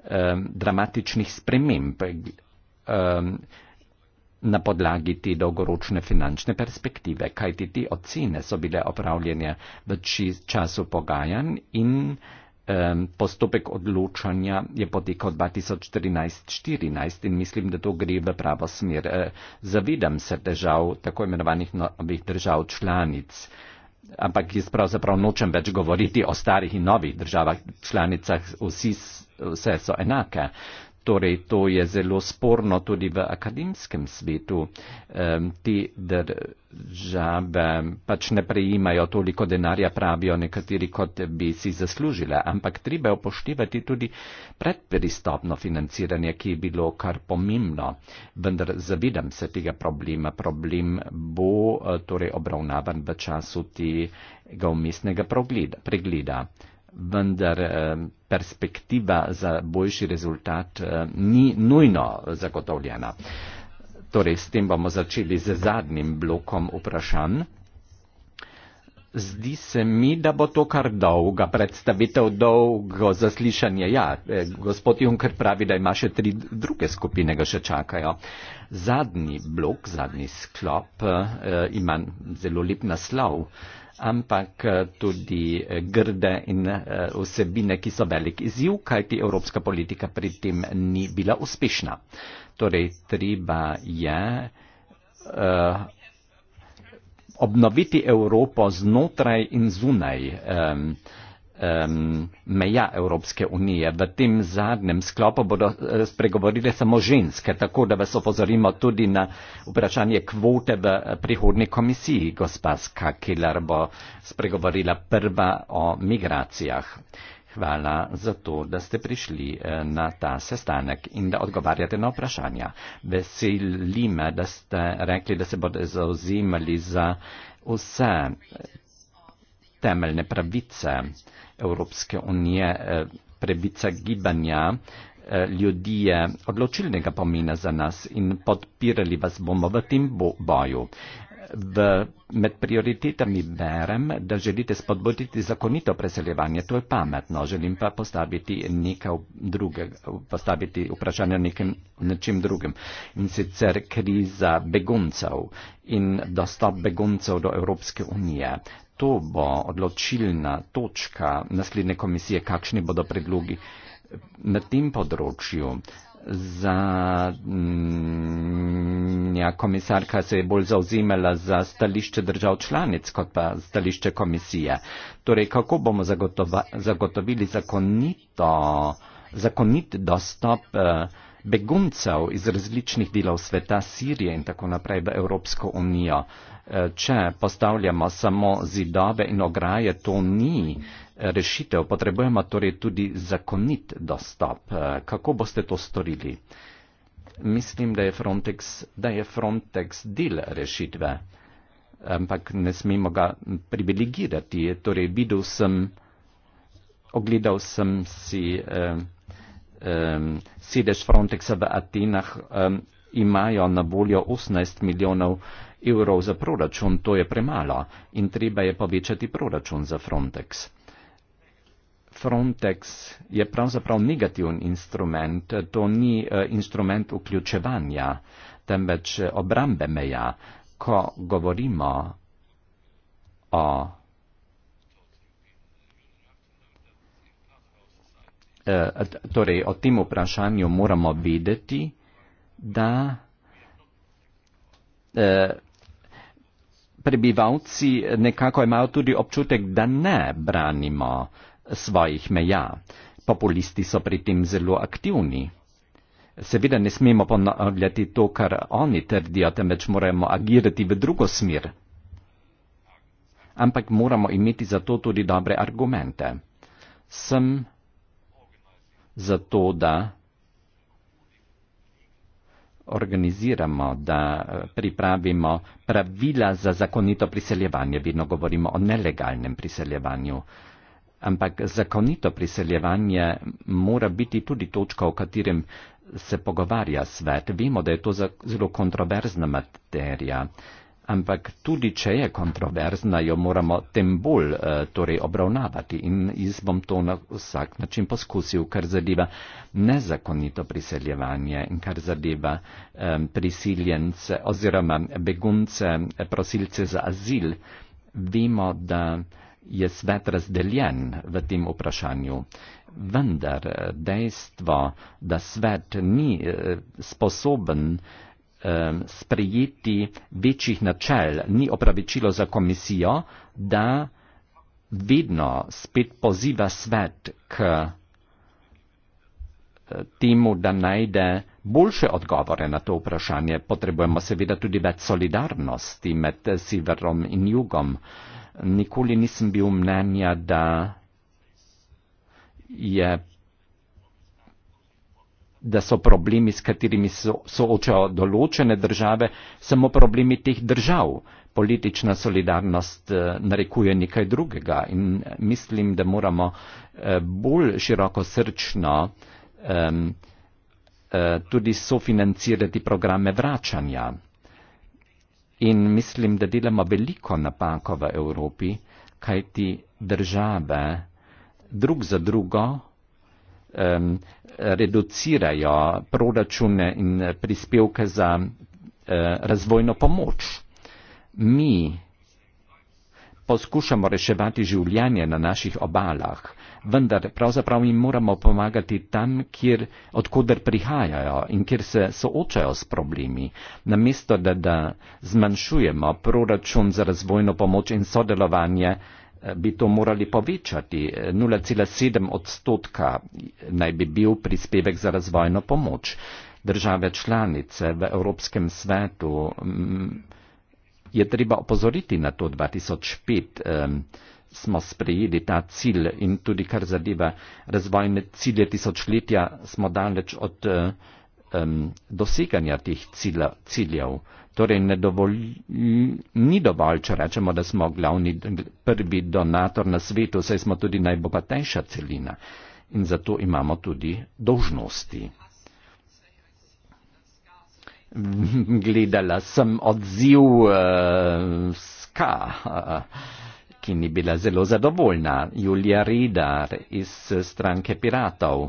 um, dramatičnih sprememb um, na podlagi te dolgoročne finančne perspektive, kajti te ocene so bile opravljene v či, času pogajanj in postopek odločanja je potekal 2014-2014 in mislim, da to gre v pravo smer. E, zavedam se težav tako imenovanih novih držav članic, ampak jaz pravzaprav nočem več govoriti o starih in novih državah članicah, vsi, vse so enake. Torej, to je zelo sporno tudi v akademskem svetu. Te države pač ne prejimajo toliko denarja, pravijo nekateri, kot bi si zaslužile. Ampak treba je upoštevati tudi predpristopno financiranje, ki je bilo kar pomembno. Vendar zavidam se tega problema. Problem bo eh, torej, obravnavan v času tega umestnega pregleda vendar eh, perspektiva za boljši rezultat eh, ni nujno zagotovljena. Torej, s tem bomo začeli z zadnjim blokom vprašanj. Zdi se mi, da bo to kar dolga predstavitev, dolgo zaslišanje. Ja, e, gospod Juncker pravi, da ima še tri druge skupine, ga še čakajo. Zadnji blok, zadnji sklop e, ima zelo lep naslov, ampak e, tudi grde in vsebine, ki so velik izziv, kajti evropska politika pri tem ni bila uspešna. Torej, treba je. Uh, obnoviti Evropo znotraj in zunaj. Um, Um, meja Evropske unije. V tem zadnjem sklopu bodo eh, spregovorile samo ženske, tako da vas opozorimo tudi na vprašanje kvote v eh, prihodni komisiji. Gospa Skakiler bo spregovorila prva o migracijah. Hvala za to, da ste prišli eh, na ta sestanek in da odgovarjate na vprašanja. Veseli me, da ste rekli, da se bodo zauzimali za vse eh, temeljne pravice Evropske unije, eh, pravice gibanja ljudi je odločilnega pomena za nas in podpirali vas bomo v tem boju v, med prioritetami berem, da želite spodbuditi zakonito preseljevanje, to je pametno, želim pa postaviti, druge, postaviti vprašanje nekim, nečim drugim. In sicer kriza beguncev in dostop beguncev do Evropske unije. To bo odločilna točka naslednje komisije, kakšni bodo predlogi na tem področju za mm, ja, komisarka se je bolj zauzimala za stališče držav članic kot pa stališče komisije. Torej, kako bomo zagotova, zagotovili zakonito, zakonit dostop eh, beguncev iz različnih delov sveta, Sirije in tako naprej v Evropsko unijo? Eh, če postavljamo samo zidove in ograje, to ni rešitev, potrebujemo torej tudi zakonit dostop. Eh, kako boste to storili? Mislim, da je Frontex, da je Frontex del rešitve, ampak ne smemo ga privilegirati. Torej, videl sem, ogledal sem si eh, eh, sedež Frontexa v Atenah, eh, imajo na voljo 18 milijonov evrov za proračun, to je premalo in treba je povečati proračun za Frontex. Frontex je pravzaprav negativen instrument, to ni e, instrument vključevanja, temveč e, obrambe meja. Ko govorimo o e, Torej, o tem vprašanju moramo vedeti, da prebivalci nekako imajo tudi občutek, da ne branimo svojih meja. Populisti so pri tem zelo aktivni. Seveda ne smemo ponavljati to, kar oni trdijo, temveč moramo agirati v drugo smer. Ampak moramo imeti za to tudi dobre argumente. Sem za to, da organiziramo, da eh, pripravimo pravila za zakonito priseljevanje. Vedno govorimo o nelegalnem priseljevanju ampak zakonito priseljevanje mora biti tudi točka, o katerem se pogovarja svet. Vemo, da je to zelo kontroverzna materija, ampak tudi, če je kontroverzna, jo moramo tem bolj eh, torej, obravnavati in jaz bom to na vsak način poskusil, kar zadeva nezakonito priseljevanje in kar zadeva um, prisiljence oziroma begunce, prosilce za azil. Vemo, da je svet razdeljen v tem vprašanju. Vendar eh, dejstvo, da svet ni eh, sposoben eh, sprejeti večjih načel, ni opravičilo za komisijo, da vedno spet poziva svet k temu, da najde boljše odgovore na to vprašanje. Potrebujemo seveda tudi več solidarnosti med severom in jugom nikoli nisem bil mnenja, da je da so problemi, s katerimi so, soočajo določene države, samo problemi teh držav. Politična solidarnost eh, narekuje nekaj drugega in eh, mislim, da moramo eh, bolj široko srčno eh, eh, tudi sofinancirati programe vračanja. In mislim, da delamo veliko napako v Evropi, kajti države drug za drugo um, reducirajo proračune in prispevke za uh, razvojno pomoč. Mi poskušamo reševati življenje na naših obalah, vendar pravzaprav jim moramo pomagati tam, kjer, odkuder prihajajo in kjer se soočajo s problemi, namesto da, da zmanjšujemo proračun za razvojno pomoč in sodelovanje eh, bi to morali povečati. 0,7 odstotka naj bi bil prispevek za razvojno pomoč. Države članice v Evropskem svetu je treba opozoriti na to 2005. Um, smo sprejeli ta cilj in tudi kar zadeva razvojne cilje tisočletja, smo daleč od um, doseganja teh cilja, ciljev. Torej, dovolj, ni dovolj, če rečemo, da smo glavni prvi donator na svetu, saj smo tudi najbogatejša celina in zato imamo tudi dožnosti. gledala sem odziv uh, Ska, uh, ki ni bila zelo zadovoljna, Julija Ridar iz stranke Piratov.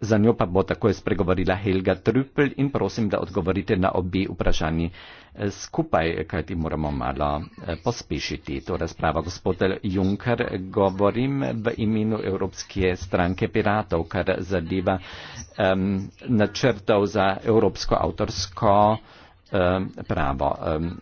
Za njo pa bo takoj spregovorila Helga Trupel in prosim, da odgovorite na obi vprašanji eh, skupaj, kajti moramo malo eh, pospešiti to razpravo. Gospod Juncker, govorim v imenu Evropske stranke piratov, kar zadeva um, načrtov za evropsko avtorsko um, pravo. Um,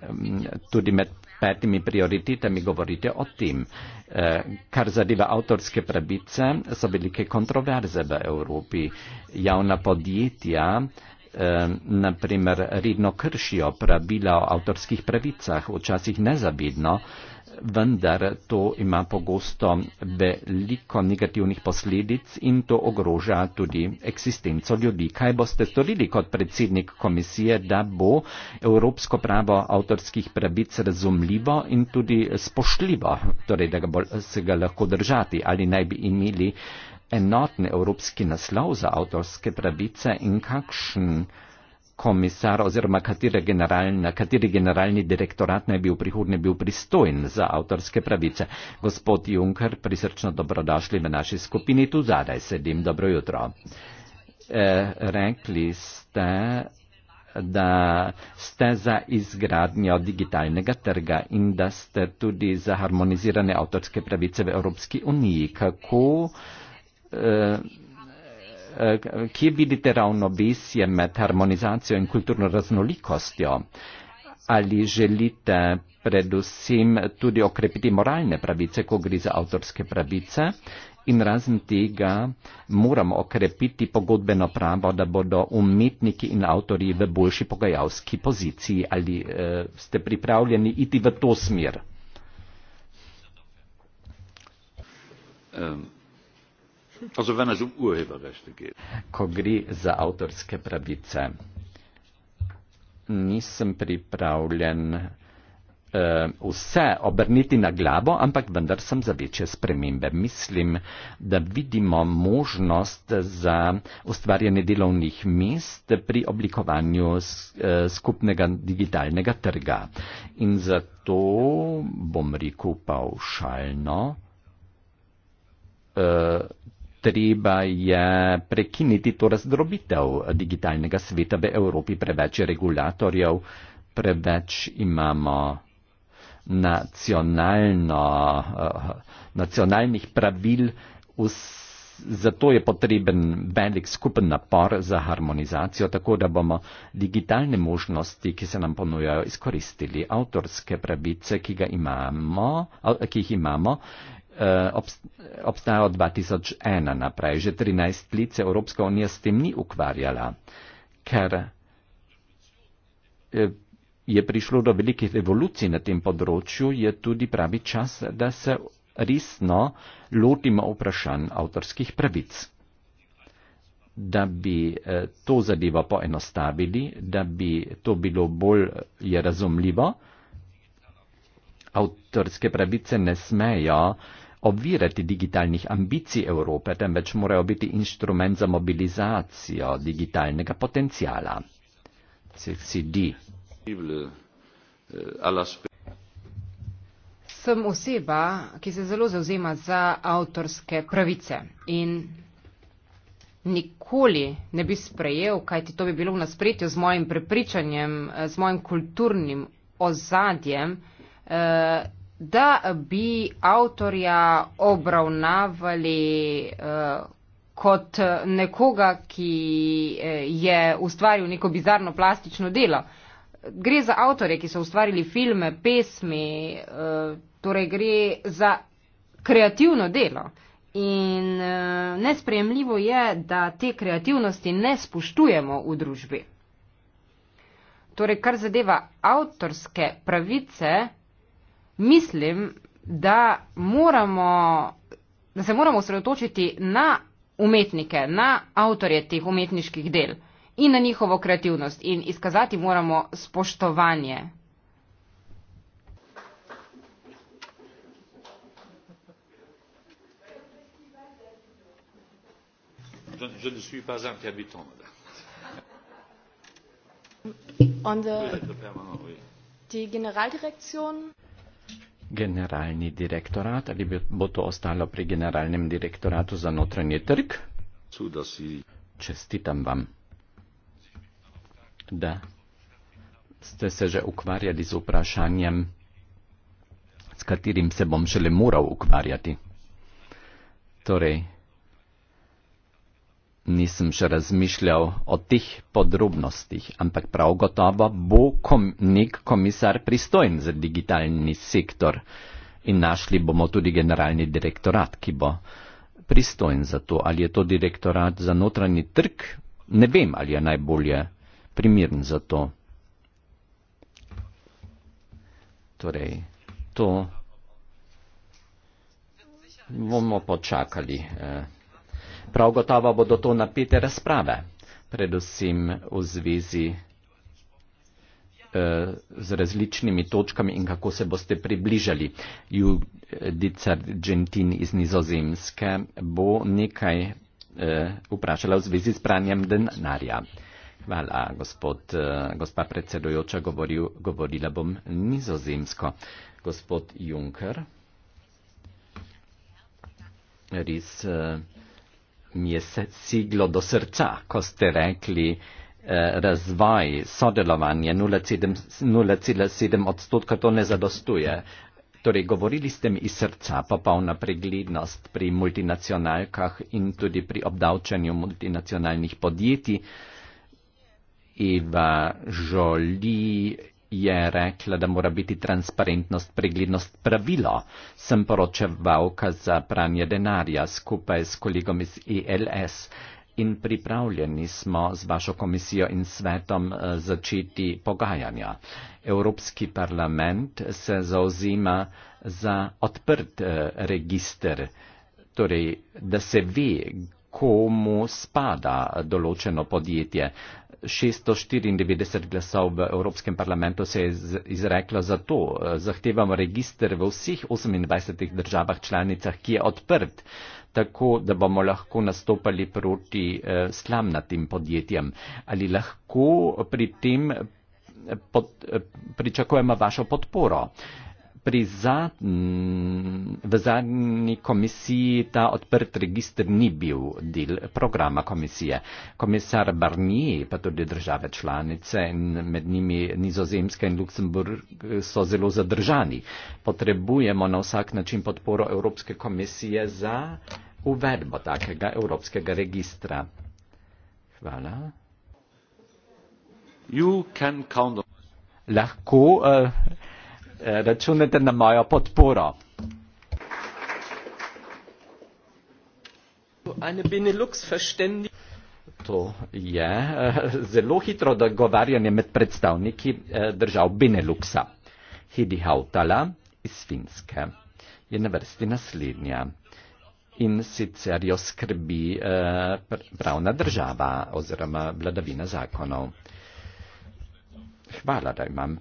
tudi med petimi prioritetami govorite o tem. Eh, kar zadeva avtorske pravice, so velike kontroverze v Evropi. Javna podjetja eh, naprimer redno kršijo pravila o avtorskih pravicah, včasih nezavedno vendar to ima pogosto veliko negativnih posledic in to ogroža tudi eksistenco ljudi. Kaj boste storili kot predsednik komisije, da bo evropsko pravo avtorskih pravic razumljivo in tudi spoštljivo, torej da ga bo, se ga lahko držati ali naj bi imeli enotni evropski naslov za avtorske pravice in kakšen komisar oziroma katere general, kateri generalni direktorat naj bi v prihodnje bil pristojen za avtorske pravice. Gospod Juncker, prisrčno dobrodošli v naši skupini, tu zadaj sedim, dobro jutro. E, rekli ste, da ste za izgradnjo digitalnega trga in da ste tudi za harmonizirane avtorske pravice v Evropski uniji. Kako e, Eh, kje vidite ravnovesje med harmonizacijo in kulturno raznolikostjo? Ali želite predvsem tudi okrepiti moralne pravice, ko gre za avtorske pravice? In razen tega moramo okrepiti pogodbeno pravo, da bodo umetniki in avtori v boljši pogajalski poziciji. Ali eh, ste pripravljeni iti v to smer? Um. Also wenn es um Urheberrechte geht. Ko gre za avtorske pravice, nisem pripravljen uh, vse obrniti na glavo, ampak vendar sem za večje spremembe. Mislim, da vidimo možnost za ustvarjanje delovnih mest pri oblikovanju eh, skupnega digitalnega trga. In zato bom rekel pa všalno. Uh, eh, treba je prekiniti to razdrobitev digitalnega sveta v Evropi. Preveč je regulatorjev, preveč imamo nacionalno, eh, nacionalnih pravil, zato je potreben velik skupen napor za harmonizacijo, tako da bomo digitalne možnosti, ki se nam ponujajo, izkoristili. Avtorske pravice, ki, imamo, ki jih imamo, Eh, obstaja od 2001 naprej, že 13 let se Evropska unija s tem ni ukvarjala, ker eh, je prišlo do velikih evolucij na tem področju, je tudi pravi čas, da se resno lotimo vprašanj avtorskih pravic. Da bi eh, to zadevo poenostavili, da bi to bilo bolj razumljivo, avtorske pravice ne smejo obvirati digitalnih ambicij Evrope, temveč morajo biti instrument za mobilizacijo digitalnega potencijala. CCD. Sem oseba, ki se zelo zauzema za avtorske pravice in nikoli ne bi sprejel, kajti to bi bilo v nasprejtju z mojim prepričanjem, z mojim kulturnim ozadjem. Eh, da bi avtorja obravnavali eh, kot nekoga, ki eh, je ustvaril neko bizarno plastično delo. Gre za avtorje, ki so ustvarili filme, pesmi, eh, torej gre za kreativno delo. In nesprejemljivo je, da te kreativnosti ne spoštujemo v družbi. Torej, kar zadeva avtorske pravice, mislim, da, moramo, da se moramo osredotočiti na umetnike, na avtorje teh umetniških del in na njihovo kreativnost in izkazati moramo spoštovanje. Je ne suis pas un habitant, madame. On the, oui, le permanent, oui. Die Generaldirektion generalni direktorat ali bo to ostalo pri generalnem direktoratu za notranje trg? Cuda si. Čestitam vam. Da. Ste se že ukvarjali z vprašanjem, s katerim se bom šele moral ukvarjati. Torej, nisem še razmišljal o teh podrobnostih, ampak prav gotovo bo kom, nek komisar pristojen za digitalni sektor in našli bomo tudi generalni direktorat, ki bo pristojen za to, ali je to direktorat za notranji trg, ne vem, ali je najbolje primiren za to. Torej, to bomo počakali. Eh. Prav gotovo bodo to napite razprave, predvsem v zvezi eh, z različnimi točkami in kako se boste približali. Judica Gentin iz Nizozemske bo nekaj eh, vprašala v zvezi s pranjem denarja. Hvala, gospod, eh, gospa predsedojoča, govoril, govorila bom nizozemsko. Gospod Juncker, res mi je siglo do srca, ko ste rekli eh, razvoj, sodelovanje 0,7 odstotka, to ne zadostuje. Torej, govorili ste mi iz srca, popolna preglednost pri multinacionalkah in tudi pri obdavčanju multinacionalnih podjetij. Eva Jolie je rekla, da mora biti transparentnost, preglednost pravilo. Sem poročevalka za pranje denarja skupaj s kolegom iz ELS in pripravljeni smo z vašo komisijo in svetom eh, začeti pogajanja. Evropski parlament se zauzima za odprt eh, register, torej da se ve, komu spada določeno podjetje. 694 glasov v Evropskem parlamentu se je izreklo za to. Zahtevamo registr v vseh 28 državah članicah, ki je odprt, tako da bomo lahko nastopali proti eh, slamnatim podjetjem. Ali lahko pri tem pod, eh, pričakujemo vašo podporo? v zadnji komisiji ta odprt registr ni bil del programa komisije. Komisar Barnier, pa tudi države članice in med njimi Nizozemska in Luksemburg so zelo zadržani. Potrebujemo na vsak način podporo Evropske komisije za uvedbo takega Evropskega registra. Hvala. Lahko. Uh, Eh, računate na mojo podporo. To je eh, zelo hitro dogovarjanje med predstavniki eh, držav Beneluxa. Hidi Hautala iz Finske je na vrsti naslednja in sicer jo skrbi pravna država oziroma vladavina zakonov. Hvala, da imam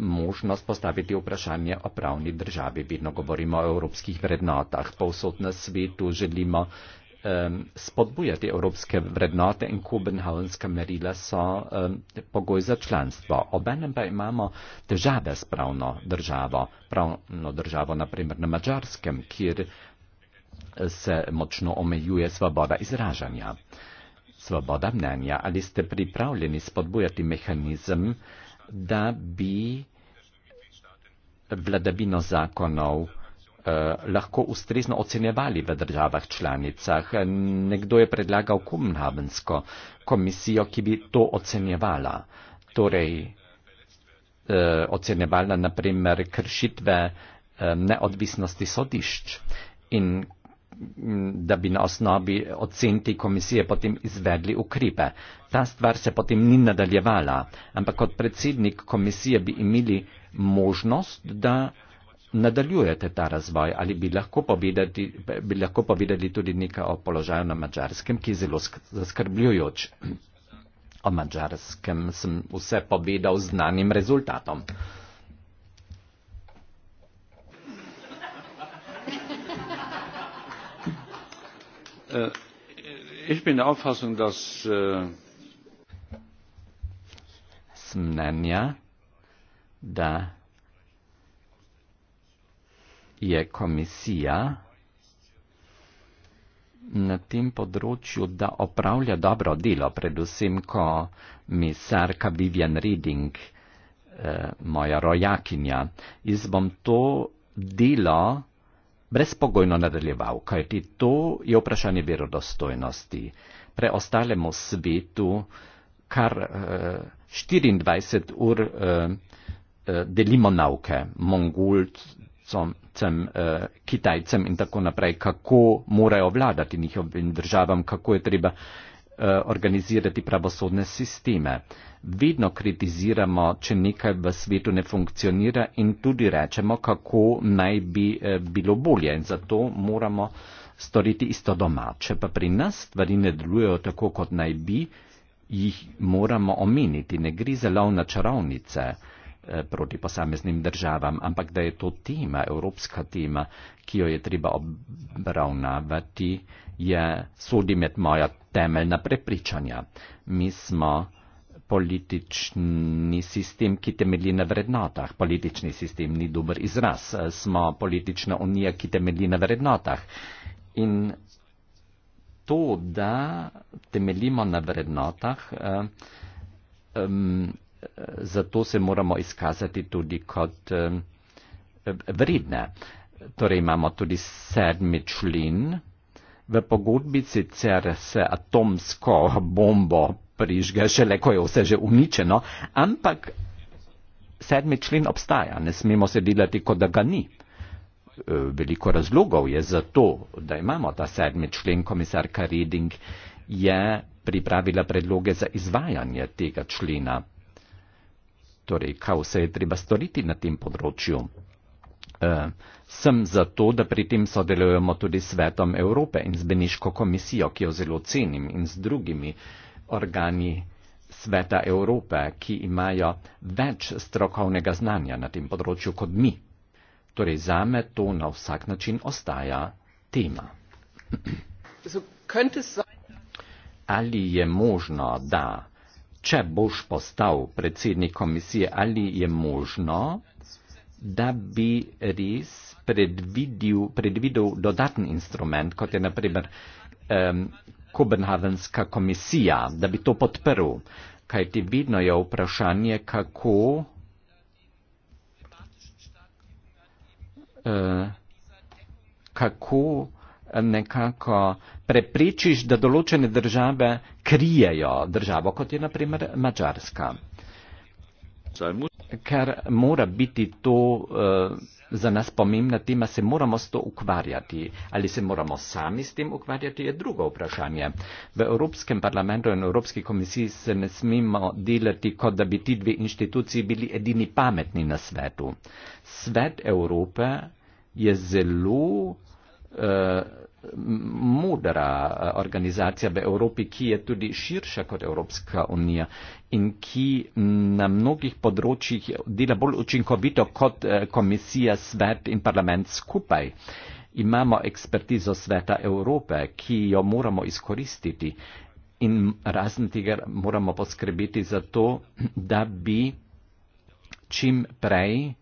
možnost postaviti vprašanje o pravni državi. Vedno govorimo o evropskih vrednotah. Povsod na svetu želimo um, spodbujati evropske vrednote in kubenhavnska merila so um, pogoj za članstvo. Obenem pa imamo težave s pravno državo. Pravno državo naprimer na mačarskem, kjer se močno omejuje svoboda izražanja, svoboda mnenja. Ali ste pripravljeni spodbujati mehanizem, da bi vladavino zakonov eh, lahko ustrezno ocenjevali v državah članicah. Nekdo je predlagal Kumnhavensko komisijo, ki bi to ocenjevala. Torej, eh, ocenjevala naprimer kršitve eh, neodvisnosti sodišč. In da bi na osnovi ocen te komisije potem izvedli ukrepe. Ta stvar se potem ni nadaljevala, ampak kot predsednik komisije bi imeli možnost, da nadaljujete ta razvoj ali bi lahko povedali, bi lahko povedali tudi nekaj o položaju na mačarskem, ki je zelo zaskrbljujoč. O mačarskem sem vse povedal z znanim rezultatom. Äh, ich bin der Auffassung, dass Smnenia äh, da je komisija na tem področju, da opravlja dobro delo, predvsem ko misarka Vivian Reding, äh, moja rojakinja. Jaz bom to delo brezpogojno nadaljeval, kajti to je vprašanje verodostojnosti. Preostalemu svetu kar uh, eh, 24 ur uh, uh, delimo nauke mongulcem, cem, uh, kitajcem in tako naprej, kako morajo vladati njihovim državam, kako je treba uh, Eh, organizirati pravosodne sisteme. Vedno kritiziramo, če nekaj v svetu ne funkcionira in tudi rečemo, kako naj bi eh, bilo bolje. In zato moramo storiti isto doma. Če pa pri nas stvari ne delujejo tako, kot naj bi, jih moramo omeniti. Ne gre za lov na čarovnice eh, proti posameznim državam, ampak da je to tema, evropska tema, ki jo je treba obravnavati, je sodi med moja temeljna prepričanja. Mi smo politični sistem, ki temelji na vrednotah. Politični sistem ni dober izraz. Smo politična unija, ki temelji na vrednotah. In to, da temeljimo na vrednotah, um, zato se moramo izkazati tudi kot um, vredne. Torej imamo tudi sedmi člen, V pogodbi sicer se atomsko bombo prižge, šele ko je vse že uničeno, ampak sedmi člen obstaja, ne smemo se delati, kot da ga ni. E, veliko razlogov je za to, da imamo ta sedmi člen, komisarka Reding je pripravila predloge za izvajanje tega člena. Torej, kaj vse je treba storiti na tem področju? eh, sem zato, da pri tem sodelujemo tudi s Svetom Evrope in z Beniško komisijo, ki jo zelo cenim, in z drugimi organi Sveta Evrope, ki imajo več strokovnega znanja na tem področju kot mi. Torej, za me to na vsak način ostaja tema. Ali je možno, da, če boš postal predsednik komisije, ali je možno, da bi res predvidil, predvidel dodaten instrument, kot je naprimer um, Kopenhavenska komisija, da bi to podprl. Kaj ti vidno je vprašanje, kako uh, kako nekako preprečiš, da določene države krijejo državo, kot je naprimer Mačarska. Zajmu ker mora biti to uh, za nas pomembna tema, se moramo s to ukvarjati. Ali se moramo sami s tem ukvarjati, je drugo vprašanje. V Evropskem parlamentu in Evropski komisiji se ne smemo delati, kot da bi ti dve inštituciji bili edini pametni na svetu. Svet Evrope je zelo uh, modra eh, organizacija v Evropi, ki je tudi širša kot Evropska unija in ki na mnogih področjih dela bolj učinkovito kot eh, komisija, svet in parlament skupaj. Imamo ekspertizo sveta Evrope, ki jo moramo izkoristiti in razen tega moramo poskrbeti za to, da bi čim prej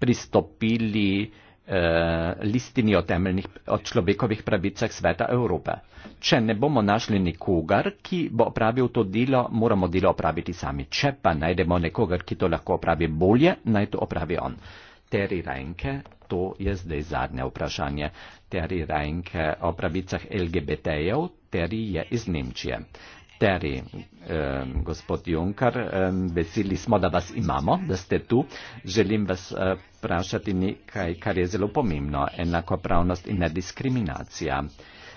pristopili Eh, listini o temeljnih, o človekovih pravicah sveta Evrope. Če ne bomo našli nikogar, ki bo opravil to delo, moramo delo opraviti sami. Če pa najdemo nekogar, ki to lahko opravi bolje, naj to opravi on. Teri Rajnke, to je zdaj zadnje vprašanje. Teri Rajnke o pravicah LGBT-jev, Teri je iz Nemčije. Terry, eh, gospod Junkar, eh, veseli smo, da vas imamo, da ste tu. Želim vas eh, vprašati eh, nekaj, kar je zelo pomembno. Enakopravnost in nediskriminacija.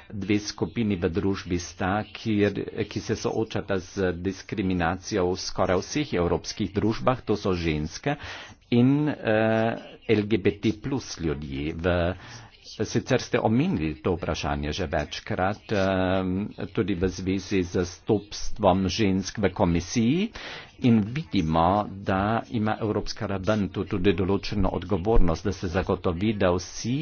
Dve skupini v družbi sta, kjer, ki se soočata z diskriminacijo v skoraj vseh evropskih družbah, to so ženske in eh, LGBT plus ljudje v eh, Sicer ste omenili to vprašanje že večkrat, ehm, tudi v zvezi z zastopstvom žensk v komisiji in vidimo, da ima Evropska raben tu tudi določeno odgovornost, da se zagotovi, da vsi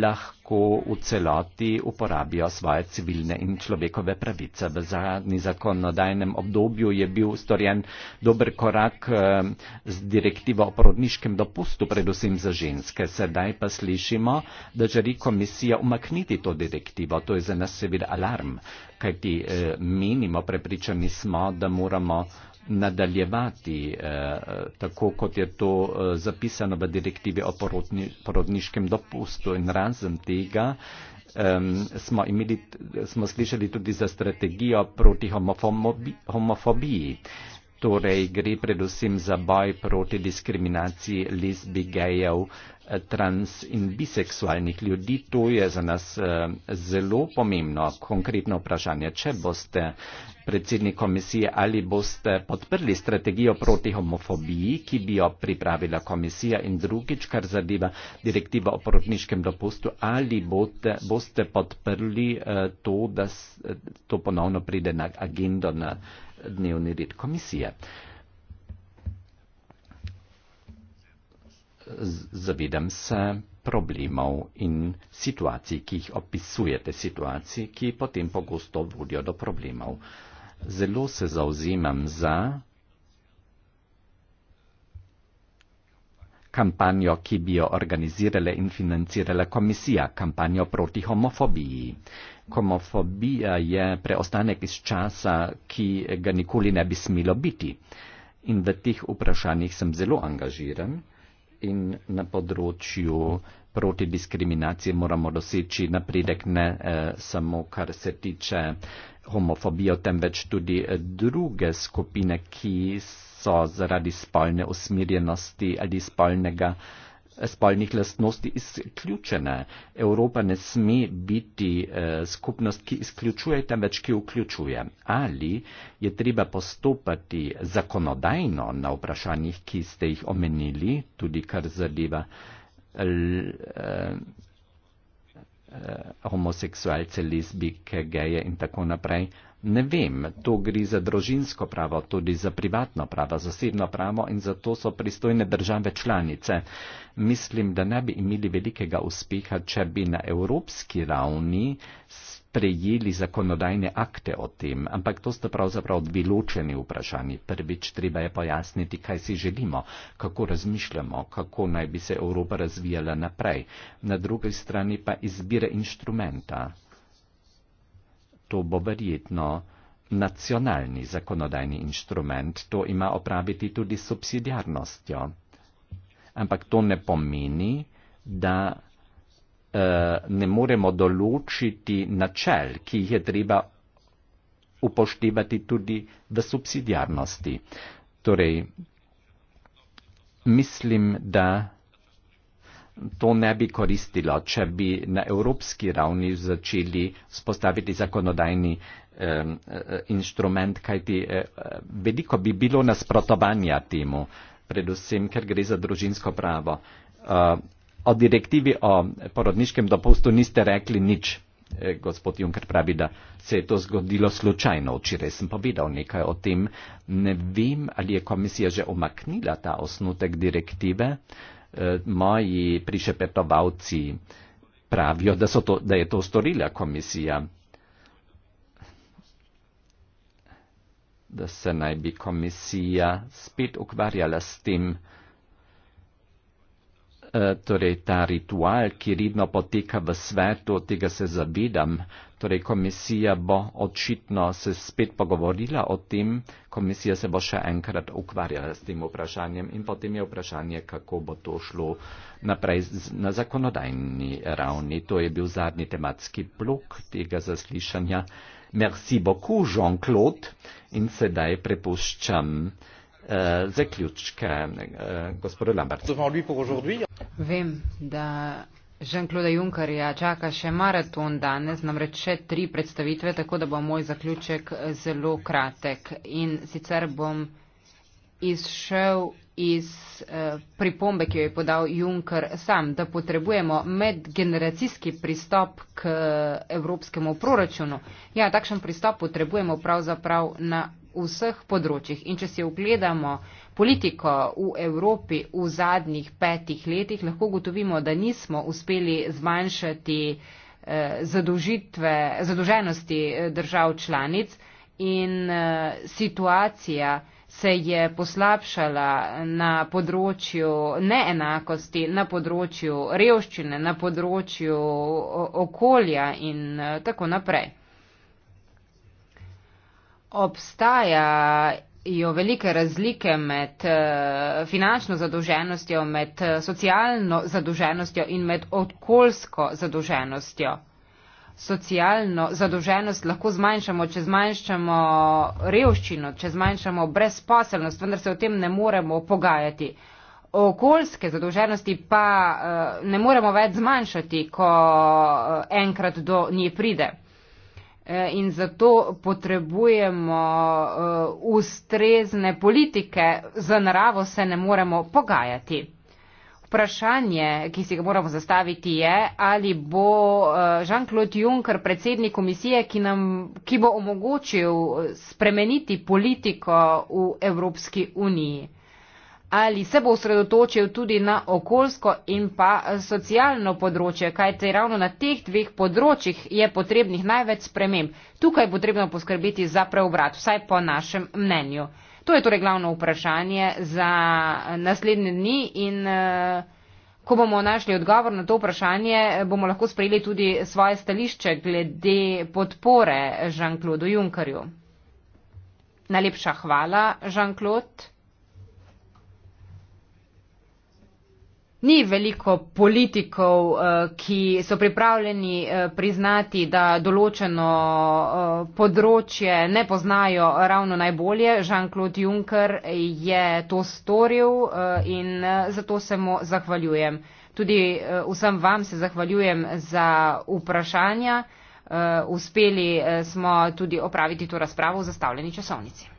lahko v celoti uporabijo svoje civilne in človekove pravice. V zadnji zakonodajnem obdobju je bil storjen dober korak eh, z direktivo o porodniškem dopustu, predvsem za ženske. Sedaj pa slišimo, da želi komisija umakniti to direktivo. To je za nas seveda alarm, kajti eh, menimo, prepričani smo, da moramo nadaljevati eh, tako, kot je to eh, zapisano v direktivi o porodni, porodniškem dopustu in razen tega. Um, smo, imeli, smo slišali tudi za strategijo proti homofobi, homofobiji. Torej gre predvsem za boj proti diskriminaciji lesbi, gejev, uh, trans in biseksualnih ljudi. To je za nas eh, zelo pomembno. Konkretno vprašanje, če boste predsednik komisije ali boste podprli strategijo proti homofobiji, ki bi jo pripravila komisija in drugič, kar zadeva direktivo o porodniškem dopustu, ali boste, boste podprli eh, to, da eh, to ponovno pride na agendo na dnevni red komisije. zavedam se problemov in situacij, ki jih opisujete, situacij, ki potem pogosto vodijo do problemov. Zelo se zauzemam za kampanjo, ki bi jo organizirala in financirala komisija, kampanjo proti homofobiji. Homofobija je preostanek iz časa, ki ga nikoli ne bi smelo biti. In v teh vprašanjih sem zelo angažiran in na področju proti diskriminaciji moramo doseči napredek ne eh, samo kar se tiče homofobijo, temveč tudi eh, druge skupine, ki so zaradi spolne usmirjenosti ali spolnega eh, spolnih lastnosti izključene. Evropa ne sme biti eh, skupnost, ki izključuje, temveč ki vključuje. Ali je treba postopati zakonodajno na vprašanjih, ki ste jih omenili, tudi kar zadeva eh, eh, eh homoseksualce, lezbike, geje in tako naprej. Ne vem, to gre za družinsko pravo, tudi za privatno pravo, zasebno pravo in za to so pristojne države članice. Mislim, da ne bi imeli velikega uspeha, če bi na evropski ravni prejeli zakonodajne akte o tem, ampak to sta pravzaprav dve ločeni vprašanji. Prvič treba je pojasniti, kaj si želimo, kako razmišljamo, kako naj bi se Evropa razvijala naprej. Na drugi strani pa izbire inštrumenta to bo verjetno nacionalni zakonodajni inštrument, to ima opraviti tudi subsidiarnostjo. Ampak to ne pomeni, da uh, ne moremo določiti načel, ki jih je treba upoštevati tudi v subsidiarnosti. Torej, mislim, da to ne bi koristilo, če bi na evropski ravni začeli spostaviti zakonodajni eh, inštrument, kajti eh, veliko bi bilo nasprotovanja temu, predvsem ker gre za družinsko pravo. Eh, o direktivi o porodniškem dopustu niste rekli nič. Eh, gospod Juncker pravi, da se je to zgodilo slučajno. Včeraj sem povedal nekaj o tem. Ne vem, ali je komisija že omaknila ta osnutek direktive. Uh, Eh, moji prišepetovalci pravijo, da, to, da je to storila komisija. Da se naj bi komisija spet ukvarjala s tem. Eh, torej, ta ritual, ki redno poteka v svetu, tega se zavedam, Torej, komisija bo očitno se spet pogovorila o tem, komisija se bo še enkrat ukvarjala s tem vprašanjem in potem je vprašanje, kako bo to šlo naprej na zakonodajni ravni. To je bil zadnji tematski blok tega zaslišanja. Merci beaucoup, Jean-Claude. In sedaj prepuščam eh, zaključke eh, gospodu Lambertu. Vem, da Žen-Klude Junkarja čaka še maraton danes, namreč še tri predstavitve, tako da bo moj zaključek zelo kratek. In sicer bom izšel iz eh, pripombe, ki jo je podal Junker sam, da potrebujemo medgeneracijski pristop k eh, evropskemu proračunu. Ja, takšen pristop potrebujemo pravzaprav na vseh področjih. In če si ogledamo politiko v Evropi v zadnjih petih letih, lahko gotovimo, da nismo uspeli zmanjšati eh, zadolženosti eh, držav članic in eh, situacija se je poslabšala na področju neenakosti, na področju revščine, na področju okolja in tako naprej obstajajo velike razlike med eh, finančno zadolženostjo, med eh, socialno zadolženostjo in med okoljsko zadolženostjo. Socialno zadolženost lahko zmanjšamo, če zmanjšamo revščino, če zmanjšamo brezposelnost, vendar se o tem ne moremo pogajati. Okoljske zadolženosti pa eh, ne moremo več zmanjšati, ko enkrat do nje pride. E, in zato potrebujemo e, ustrezne politike, za naravo se ne moremo pogajati. Vprašanje, ki si ga moramo zastaviti, je, ali bo e, Jean-Claude Juncker predsednik komisije, ki, nam, ki bo omogočil spremeniti politiko v Evropski uniji ali se bo osredotočil tudi na okoljsko in pa socialno področje, kajte ravno na teh dveh področjih je potrebnih največ sprememb. Tukaj je potrebno poskrbeti za preobrat, vsaj po našem mnenju. To je torej glavno vprašanje za naslednje dni in eh, ko bomo našli odgovor na to vprašanje, bomo lahko sprejeli tudi svoje stališče glede podpore Jean-Claude Junckerju. Najlepša hvala, Jean-Claude. ni veliko politikov, eh, ki so pripravljeni eh, priznati, da določeno eh, področje ne poznajo ravno najbolje. Jean-Claude Juncker je to storil in zato se mu zahvaljujem. Tudi vsem vam se zahvaljujem za vprašanja. Uspeli smo tudi opraviti to razpravo v zastavljeni časovnici.